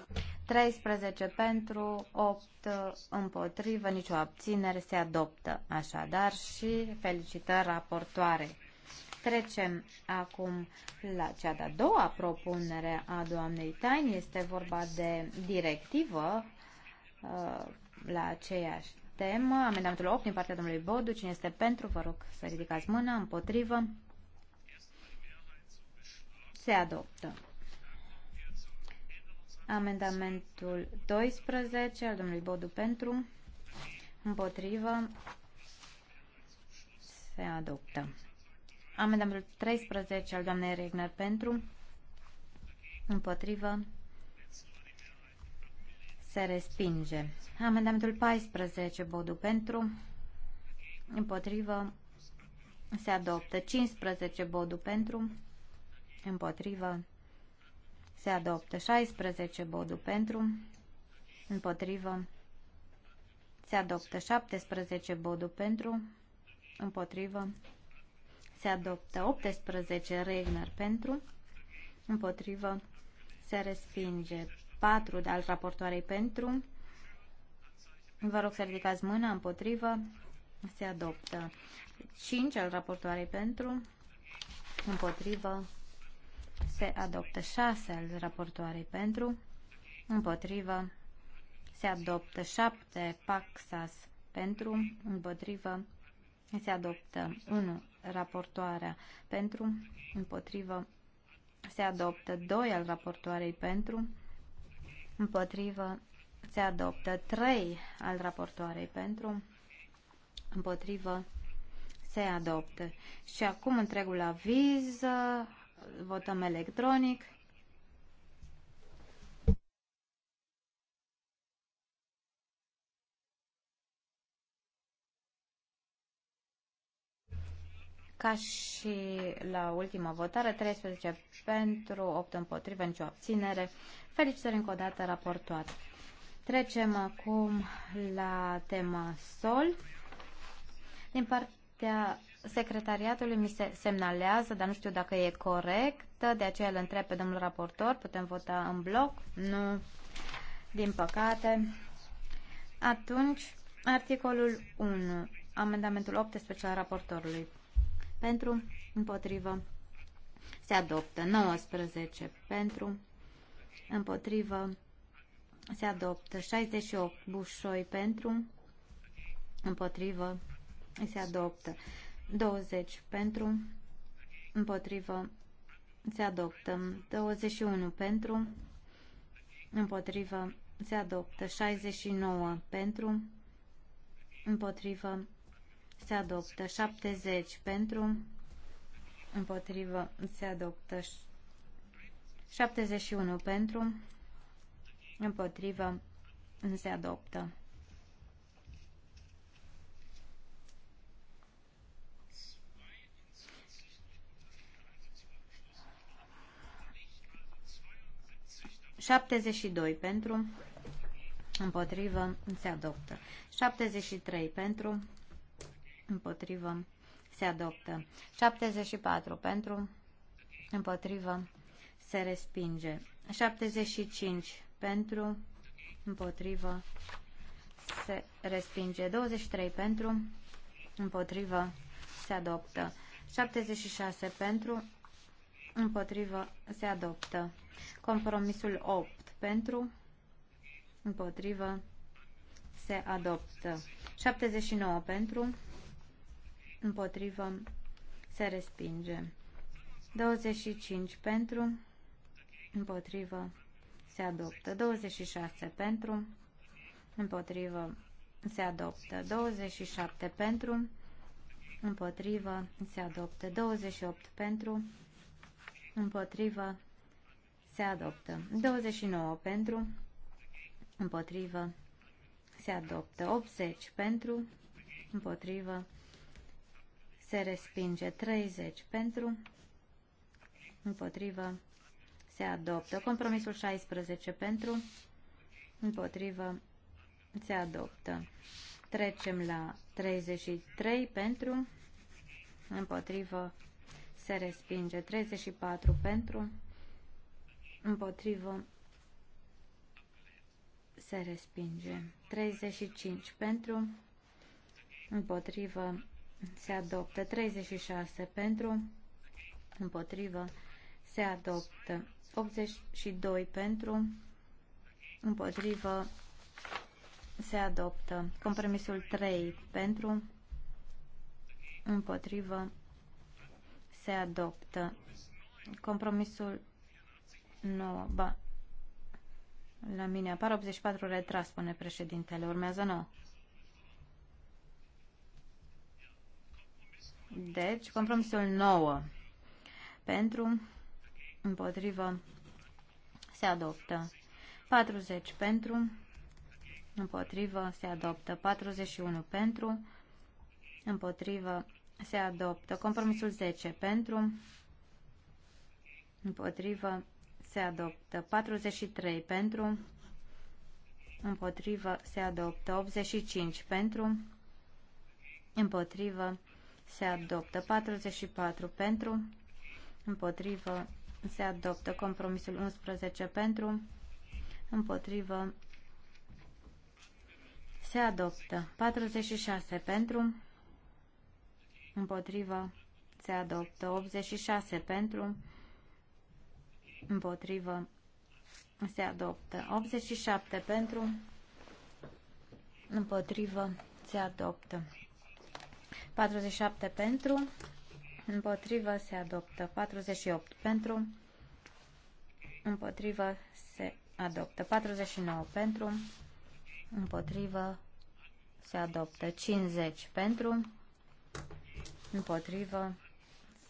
13 pentru, 8 împotrivă, nicio abținere se adoptă. Așadar și felicitări raportoare. Trecem acum la cea de-a doua propunere a doamnei Tain. Este vorba de directivă uh, la aceeași temă. Amendamentul 8 din partea domnului Bodu. Cine este pentru, vă rog să ridicați mâna. Împotrivă. Se adoptă. Amendamentul 12 al domnului Bodu pentru, împotrivă, se adoptă. Amendamentul 13 al doamnei Regner pentru, împotrivă, se respinge. Amendamentul 14 Bodu pentru, împotrivă, se adoptă. 15 Bodu pentru, împotrivă, se adoptă. 16 Bodu pentru, împotrivă, se adoptă. 17 Bodu pentru, împotrivă, se adoptă. 18 Regner pentru, împotrivă, se respinge. 4 de al raportoarei pentru, vă rog să ridicați mâna, împotrivă, se adoptă. 5 al raportoarei pentru, împotrivă, se adoptă 6 al raportoarei pentru, împotrivă, se adoptă 7 Paxas pentru, împotrivă, se adoptă 1 raportoarea pentru, împotrivă, se adoptă 2 al raportoarei pentru, împotrivă, se adoptă 3 al raportoarei pentru, împotrivă, se adoptă. Și acum întregul aviz Votăm electronic. Ca și la ultima votare, 13 pentru, 8 împotrivă, nicio abținere. Felicitări încă o dată raportoare. Trecem acum la tema sol. Din partea secretariatului mi se semnalează, dar nu știu dacă e corect, de aceea îl întreb pe domnul raportor, putem vota în bloc? Nu, din păcate. Atunci, articolul 1, amendamentul 18 al raportorului. Pentru, împotrivă, se adoptă. 19, pentru, împotrivă, se adoptă. 68, bușoi, pentru, împotrivă, se adoptă. 20 pentru, împotrivă, se adoptă. 21 pentru, împotrivă, se adoptă. 69 pentru, împotrivă, se adoptă. 70 pentru, împotrivă, se adoptă. 71 pentru, împotrivă, se adoptă. 72 pentru, împotrivă, se adoptă. 73 pentru, împotrivă, se adoptă. 74 pentru, împotrivă, se respinge. 75 pentru, împotrivă, se respinge. 23 pentru, împotrivă, se adoptă. 76 pentru, împotrivă, se adoptă. Compromisul 8 pentru, împotrivă, se adoptă. 79 pentru, împotrivă, se respinge. 25 pentru, împotrivă, se adoptă. 26 pentru, împotrivă, se adoptă. 27 pentru, împotrivă, se adoptă. 28 pentru, împotrivă, se adoptă. 29 pentru, împotrivă, se adoptă. 80 pentru, împotrivă, se respinge. 30 pentru, împotrivă, se adoptă. Compromisul 16 pentru, împotrivă, se adoptă. Trecem la 33 pentru, împotrivă, se respinge. 34 pentru, împotrivă, se respinge. 35 pentru, împotrivă, se adoptă. 36 pentru, împotrivă, se adoptă. 82 pentru, împotrivă, se adoptă. Compromisul 3 pentru, împotrivă, se adoptă. Compromisul 9, ba. La mine apar 84 retras, spune președintele. Urmează 9. Deci, compromisul 9. Pentru, împotrivă, se adoptă. 40 pentru, împotrivă, se adoptă. 41 pentru, împotrivă, se adoptă. Compromisul 10 pentru, împotrivă, se adoptă. 43 pentru, împotrivă, se adoptă. 85 pentru, împotrivă, se adoptă. 44 pentru, împotrivă, se adoptă. Compromisul 11 pentru, împotrivă, se adoptă. 46 pentru, împotrivă, se adoptă. 86 pentru, împotrivă, se adoptă. 87 pentru, împotrivă, se adoptă. 47 pentru, împotrivă, se adoptă. 48 pentru, împotrivă, se adoptă. 49 pentru, împotrivă, se adoptă. 50 pentru, împotrivă,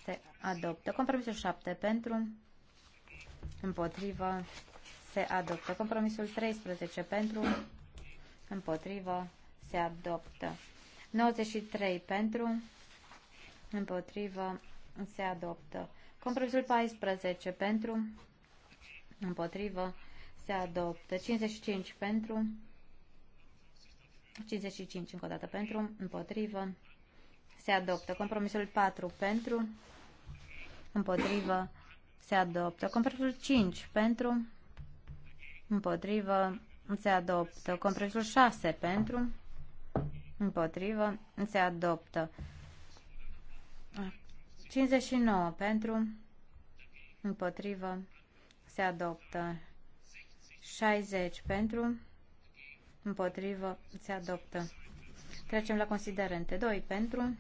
se adoptă. Compromisul 7 pentru, împotrivă, se adoptă. Compromisul 13 pentru, împotrivă, se adoptă. 93 pentru, împotrivă, se adoptă. Compromisul 14 pentru, împotrivă, se adoptă. 55 pentru, 55 încă o dată pentru, împotrivă, se adoptă. Compromisul 4 pentru, împotrivă, se adoptă. Compresul 5 pentru, împotrivă, se adoptă. Compresul 6 pentru, împotrivă, se adoptă. 59 pentru, împotrivă, se adoptă. 60 pentru, împotrivă, se adoptă. Trecem la considerente. 2 pentru,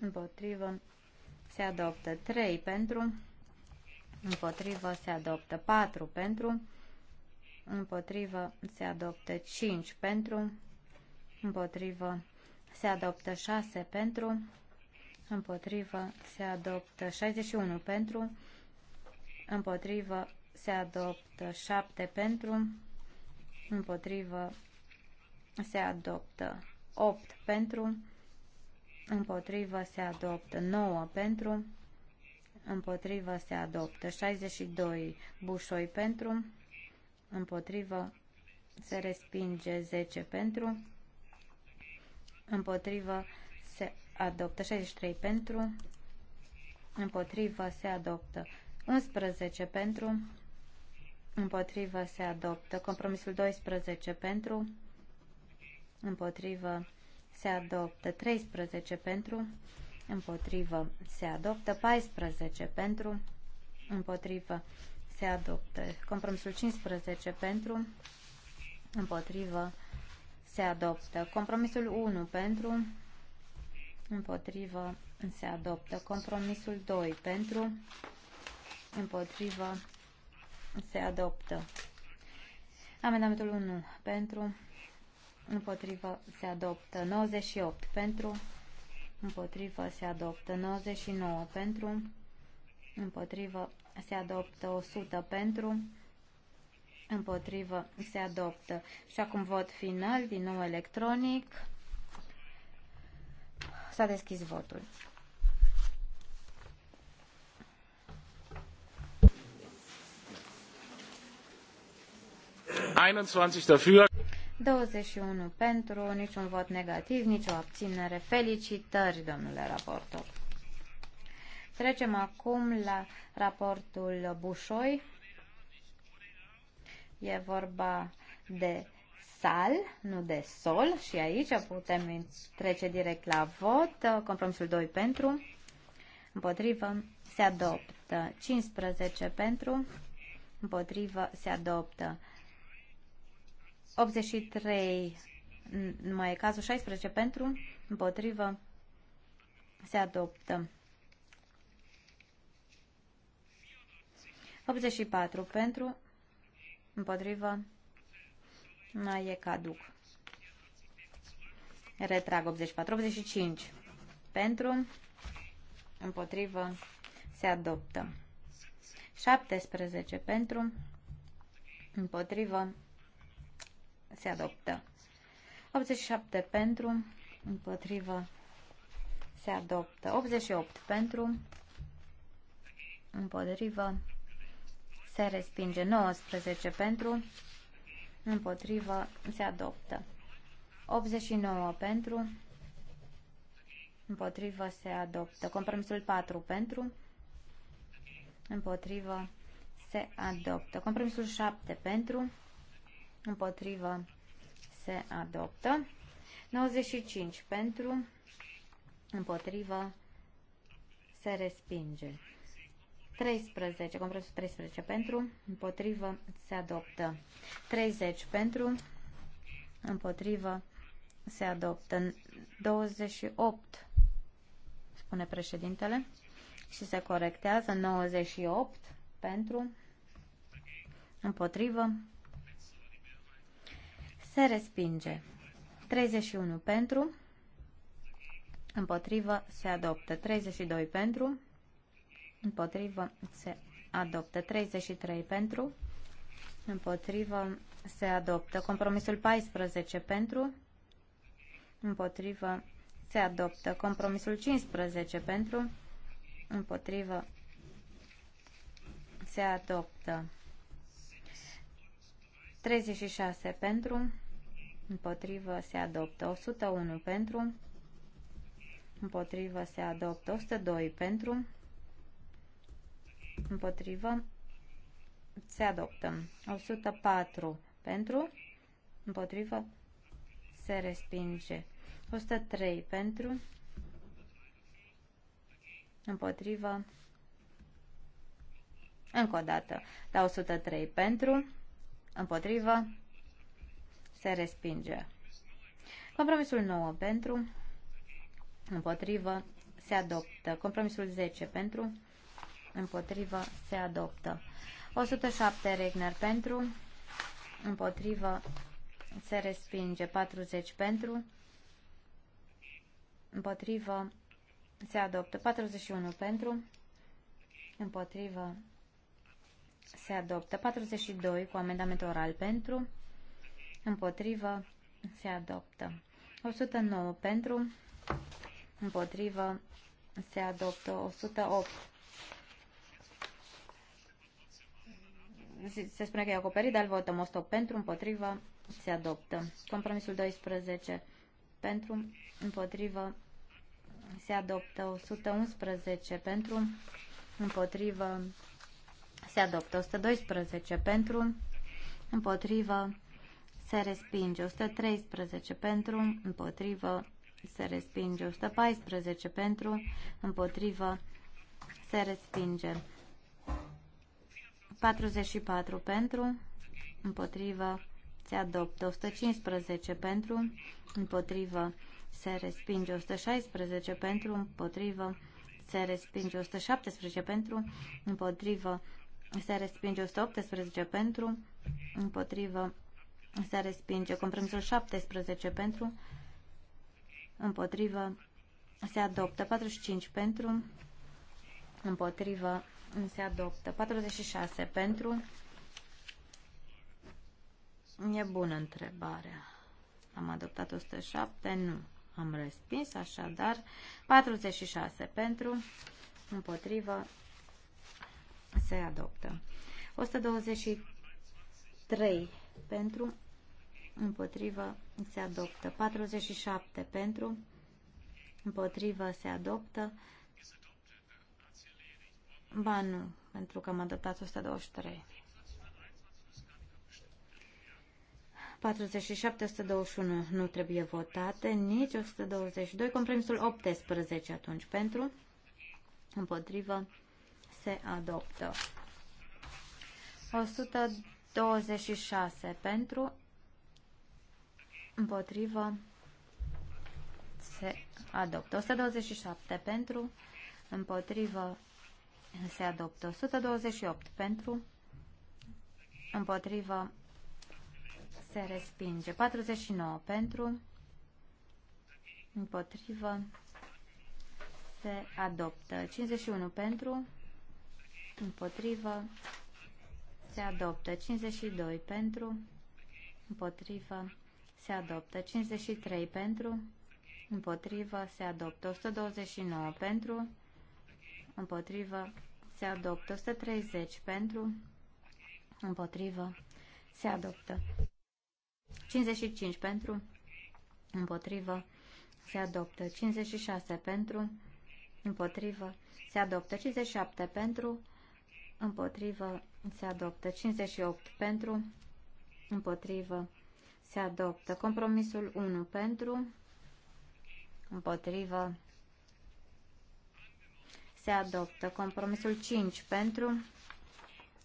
împotrivă, se adoptă. 3 pentru, împotrivă se adoptă 4 pentru, împotrivă se adoptă 5 pentru, împotrivă se adoptă 6 pentru, împotrivă se adoptă 61 pentru, împotrivă se adoptă 7 pentru, împotrivă se adoptă 8 pentru, împotrivă se adoptă 9 pentru, împotrivă se adoptă. 62 bușoi pentru, împotrivă se respinge 10 pentru, împotrivă se adoptă 63 pentru, împotrivă se adoptă 11 pentru, împotrivă se adoptă compromisul 12 pentru, împotrivă se adoptă 13 pentru, împotrivă se adoptă, 14 pentru, împotrivă se adoptă, compromisul 15 pentru, împotrivă se adoptă, compromisul 1 pentru, împotrivă se adoptă, compromisul 2 pentru, împotrivă se adoptă. Amendamentul 1 pentru, împotrivă se adoptă, 98 pentru, împotrivă se adoptă 99 pentru, împotrivă se adoptă 100 pentru, împotrivă se adoptă. Și acum vot final, din nou electronic. S-a deschis votul. einundzwanzig dafür 21 pentru, niciun vot negativ, nicio abținere. Felicitări, domnule raportor. Trecem acum la raportul Bușoi. E vorba de sal, nu de sol și aici putem trece direct la vot. Compromisul 2 pentru, împotrivă, se adoptă 15 pentru, împotrivă, se adoptă 83 nu mai e cazul 16 pentru, împotrivă, se adoptă. 84 pentru, împotrivă, mai e caduc. Retrag 84, 85 pentru, împotrivă, se adoptă. 17 pentru, împotrivă, se adoptă. 87 pentru, împotrivă, se adoptă. 88 pentru, împotrivă, se respinge. 19 pentru, împotrivă, se adoptă. 89 pentru, împotrivă, se adoptă. Compromisul 4 pentru, împotrivă, se adoptă. Compromisul 7 pentru, împotrivă se adoptă. 95 pentru, împotrivă se respinge. 13, compresul 13 pentru, împotrivă se adoptă. 30 pentru, împotrivă se adoptă. 28, spune președintele, și se corectează. 98 pentru, împotrivă se respinge. 31 pentru. Împotrivă se adoptă. 32 pentru. Împotrivă se adoptă. 33 pentru. Împotrivă se adoptă. Compromisul 14 pentru. Împotrivă se adoptă. Compromisul 15 pentru. Împotrivă se adoptă. 36 pentru împotrivă se adoptă 101 pentru, împotrivă se adoptă 102 pentru, împotrivă se adoptă 104 pentru, împotrivă se respinge 103 pentru, împotrivă încă o dată la da, 103 pentru, împotrivă se respinge. Compromisul 9 pentru, împotrivă, se adoptă. Compromisul 10 pentru, împotrivă, se adoptă. 107 Regner pentru, împotrivă, se respinge. 40 pentru, împotrivă, se adoptă. 41 pentru, împotrivă, se adoptă. 42 cu amendament oral pentru, împotrivă, se adoptă. 109 pentru, împotrivă, se adoptă. 108 se spune că e acoperit, dar votăm 108 pentru, împotrivă, se adoptă. Compromisul 12 pentru, împotrivă, se adoptă. 111 pentru, împotrivă, se adoptă. 112 pentru, împotrivă, se respinge 113 pentru, împotrivă, se respinge 114 pentru, împotrivă, se respinge 44 pentru, împotrivă, se adoptă 115 pentru, împotrivă, se respinge 116 pentru, împotrivă, se respinge 117 pentru, împotrivă, se respinge 118 pentru, împotrivă, se respinge. Compromisul 17 pentru, împotrivă, se adoptă. 45 pentru, împotrivă, se adoptă. 46 pentru, e bună întrebarea. Am adoptat 107, nu. Am respins, așadar, 46 pentru, împotrivă, se adoptă. 123 pentru, împotrivă se adoptă. 47 pentru, împotrivă se adoptă. Ba nu, pentru că am adoptat 123. 47, 121 nu trebuie votate, nici 122. Compromisul 18 atunci pentru, împotrivă se adoptă. 126 pentru, împotrivă, se adoptă. 127 pentru, împotrivă, se adoptă. 128 pentru, împotrivă, se respinge. 49 pentru, împotrivă, se adoptă. 51 pentru, împotrivă, se adoptă. 52 pentru, împotrivă, se adoptă. 53 pentru, împotrivă, se adoptă. 129 pentru, împotrivă, se adoptă. 130 pentru, împotrivă, se adoptă. 55 pentru, împotrivă, se adoptă. 56 pentru, împotrivă, se adoptă. 57 pentru, împotrivă, se adoptă. 58 pentru, împotrivă, se adoptă. Compromisul 1 pentru, împotrivă, se adoptă. Compromisul 5 pentru,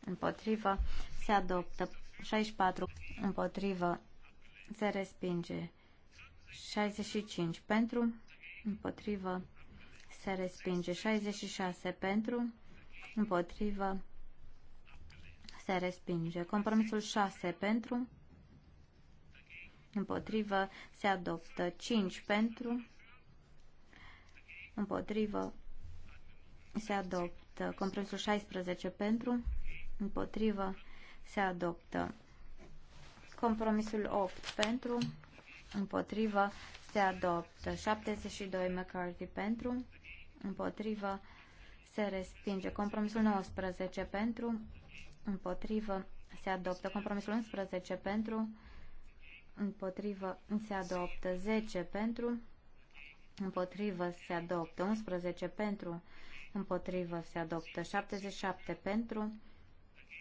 împotrivă, se adoptă. 64 împotrivă, se respinge. 65 pentru, împotrivă, se respinge. 66 pentru, împotrivă, se respinge. Compromisul 6 pentru, împotrivă, se adoptă. 5 pentru, împotrivă, se adoptă. Compromisul 16 pentru, împotrivă, se adoptă. Compromisul 8 pentru, împotrivă, se adoptă. 72 McCarthy pentru, împotrivă, se respinge. Compromisul 19 pentru, împotrivă, se adoptă. Compromisul 11 pentru, împotrivă se adoptă 10 pentru, împotrivă se adoptă 11 pentru, împotrivă se adoptă 77 pentru,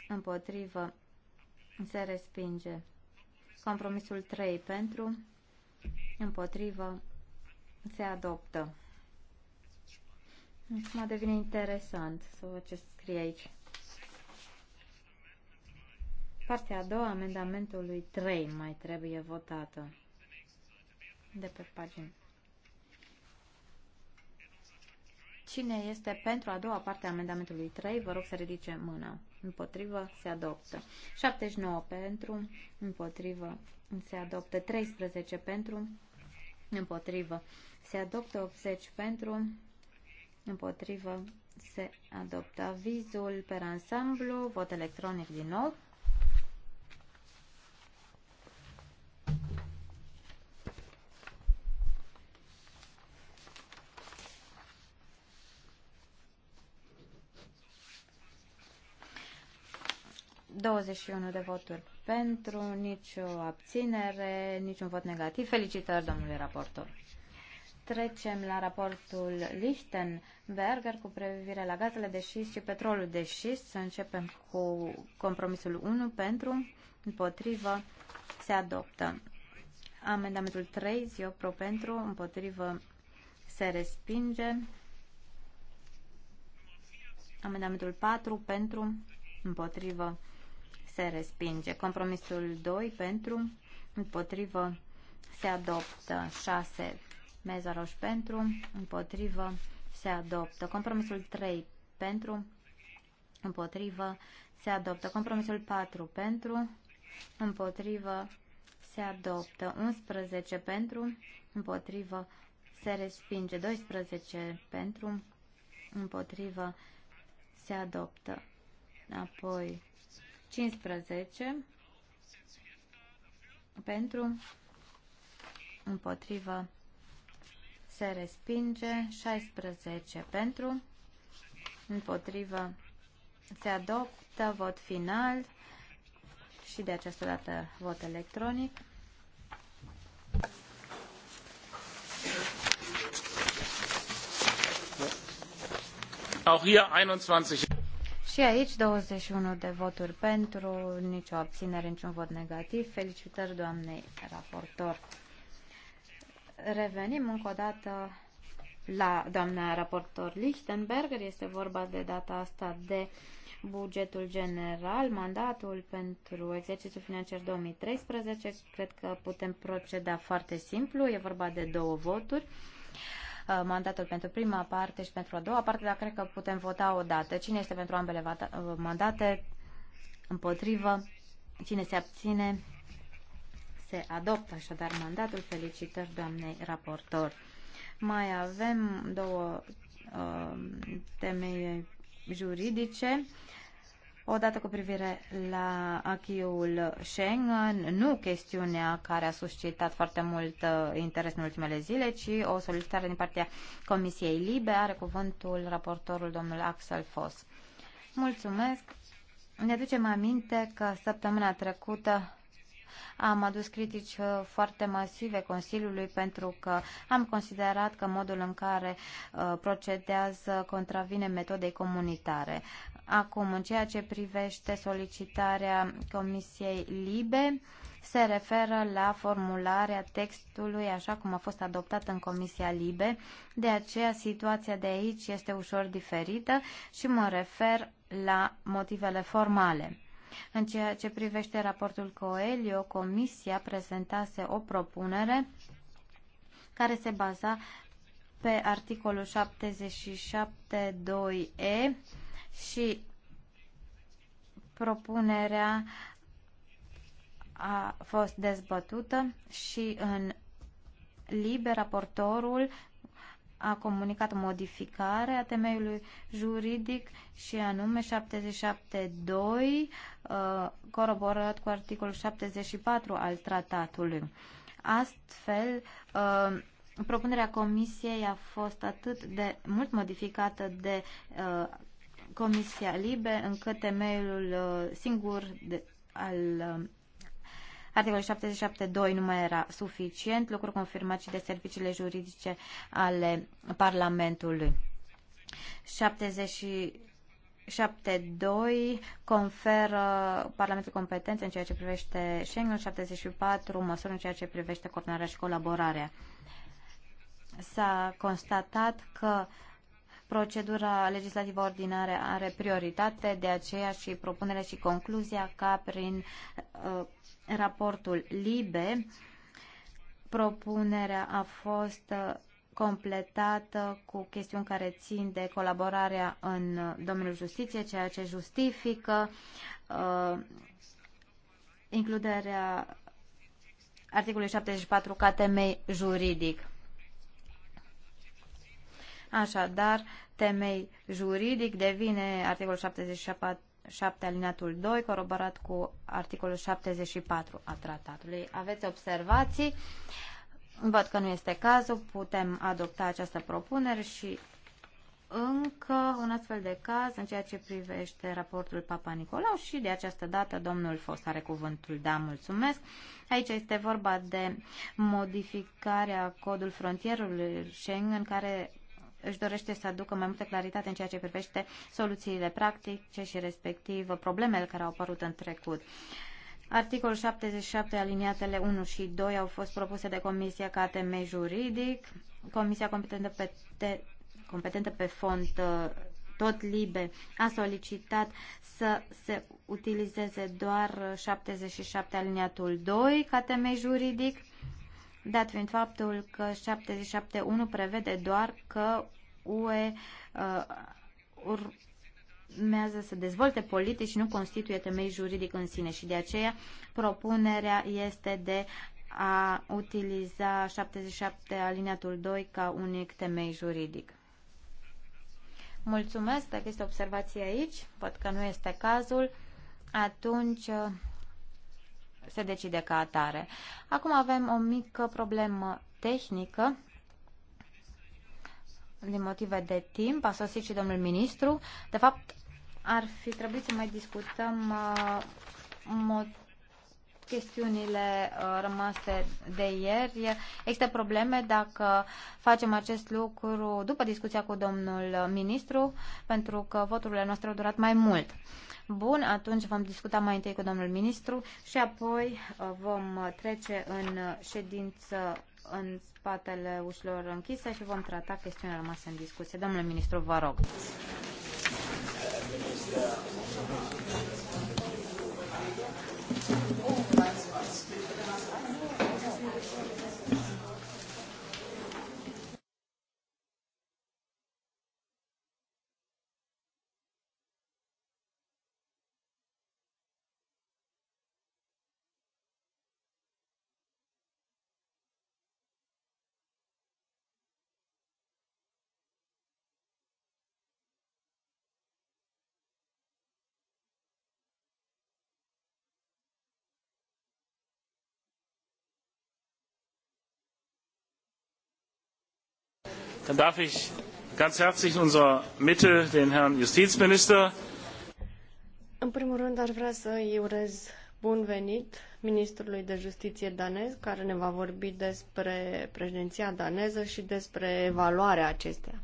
împotrivă se respinge. Compromisul 3 pentru, împotrivă se adoptă. Acum devine interesant să văd ce scrie aici. Partea a doua, amendamentului 3, mai trebuie votată de pe pagină. Cine este pentru a doua parte a amendamentului 3, vă rog să ridice mâna. Împotrivă, se adoptă. 79 pentru, împotrivă, se adoptă. 13 pentru, împotrivă, se adoptă. 80 pentru, împotrivă, se adoptă. Avizul per ansamblu, vot electronic din nou. 21 de voturi pentru, nicio abținere, niciun vot negativ. Felicitări, domnule raportor. Trecem la raportul Lichtenberger cu privire la gazele de șist și petrolul de șist. Să începem cu compromisul 1 pentru, împotrivă, se adoptă. Amendamentul 3, pro pentru, împotrivă, se respinge. Amendamentul 4 pentru, împotrivă, se respinge. Compromisul 2 pentru, împotrivă, se adoptă. 6 Mezaroș pentru, împotrivă, se adoptă. Compromisul 3 pentru, împotrivă, se adoptă. Compromisul 4 pentru, împotrivă, se adoptă. 11 pentru, împotrivă, se respinge. 12 pentru, împotrivă, se adoptă. Apoi 15 pentru, împotrivă, se respinge, 16 pentru, împotrivă, se adoptă, vot final și de această dată vot electronic. Auch hier 21. Și aici 21 de voturi pentru, nicio abținere, niciun vot negativ. Felicitări doamnei raportor. Revenim încă o dată la doamna raportor Lichtenberger. Este vorba de data asta de bugetul general, mandatul pentru exercițiul financiar 2013. Cred că putem proceda foarte simplu. E vorba de două voturi. Uh, Uh, mandatul pentru prima parte și pentru a doua parte, dar cred că putem vota o dată. Cine este pentru ambele uh, mandate? Împotrivă? Cine se abține? Se adoptă așadar mandatul. Felicitări doamnei raportor. Mai avem două uh, teme juridice odată cu privire la achiul Schengen, nu chestiunea care a suscitat foarte mult uh, interes în ultimele zile, ci o solicitare din partea Comisiei Libe. Are cuvântul raportorul domnul Axel Foss. Mulțumesc. Ne ducem aminte că săptămâna trecută am adus critici uh, foarte masive Consiliului pentru că am considerat că modul în care uh, procedează contravine metodei comunitare. Acum, în ceea ce privește solicitarea Comisiei Libe, se referă la formularea textului așa cum a fost adoptat în Comisia Libe, de aceea situația de aici este ușor diferită și mă refer la motivele formale. În ceea ce privește raportul Coelio, Comisia prezentase o propunere care se baza pe articolul 77.2e și propunerea a fost dezbătută și în liber raportorul a comunicat o modificare a temeiului juridic și anume 77.2 uh, coroborat cu articolul 74 al tratatului. Astfel, uh, propunerea comisiei a fost atât de mult modificată de uh, Comisia Libe, încât temeiul uh, singur de, al um, articolul 77.2 nu mai era suficient, lucru confirmat și de serviciile juridice ale Parlamentului. 77.2 conferă Parlamentul competențe în ceea ce privește Schengen, 74 măsuri în ceea ce privește coordonarea și colaborarea. S-a constatat că uh, Procedura legislativă ordinară are prioritate, de aceea și propunerea și concluzia ca prin uh, raportul LIBE propunerea a fost uh, completată cu chestiuni care țin de colaborarea în domeniul justiție, ceea ce justifică uh, includerea articolului 74 ca temei juridic. Așadar, temei juridic devine articolul 77 alineatul 2, coroborat cu articolul 74 a tratatului. Aveți observații? Văd că nu este cazul, putem adopta această propunere și încă un astfel de caz în ceea ce privește raportul Papa Nicolau și de această dată domnul Fost are cuvântul. Da, mulțumesc. Aici este vorba de modificarea codul frontierului Schengen care își dorește să aducă mai multă claritate în ceea ce privește soluțiile practice și respectiv problemele care au apărut în trecut. Articolul 77, aliniatele 1 și 2 au fost propuse de Comisia ca temei juridic. Comisia competentă pe, te, competentă pe fond uh, tot libe a solicitat să se utilizeze doar 77 aliniatul 2 ca temei juridic, dat fiind faptul că 77.1 prevede doar că UE uh, urmează să dezvolte politici și nu constituie temei juridic în sine și de aceea propunerea este de a utiliza 77 aliniatul 2 ca unic temei juridic. Mulțumesc, dacă este observație aici, văd că nu este cazul, atunci uh, se decide ca atare. Acum avem o mică problemă tehnică din motive de timp, a sosit și domnul ministru. De fapt, ar fi trebuit să mai discutăm uh, chestiunile uh, rămase de ieri. Există probleme dacă facem acest lucru după discuția cu domnul ministru, pentru că voturile noastre au durat mai mult. Bun, atunci vom discuta mai întâi cu domnul ministru și apoi uh, vom trece în ședință în spatele ușilor închise și vom trata chestiunea rămasă în discuție. Domnule ministru, vă rog. Oh, Dann darf ich ganz herzlich in unserer Mitte den Herrn Justizminister. În primul rând aș vrea să îi urez bun venit ministrului de justiție danez, care ne va vorbi despre președinția daneză și despre evaluarea acesteia.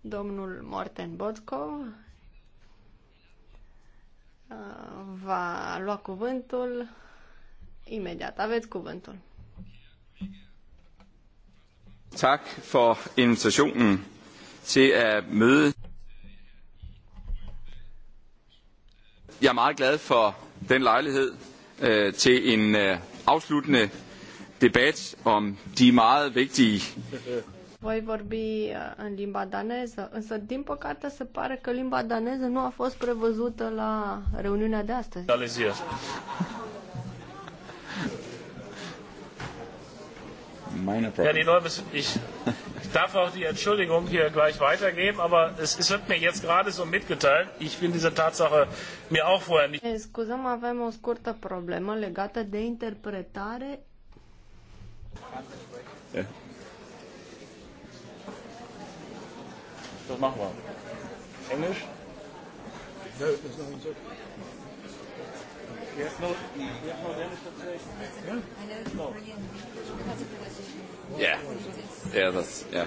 Domnul Morten Botko uh, va lua cuvântul imediat. Aveți cuvântul. Tak for invitationen til at møde. Jeg er meget glad for den lejlighed øh, til en øh, afsluttende debat om de meget vigtige voi vorbi uh, în limba daneză, însă din păcate se pare că limba daneză nu a fost prevăzută la reuniunea de astăzi. Minor problem. Ja, ich, darf auch die Entschuldigung hier gleich weitergeben, aber es, es wird mir jetzt gerade so mitgeteilt. Ich bin dieser Tatsache mir auch vorher nicht. Ne scuzăm, avem o scurtă problemă legată de interpretare. Das machen wir. Englisch? No, there's no English. Yes, no, yes, no, English translation. Yeah, that's, yeah.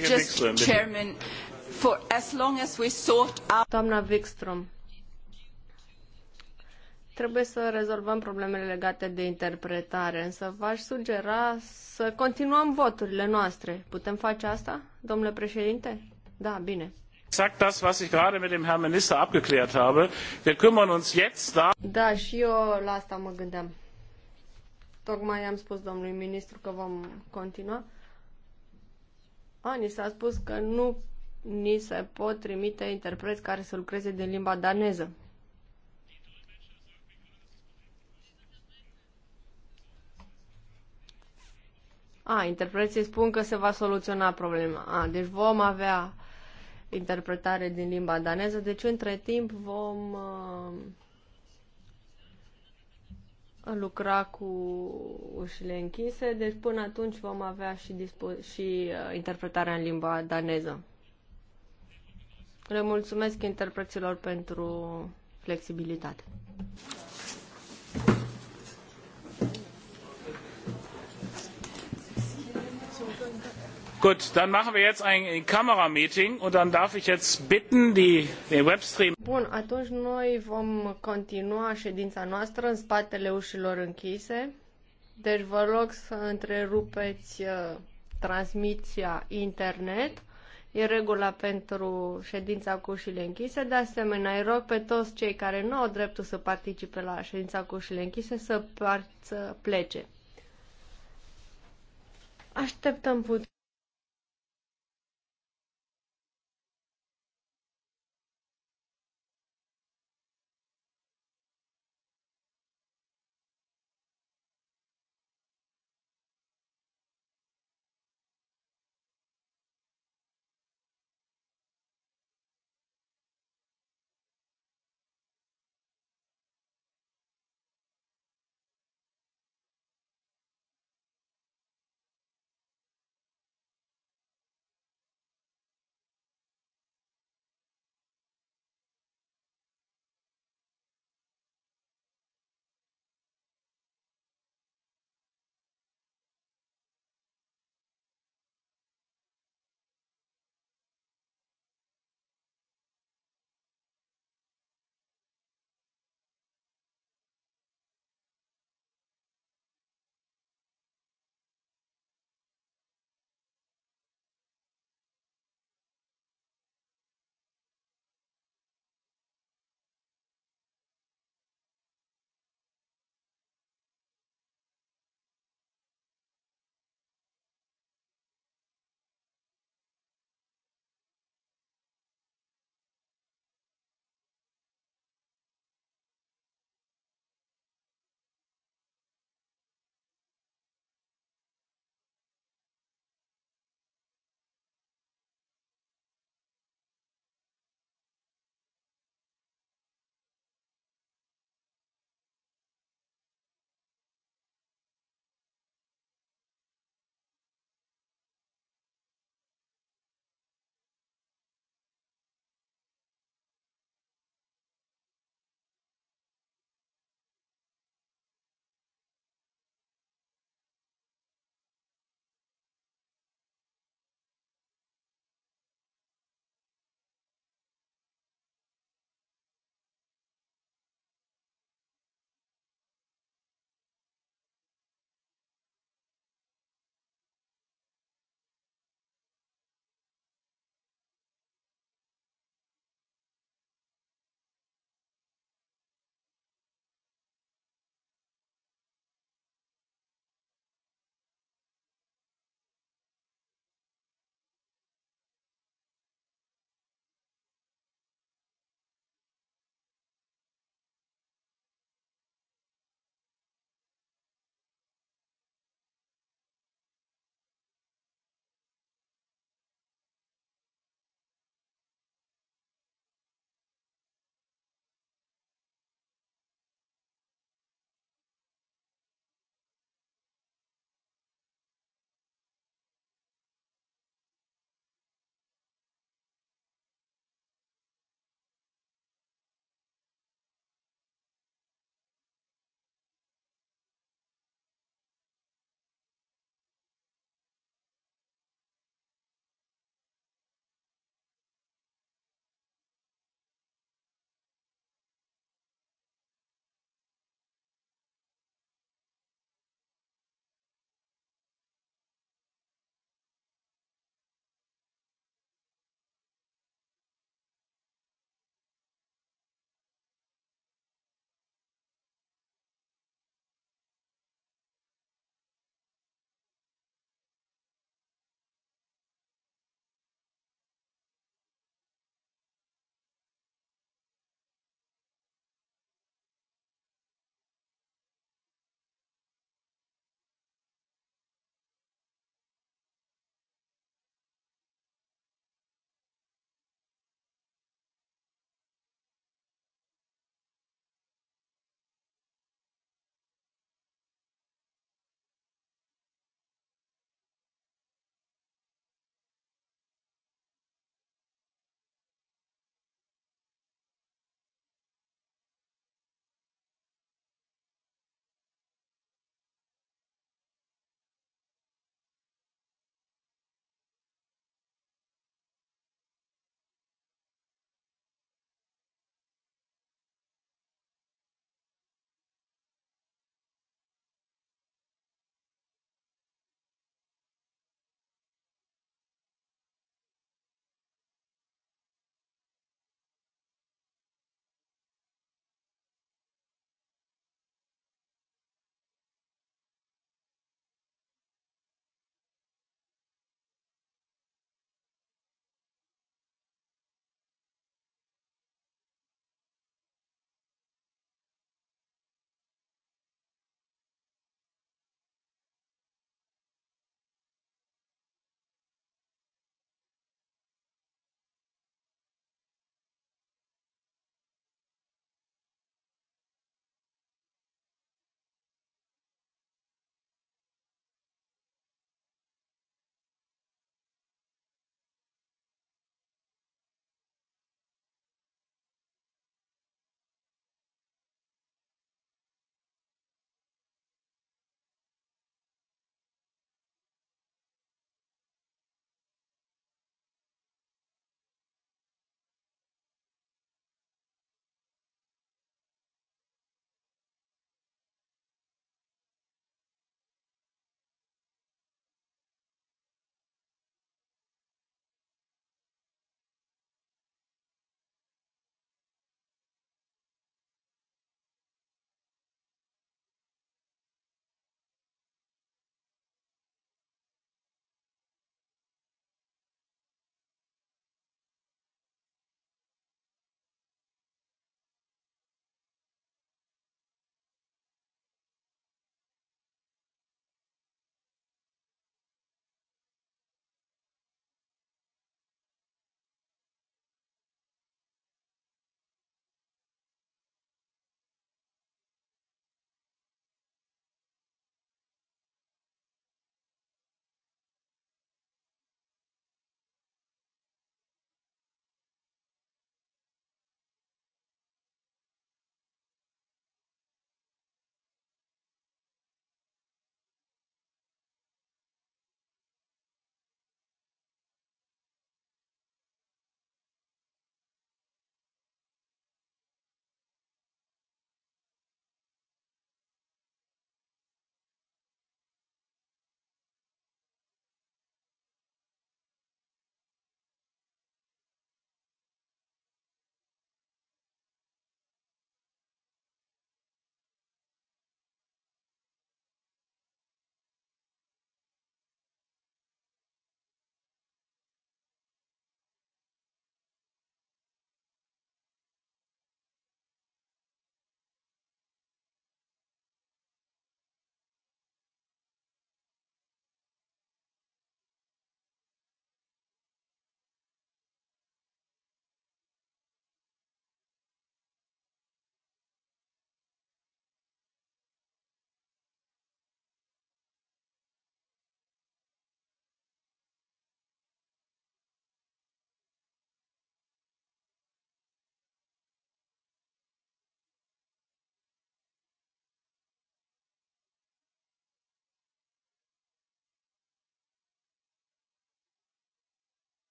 Just, Chairman, for as long as we sort out... Doamna Wikström, Trebuie să rezolvăm problemele legate de interpretare, însă v-aș sugera să continuăm voturile noastre. Putem face asta, domnule președinte? Da, bine. Exact das, was ich gerade mit dem Herrn Minister abgeklärt habe. Wir kümmern uns jetzt da. Da, și eu la asta mă gândeam. Tocmai am spus domnului ministru că vom continua. A, ni s-a spus că nu ni se pot trimite interpreți care să lucreze din limba daneză. A, interpreții spun că se va soluționa problema. A, deci vom avea interpretare din limba daneză, deci între timp vom uh, lucra cu ușile închise, deci până atunci vom avea și, dispo și uh, interpretarea în limba daneză. Le mulțumesc interpreților pentru flexibilitate. Gut, dann machen wir jetzt ein Kamerameeting und dann darf ich jetzt bitten, die, den Webstream. Bun, atunci noi vom continua ședința noastră în spatele ușilor închise. Deci vă rog să întrerupeți uh, transmisia internet. E regula pentru ședința cu ușile închise. De asemenea, îi rog pe toți cei care nu au dreptul să participe la ședința cu ușile închise să, par- să plece. Așteptăm puțin.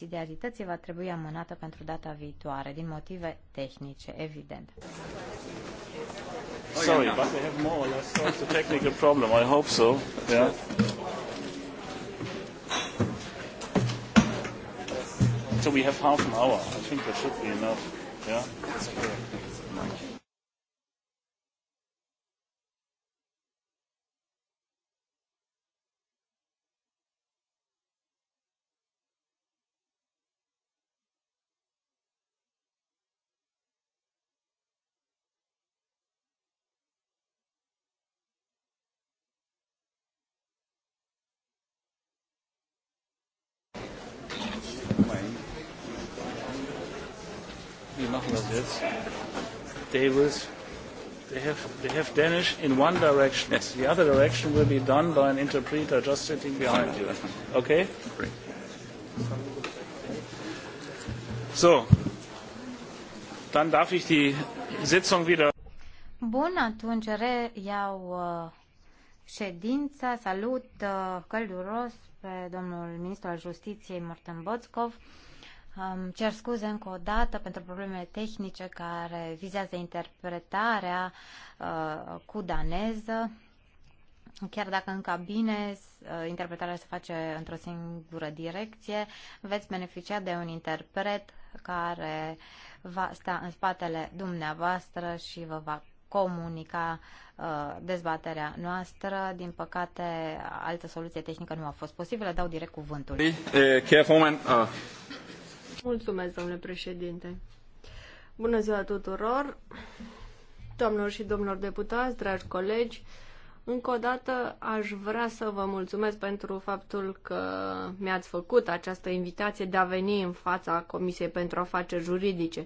subsidiarității va trebui amânată pentru data viitoare, din motive tehnice, evident. Sorry, but we have more or less solved the technical problem. I hope so. Yeah. So we have half an hour. I think that should be enough. Yeah. machen das jetzt. Davis. They have, they have Danish in one direction. Yes. The other direction will be done by an interpreter just sitting behind you. Okay? So, dann darf ich die Sitzung wieder. Bun, atunci reiau uh, ședința. Salut uh, călduros pe domnul ministru al Justiției Morten Boțcov. Um, cer scuze încă o dată pentru problemele tehnice care vizează interpretarea uh, cu daneză. Chiar dacă în cabine uh, interpretarea se face într-o singură direcție, veți beneficia de un interpret care va sta în spatele dumneavoastră și vă va comunica uh, dezbaterea noastră. Din păcate, altă soluție tehnică nu a fost posibilă. Dau direct cuvântul. Eh, Mulțumesc, domnule președinte. Bună ziua tuturor, doamnelor și domnilor deputați, dragi colegi. Încă o dată aș vrea să vă mulțumesc pentru faptul că mi-ați făcut această invitație de a veni în fața Comisiei pentru Afaceri Juridice.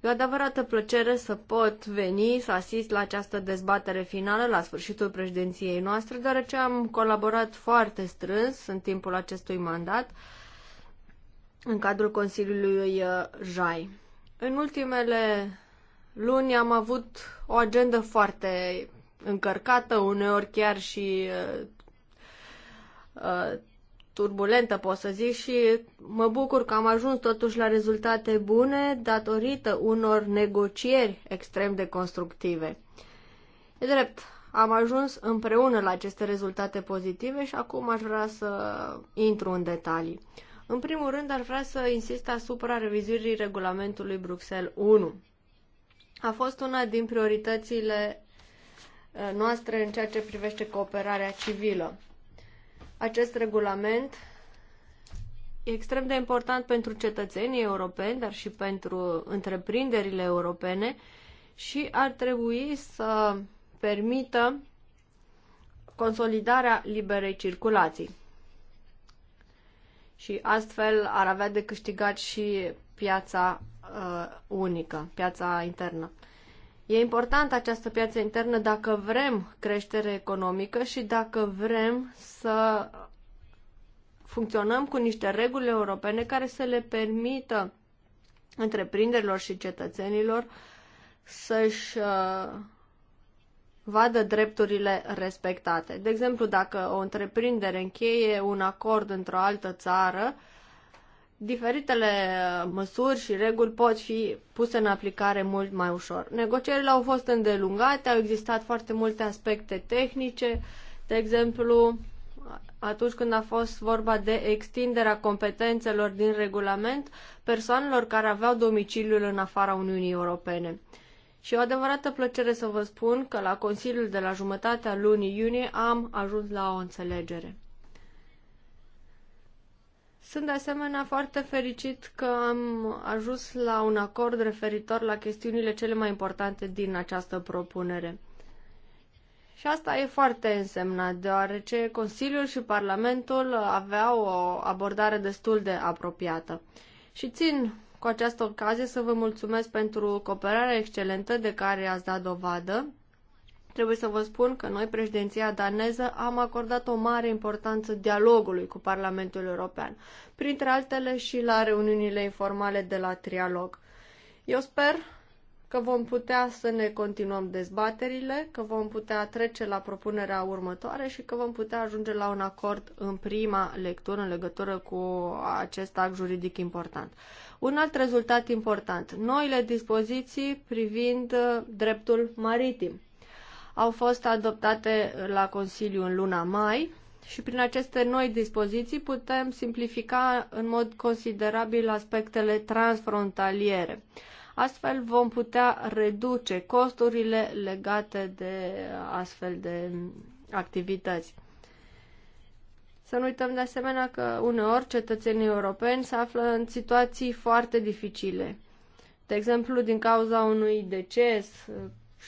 E o adevărată plăcere să pot veni să asist la această dezbatere finală la sfârșitul președinției noastre, deoarece am colaborat foarte strâns în timpul acestui mandat în cadrul Consiliului uh, JAI. În ultimele luni am avut o agendă foarte încărcată, uneori chiar și uh, uh, turbulentă, pot să zic, și mă bucur că am ajuns totuși la rezultate bune datorită unor negocieri extrem de constructive. E drept, am ajuns împreună la aceste rezultate pozitive și acum aș vrea să intru în detalii. În primul rând, ar vrea să insist asupra revizuirii regulamentului Bruxelles 1. A fost una din prioritățile uh, noastre în ceea ce privește cooperarea civilă. Acest regulament e extrem de important pentru cetățenii europeni, dar și pentru întreprinderile europene și ar trebui să permită consolidarea liberei circulații și astfel ar avea de câștigat și piața uh, unică, piața internă. E importantă această piață internă dacă vrem creștere economică și dacă vrem să funcționăm cu niște reguli europene care să le permită întreprinderilor și cetățenilor să-și uh, vadă drepturile respectate. De exemplu, dacă o întreprindere încheie un acord într-o altă țară, diferitele măsuri și reguli pot fi puse în aplicare mult mai ușor. Negocierile au fost îndelungate, au existat foarte multe aspecte tehnice, de exemplu, atunci când a fost vorba de extinderea competențelor din regulament persoanelor care aveau domiciliul în afara Uniunii Europene. Și o adevărată plăcere să vă spun că la Consiliul de la jumătatea lunii iunie am ajuns la o înțelegere. Sunt de asemenea foarte fericit că am ajuns la un acord referitor la chestiunile cele mai importante din această propunere. Și asta e foarte însemnat, deoarece Consiliul și Parlamentul aveau o abordare destul de apropiată. Și țin cu această ocazie să vă mulțumesc pentru cooperarea excelentă de care ați dat dovadă. Trebuie să vă spun că noi, președinția daneză, am acordat o mare importanță dialogului cu Parlamentul European, printre altele și la reuniunile informale de la trialog. Eu sper că vom putea să ne continuăm dezbaterile, că vom putea trece la propunerea următoare și că vom putea ajunge la un acord în prima lectură în legătură cu acest act juridic important. Un alt rezultat important, noile dispoziții privind uh, dreptul maritim au fost adoptate la Consiliu în luna mai și prin aceste noi dispoziții putem simplifica în mod considerabil aspectele transfrontaliere. Astfel vom putea reduce costurile legate de uh, astfel de activități. Să nu uităm de asemenea că uneori cetățenii europeni se află în situații foarte dificile. De exemplu, din cauza unui deces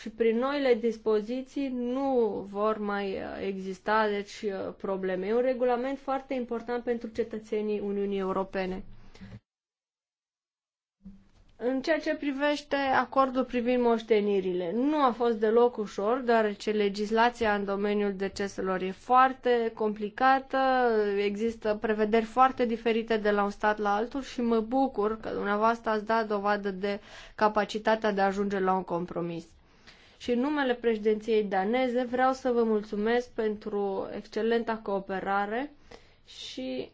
și prin noile dispoziții nu vor mai uh, exista deci uh, probleme. E un regulament foarte important pentru cetățenii Uniunii Europene. În ceea ce privește acordul privind moștenirile, nu a fost deloc ușor, deoarece legislația în domeniul deceselor e foarte complicată, există prevederi foarte diferite de la un stat la altul și mă bucur că dumneavoastră ați dat dovadă de capacitatea de a ajunge la un compromis. Și în numele președinției daneze vreau să vă mulțumesc pentru excelenta cooperare și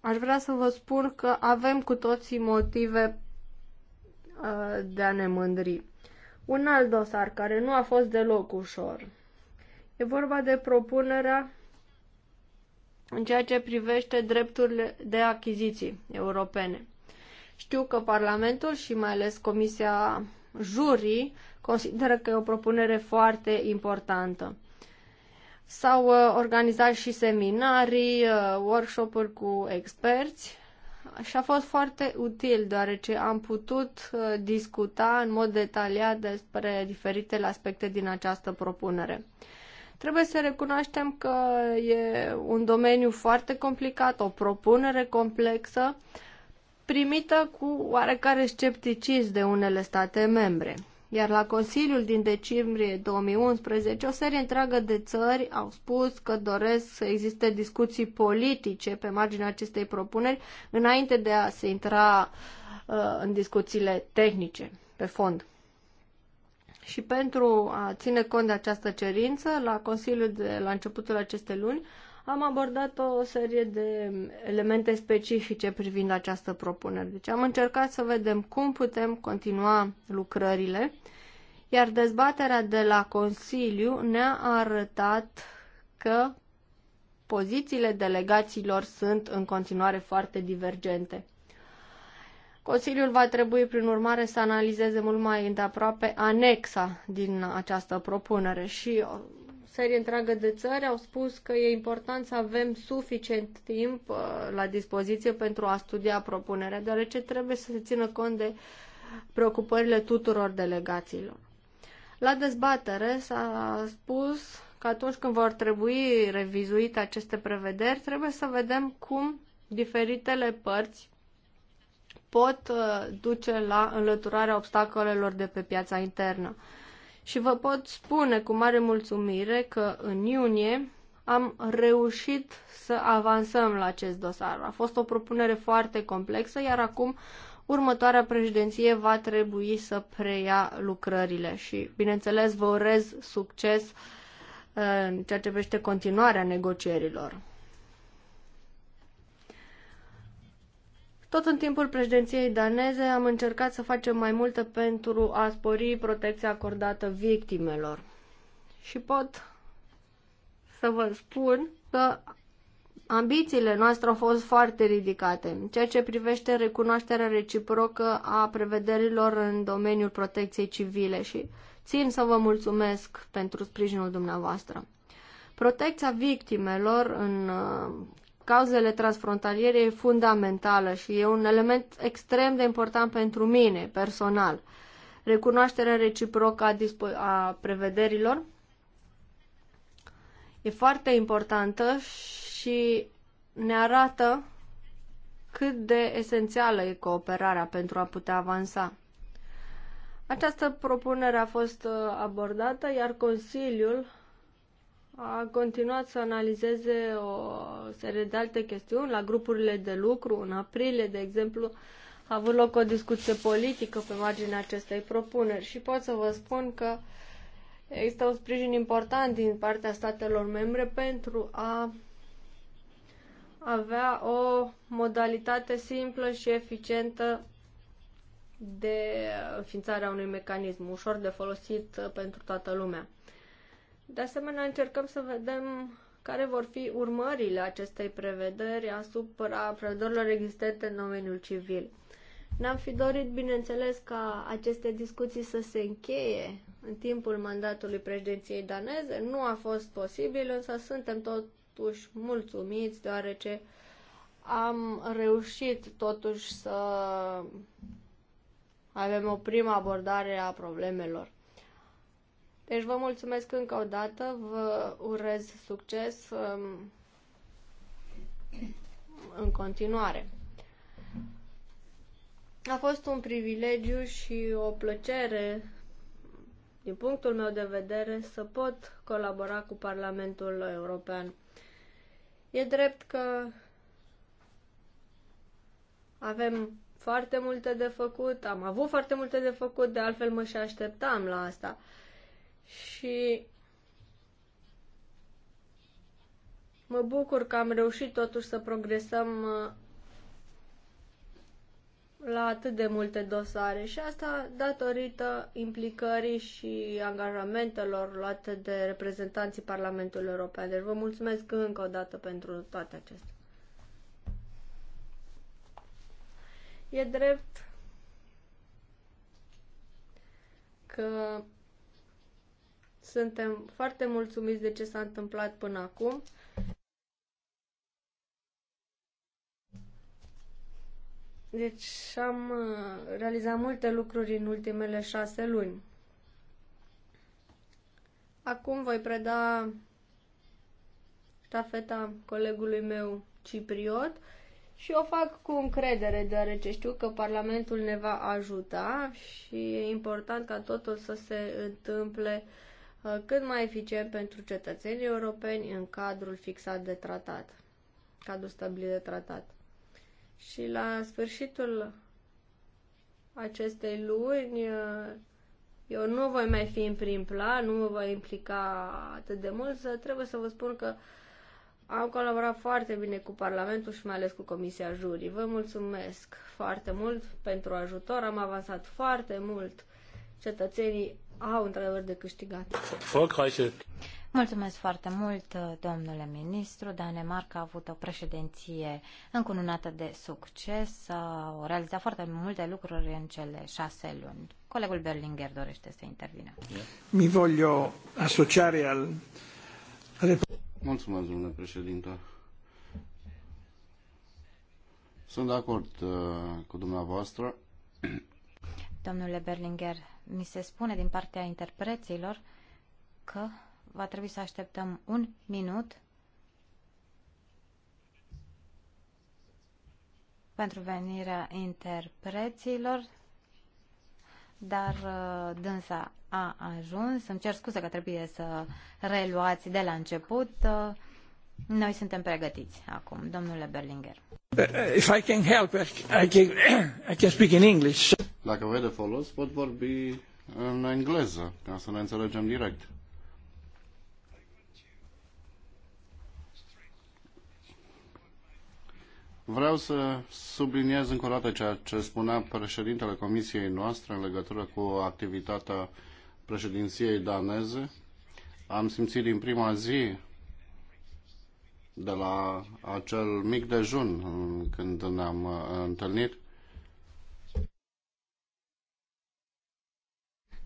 aș vrea să vă spun că avem cu toții motive Uh, de a ne mândri. Un alt dosar care nu a fost deloc ușor. E vorba de propunerea în ceea ce privește drepturile de achiziții europene. Știu că Parlamentul și mai ales Comisia Jurii consideră că e o propunere foarte importantă. S-au uh, organizat și seminarii, uh, workshop-uri cu experți și a fost foarte util, deoarece am putut uh, discuta în mod detaliat despre diferitele aspecte din această propunere. Trebuie să recunoaștem că e un domeniu foarte complicat, o propunere complexă, primită cu oarecare scepticism de unele state membre. Iar la Consiliul din decembrie 2011, o serie întreagă de țări au spus că doresc să existe discuții politice pe marginea acestei propuneri înainte de a se intra uh, în discuțiile tehnice pe fond. Și pentru a ține cont de această cerință, la Consiliul de la începutul acestei luni am abordat o serie de elemente specifice privind această propunere. Deci am încercat să vedem cum putem continua lucrările, iar dezbaterea de la Consiliu ne-a arătat că pozițiile delegațiilor sunt în continuare foarte divergente. Consiliul va trebui, prin urmare, să analizeze mult mai îndeaproape anexa din această propunere și serie întreagă de țări au spus că e important să avem suficient timp uh, la dispoziție pentru a studia propunerea, deoarece trebuie să se țină cont de preocupările tuturor delegațiilor. La dezbatere s-a spus că atunci când vor trebui revizuite aceste prevederi, trebuie să vedem cum diferitele părți pot uh, duce la înlăturarea obstacolelor de pe piața internă. Și vă pot spune cu mare mulțumire că în iunie am reușit să avansăm la acest dosar. A fost o propunere foarte complexă, iar acum următoarea președinție va trebui să preia lucrările și, bineînțeles, vă urez succes uh, în ceea ce privește continuarea negocierilor. Tot în timpul președinției daneze am încercat să facem mai multe pentru a spori protecția acordată victimelor. Și pot să vă spun că ambițiile noastre au fost foarte ridicate, în ceea ce privește recunoașterea reciprocă a prevederilor în domeniul protecției civile și țin să vă mulțumesc pentru sprijinul dumneavoastră. Protecția victimelor în cauzele transfrontaliere e fundamentală și e un element extrem de important pentru mine, personal. Recunoașterea reciprocă a, a prevederilor e foarte importantă și ne arată cât de esențială e cooperarea pentru a putea avansa. Această propunere a fost uh, abordată, iar Consiliul a continuat să analizeze o serie de alte chestiuni la grupurile de lucru. În aprilie, de exemplu, a avut loc o discuție politică pe marginea acestei propuneri și pot să vă spun că există un sprijin important din partea statelor membre pentru a avea o modalitate simplă și eficientă de înființarea unui mecanism ușor de folosit pentru toată lumea. De asemenea, încercăm să vedem care vor fi urmările acestei prevederi asupra prevederilor existente în domeniul civil. Ne-am fi dorit, bineînțeles, ca aceste discuții să se încheie în timpul mandatului președinției daneze. Nu a fost posibil, însă suntem totuși mulțumiți, deoarece am reușit totuși să avem o primă abordare a problemelor. Deci vă mulțumesc încă o dată, vă urez succes um, în continuare. A fost un privilegiu și o plăcere, din punctul meu de vedere, să pot colabora cu Parlamentul European. E drept că avem foarte multe de făcut, am avut foarte multe de făcut, de altfel mă și așteptam la asta și mă bucur că am reușit totuși să progresăm uh, la atât de multe dosare și asta datorită implicării și angajamentelor luate de reprezentanții Parlamentului European. Deci vă mulțumesc încă o dată pentru toate acestea. E drept că suntem foarte mulțumiți de ce s-a întâmplat până acum. Deci am uh, realizat multe lucruri în ultimele șase luni. Acum voi preda ștafeta colegului meu cipriot și o fac cu încredere, deoarece știu că Parlamentul ne va ajuta și e important ca totul să se întâmple uh, Uh, cât mai eficient pentru cetățenii europeni în cadrul fixat de tratat, cadrul stabilit de tratat. Și la sfârșitul acestei luni, uh, eu nu voi mai fi în prim plan, nu mă voi implica atât de mult, să trebuie să vă spun că am colaborat foarte bine cu Parlamentul și mai ales cu Comisia Jurii. Vă mulțumesc foarte mult pentru ajutor, am avansat foarte mult. Cetățenii au într-adevăr de câștigat. Mulțumesc foarte mult, domnule ministru. Danemarca a avut o președinție încununată de succes. Au realizat foarte multe lucruri în cele șase luni. Colegul Berlinger dorește să intervină. Mi voglio asociare al... Mulțumesc, domnule președinte. Sunt de acord uh, cu dumneavoastră domnule Berlinger. Mi se spune din partea interpreților că va trebui să așteptăm un minut pentru venirea interpreților, dar uh, dânsa a ajuns. Îmi cer scuze că trebuie să reluați de la început. Uh, noi suntem pregătiți acum, domnule Berlinger. If I can help, I can, I can speak in English. Dacă vă e de folos, pot vorbi în engleză, ca să ne înțelegem direct. Vreau să subliniez încă o dată ceea ce spunea președintele comisiei noastre în legătură cu activitatea președinției daneze. Am simțit din prima zi de la acel mic dejun când ne-am uh, întâlnit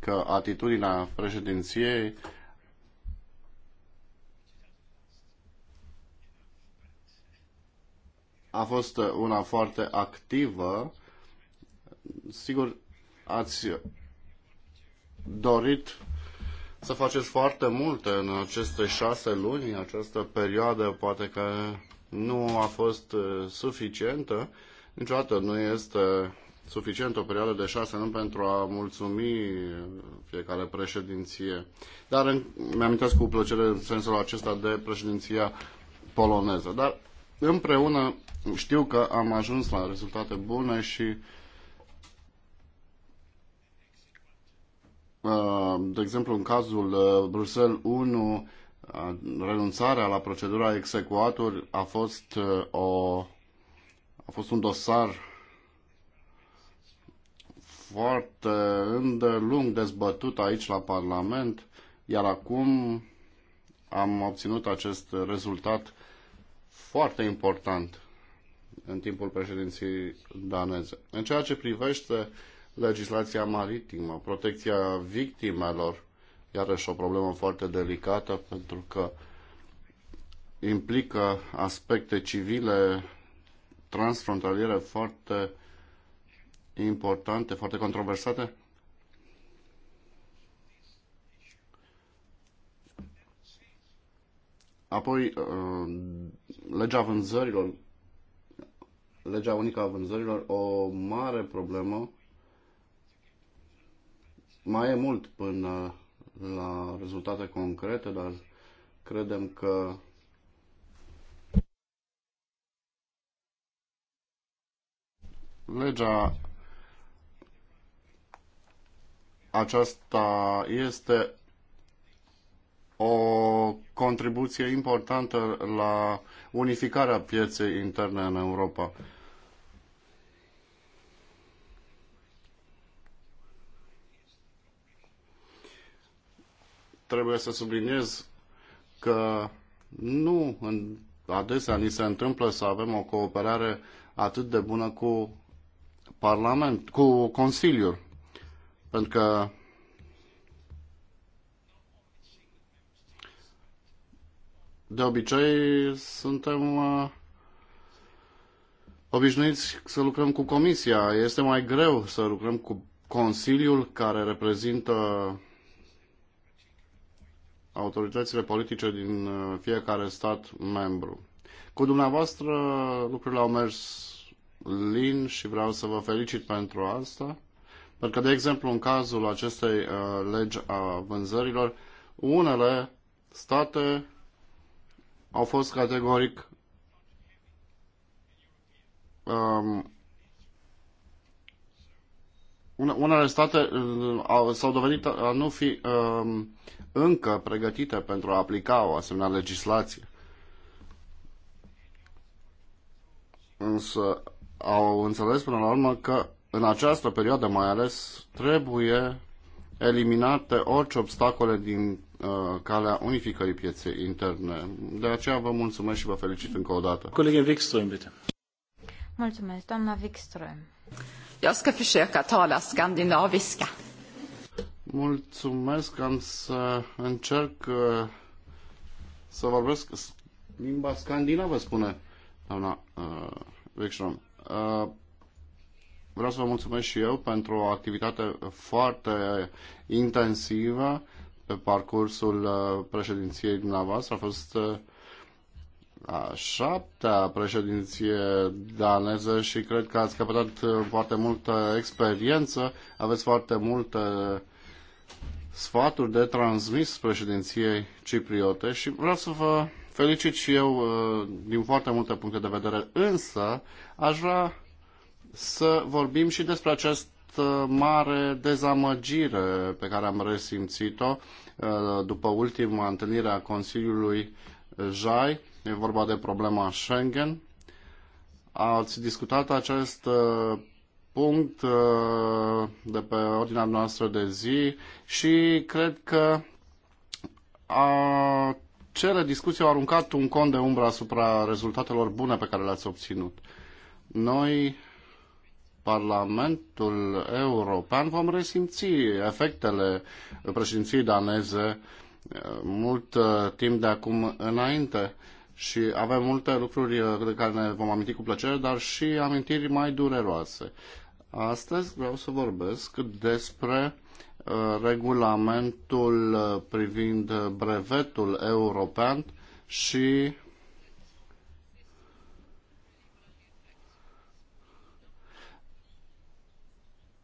că atitudinea președinției a fost una foarte activă. Sigur, ați dorit să faceți foarte multe în aceste șase luni, în această perioadă poate că nu a fost suficientă. Niciodată nu este suficient o perioadă de șase luni pentru a mulțumi fiecare președinție. Dar mi-amintesc cu plăcere în sensul acesta de președinția poloneză. Dar împreună știu că am ajuns la rezultate bune și uh, de exemplu în cazul uh, Bruxelles 1 uh, renunțarea la procedura execuator a fost o a fost un dosar foarte îndelung dezbătut aici la Parlament, iar acum am obținut acest rezultat foarte important în timpul președinției daneze. În ceea ce privește legislația maritimă, protecția victimelor, iarăși o problemă foarte delicată pentru că implică aspecte civile transfrontaliere foarte importante, foarte controversate. Apoi, uh, legea vânzărilor, legea unică a vânzărilor, o mare problemă. Mai e mult până la rezultate concrete, dar credem că legea aceasta este o contribuție importantă la unificarea pieței interne în Europa. Trebuie să subliniez că nu adesea ni se întâmplă să avem o cooperare atât de bună cu Parlament, cu Consiliul. Pentru că de obicei suntem uh, obișnuiți să lucrăm cu Comisia. Este mai greu să lucrăm cu Consiliul care reprezintă autoritățile politice din uh, fiecare stat membru. Cu dumneavoastră lucrurile au mers lin și vreau să vă felicit pentru asta. Pentru că, de exemplu, în cazul acestei uh, legi a vânzărilor, unele state au fost categoric um, unele state uh, s-au dovedit a nu fi um, încă pregătite pentru a aplica o asemenea legislație. Însă au înțeles până la urmă că în această perioadă mai ales, trebuie eliminate orice obstacole din uh, calea unificării pieței interne. De aceea vă mulțumesc și vă felicit încă o dată. Colegin Wikström, bitte. Mulțumesc, doamna Wikström. Jag ska försöka tala skandinaviska. Mulțumesc, am să încerc uh, să vorbesc limba scandinavă, spune doamna uh, Wikström. Uh, Vreau să vă mulțumesc și eu pentru o activitate foarte intensivă pe parcursul uh, președinției dumneavoastră. A fost uh, a șaptea președinție daneză și cred că ați căpătat uh, foarte multă experiență, aveți foarte multe sfaturi de transmis președinției cipriote și vreau să vă felicit și eu din foarte multe puncte de vedere, însă aș vrea să vorbim și despre acest mare dezamăgire pe care am resimțit-o uh, după ultima întâlnire a Consiliului JAI, e vorba de problema Schengen. Ați discutat acest uh, punct uh, de pe ordinea noastră de zi și cred că a cele discuții au aruncat un con de umbră asupra rezultatelor bune pe care le-ați obținut. Noi Parlamentul European vom resimți efectele președinției daneze eh, mult eh, timp de acum înainte și avem multe lucruri eh, de care ne vom aminti cu plăcere, dar și amintiri mai dureroase. Astăzi vreau să vorbesc despre regulamentul privind brevetul european și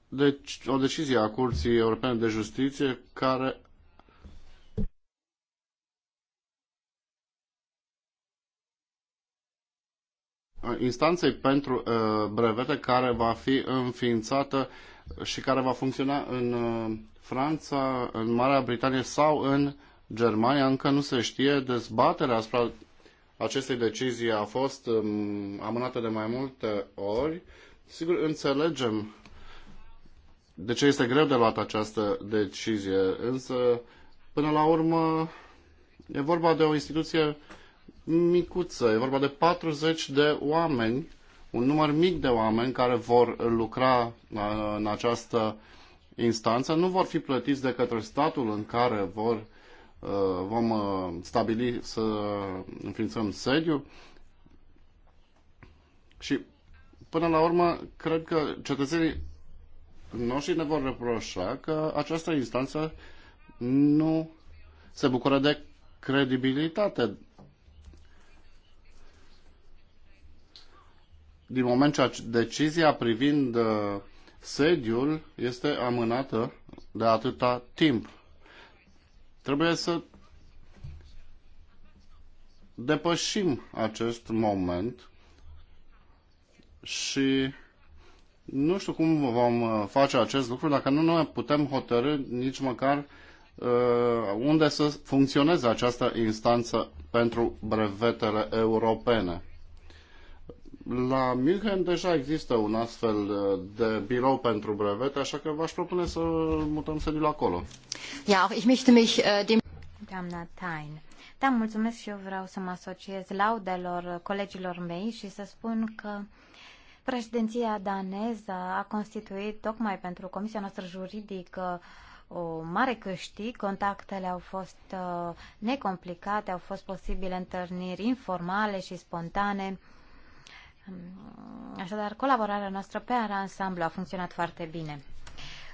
deci, o decizie a Curții Europene de Justiție care instanței pentru uh, brevete care va fi înființată și care va funcționa în uh, Franța, în Marea Britanie sau în Germania. Încă nu se știe. Dezbaterea asupra acestei decizii a fost um, amânată de mai multe ori. Sigur, înțelegem de ce este greu de luat această decizie, însă până la urmă e vorba de o instituție micuță, e vorba de 40 de oameni, un număr mic de oameni care vor lucra uh, în această instanță, nu vor fi plătiți de către statul în care vor uh, vom uh, stabili să înființăm sediu și până la urmă cred că cetățenii și ne vor reproșa că această instanță nu se bucură de credibilitate. Din moment ce decizia privind uh, sediul este amânată de atâta timp. Trebuie să depășim acest moment și nu știu cum vom uh, face acest lucru dacă nu noi putem hotărâ nici măcar uh, unde să funcționeze această instanță pentru brevetele europene. La München deja există un astfel uh, de birou pentru brevete, așa că v-aș propune să mutăm sediul acolo. Ja, auch ich möchte mich dem... Doamna Tain. Da, mulțumesc și eu vreau să mă asociez laudelor colegilor mei și să spun că Președinția daneză a constituit tocmai pentru Comisia noastră juridică o mare câștig, contactele au fost uh, necomplicate, au fost posibile întâlniri informale și spontane. Așadar, colaborarea noastră pe ansamblu a funcționat foarte bine.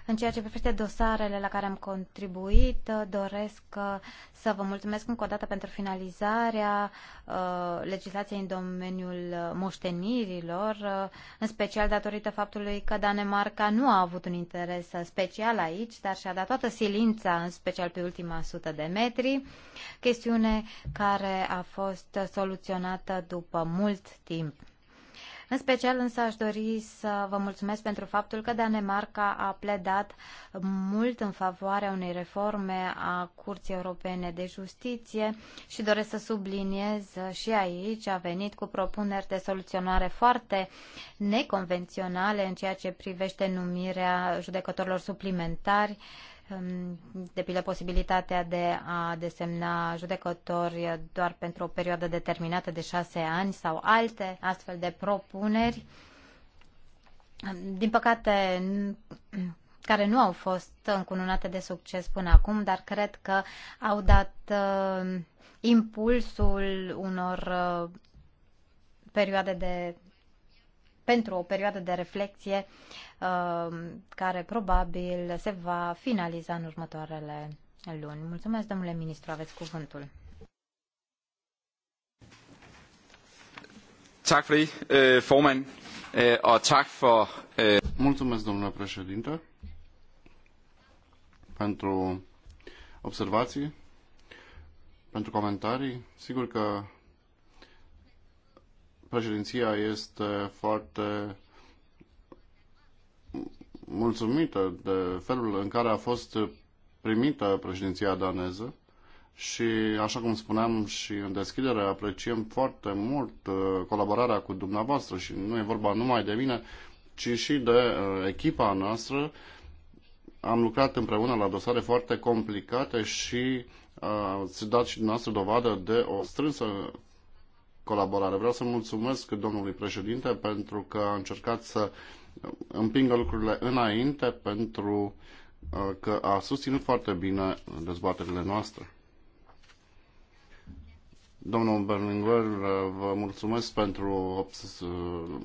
În ceea ce privește dosarele la care am contribuit, uh, doresc uh, să vă mulțumesc încă o dată pentru finalizarea uh, legislației în domeniul moștenirilor, în special datorită faptului că Danemarca nu a avut un interes special aici, dar și-a dat toată silința, în special pe ultima sută de metri, chestiune care a fost soluționată după mult timp. În special însă aș dori să vă mulțumesc pentru faptul că Danemarca a pledat mult în favoarea unei reforme a Curții Europene de Justiție și doresc să subliniez și aici a venit cu propuneri de soluționare foarte neconvenționale în ceea ce privește numirea judecătorilor suplimentari, de pildă posibilitatea de a desemna judecători doar pentru o perioadă determinată de șase ani sau alte astfel de propuneri, din păcate, care nu au fost încununate de succes până acum, dar cred că au dat uh, impulsul unor uh, perioade de pentru o perioadă de reflexie uh, care probabil se va finaliza în următoarele luni. Mulțumesc, domnule ministru, aveți cuvântul. Tak for det, øh, formand, øh, og tak for... Øh, Mulțumesc, domnule președinte, pentru observații, pentru comentarii. Sigur că Președinția este foarte mulțumită de felul în care a fost primită președinția daneză și, așa cum spuneam și în deschidere, apreciem foarte mult uh, colaborarea cu dumneavoastră și nu e vorba numai de mine, ci și de uh, echipa noastră. Am lucrat împreună la dosare foarte complicate și uh, ați dat și dumneavoastră dovadă de o strânsă colaborare. Vreau să mulțumesc domnului președinte pentru că a încercat să împingă lucrurile înainte pentru uh, că a susținut foarte bine dezbaterile noastre. Domnul Berlinguer, uh, vă mulțumesc pentru uh,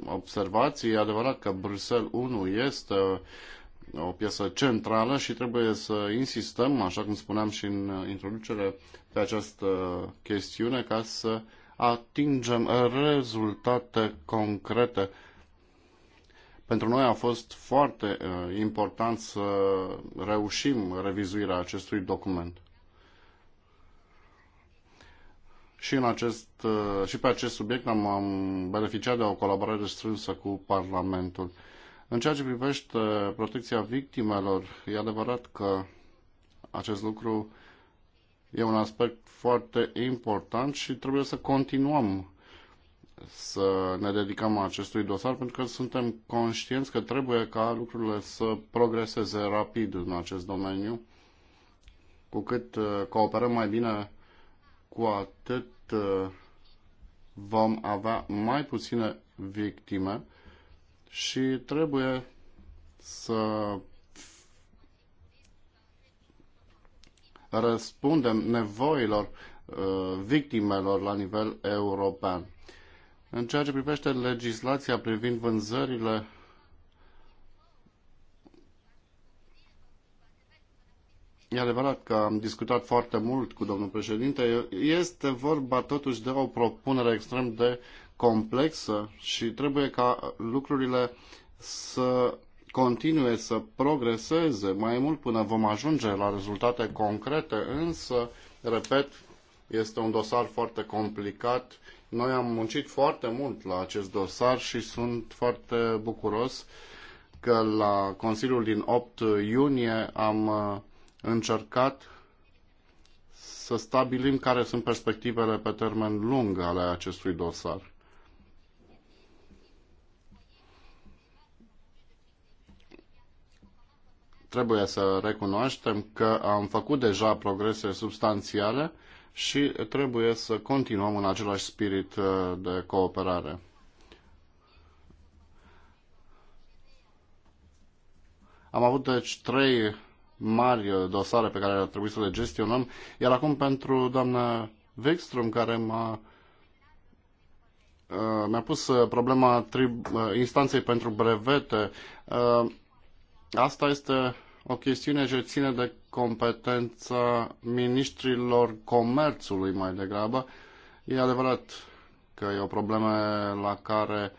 observații. E adevărat că Bruxelles 1 este o piesă centrală și trebuie să insistăm, așa cum spuneam și în introducere, pe această chestiune ca să uh, atingem rezultate concrete. Pentru noi a fost foarte uh, important să reușim revizuirea acestui document. Și, în acest, uh, și pe acest subiect am, am beneficiat de o colaborare strânsă cu Parlamentul. În ceea ce privește protecția victimelor, e adevărat că acest lucru e un aspect foarte important și trebuie să continuăm să ne dedicăm acestui dosar pentru că suntem conștienți că trebuie ca lucrurile să progreseze rapid în acest domeniu. Cu cât uh, cooperăm mai bine, cu atât uh, vom avea mai puține victime și trebuie să răspundem nevoilor uh, victimelor la nivel european. În ceea ce privește legislația privind vânzările E adevărat că am discutat foarte mult cu domnul președinte. Este vorba totuși de o propunere extrem de complexă și trebuie ca lucrurile să continue să progreseze mai mult până vom ajunge la rezultate concrete, însă, repet, este un dosar foarte complicat. Noi am muncit foarte mult la acest dosar și sunt foarte bucuros că la Consiliul din 8 iunie am uh, încercat să stabilim care sunt perspectivele pe termen lung ale acestui dosar. trebuie să recunoaștem că am făcut deja progrese substanțiale și trebuie să continuăm în același spirit uh, de cooperare. Am avut deci trei mari dosare pe care ar trebui să le gestionăm, iar acum pentru doamna Wikström, care m-a uh, mi-a pus uh, problema instanței pentru brevete. Asta este o chestiune ce ține de competența ministrilor comerțului mai degrabă. E adevărat că e o problemă la care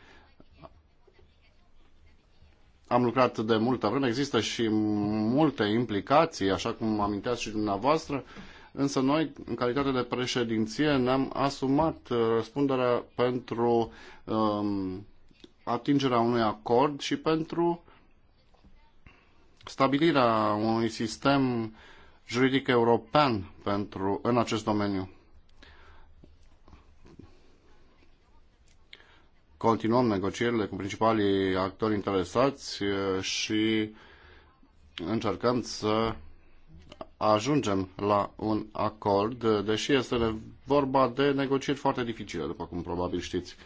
am lucrat de multă vreme, există și multe implicații, așa cum aminteați și dumneavoastră, însă noi, în calitate de președinție, ne-am asumat uh, răspunderea pentru um, atingerea unui acord și pentru stabilirea unui sistem juridic european pentru, în acest domeniu. Continuăm negocierile cu principalii actori interesați eh, și încercăm să ajungem la un acord, eh, deși este vorba de negocieri foarte dificile, după cum probabil știți.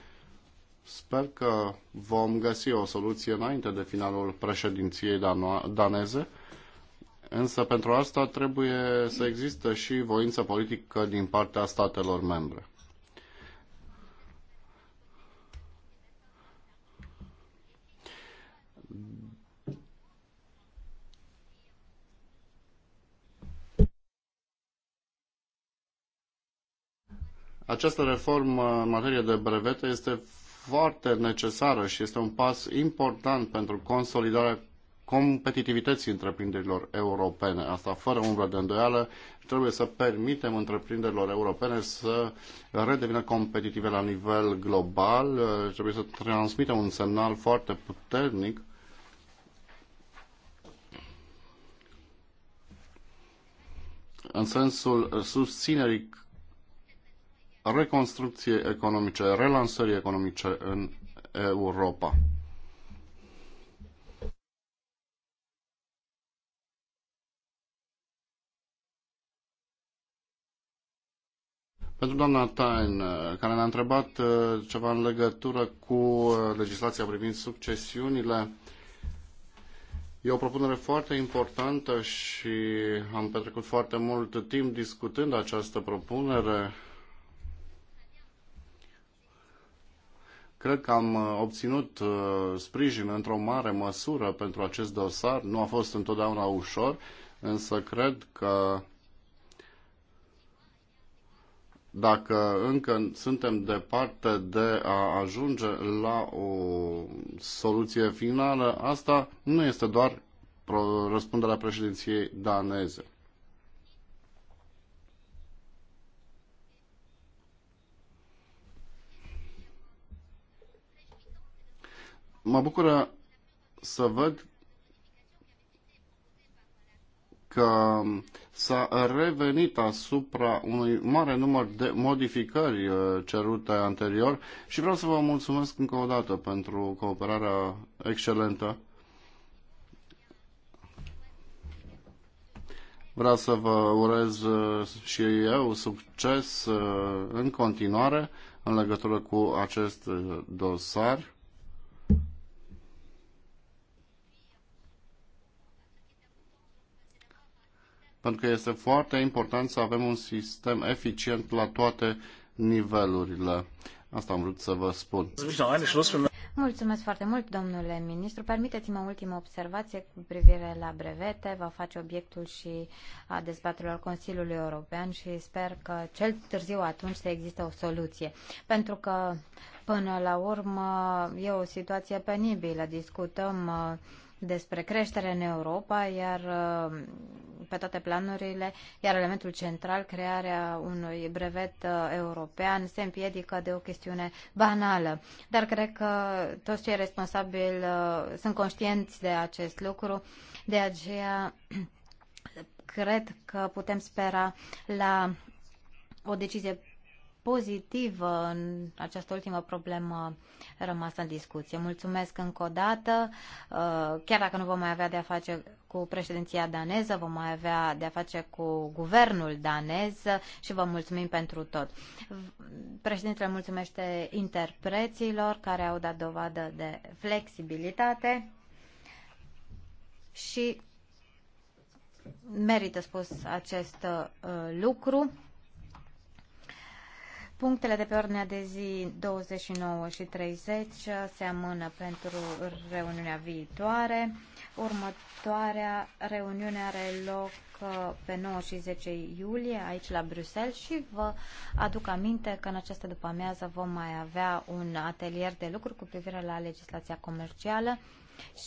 Sper că vom găsi o soluție înainte de finalul președinției daneze, însă pentru asta trebuie să existe și voință politică din partea statelor membre. Această reformă în materie de brevete este foarte necesară și este un pas important pentru consolidarea competitivității întreprinderilor europene. Asta fără umbră de îndoială. Trebuie să permitem întreprinderilor europene să redevină competitive la nivel global. Trebuie să transmitem un semnal foarte puternic în sensul susținerii Reconstrucție economice, relansării economice în Europa. Pentru doamna Tain, uh, care ne-a întrebat uh, ceva în legătură cu uh, legislația privind succesiunile, e o propunere foarte importantă și am petrecut foarte mult timp discutând această propunere Cred că am uh, obținut uh, sprijin într-o mare măsură pentru acest dosar. Nu a fost întotdeauna ușor, însă cred că dacă încă suntem departe de a ajunge la o soluție finală, asta nu este doar răspunderea președinției daneze. Mă bucură să văd că s-a revenit asupra unui mare număr de modificări uh, cerute anterior și vreau să vă mulțumesc încă o dată pentru cooperarea excelentă. Vreau să vă urez uh, și eu succes uh, în continuare în legătură cu acest dosar. pentru că este foarte important să avem un sistem eficient la toate nivelurile. Asta am vrut să vă spun. Mulțumesc foarte mult, domnule ministru. Permiteți-mă o ultimă observație cu privire la brevete. Va face obiectul și a dezbaterilor Consiliului European și sper că cel târziu atunci să existe o soluție. Pentru că, până la urmă, e o situație penibilă. Discutăm uh, despre creștere în Europa, iar uh, pe toate planurile, iar elementul central, crearea unui brevet uh, european, se împiedică de o chestiune banală. Dar cred că toți cei responsabili uh, sunt conștienți de acest lucru, de aceea cred că putem spera la o decizie pozitivă în această ultimă problemă rămasă în discuție. Mulțumesc încă o dată. Uh, chiar dacă nu vom mai avea de-a face cu președinția daneză, vom mai avea de-a face cu guvernul danez și vă mulțumim pentru tot. Președintele mulțumește interpreților care au dat dovadă de flexibilitate și merită spus acest uh, lucru. Punctele de pe ordinea de zi 29 și 30 se amână pentru reuniunea viitoare. Următoarea reuniune are loc uh, pe 9 și 10 iulie aici la Bruxelles și vă aduc aminte că în această după-amiază vom mai avea un atelier de lucru cu privire la legislația comercială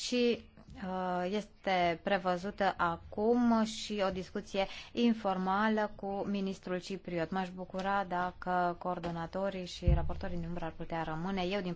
și Uh, este prevăzută acum și o discuție informală cu ministrul Cipriot. M-aș bucura dacă coordonatorii și raportorii din umbră ar putea rămâne. Eu, din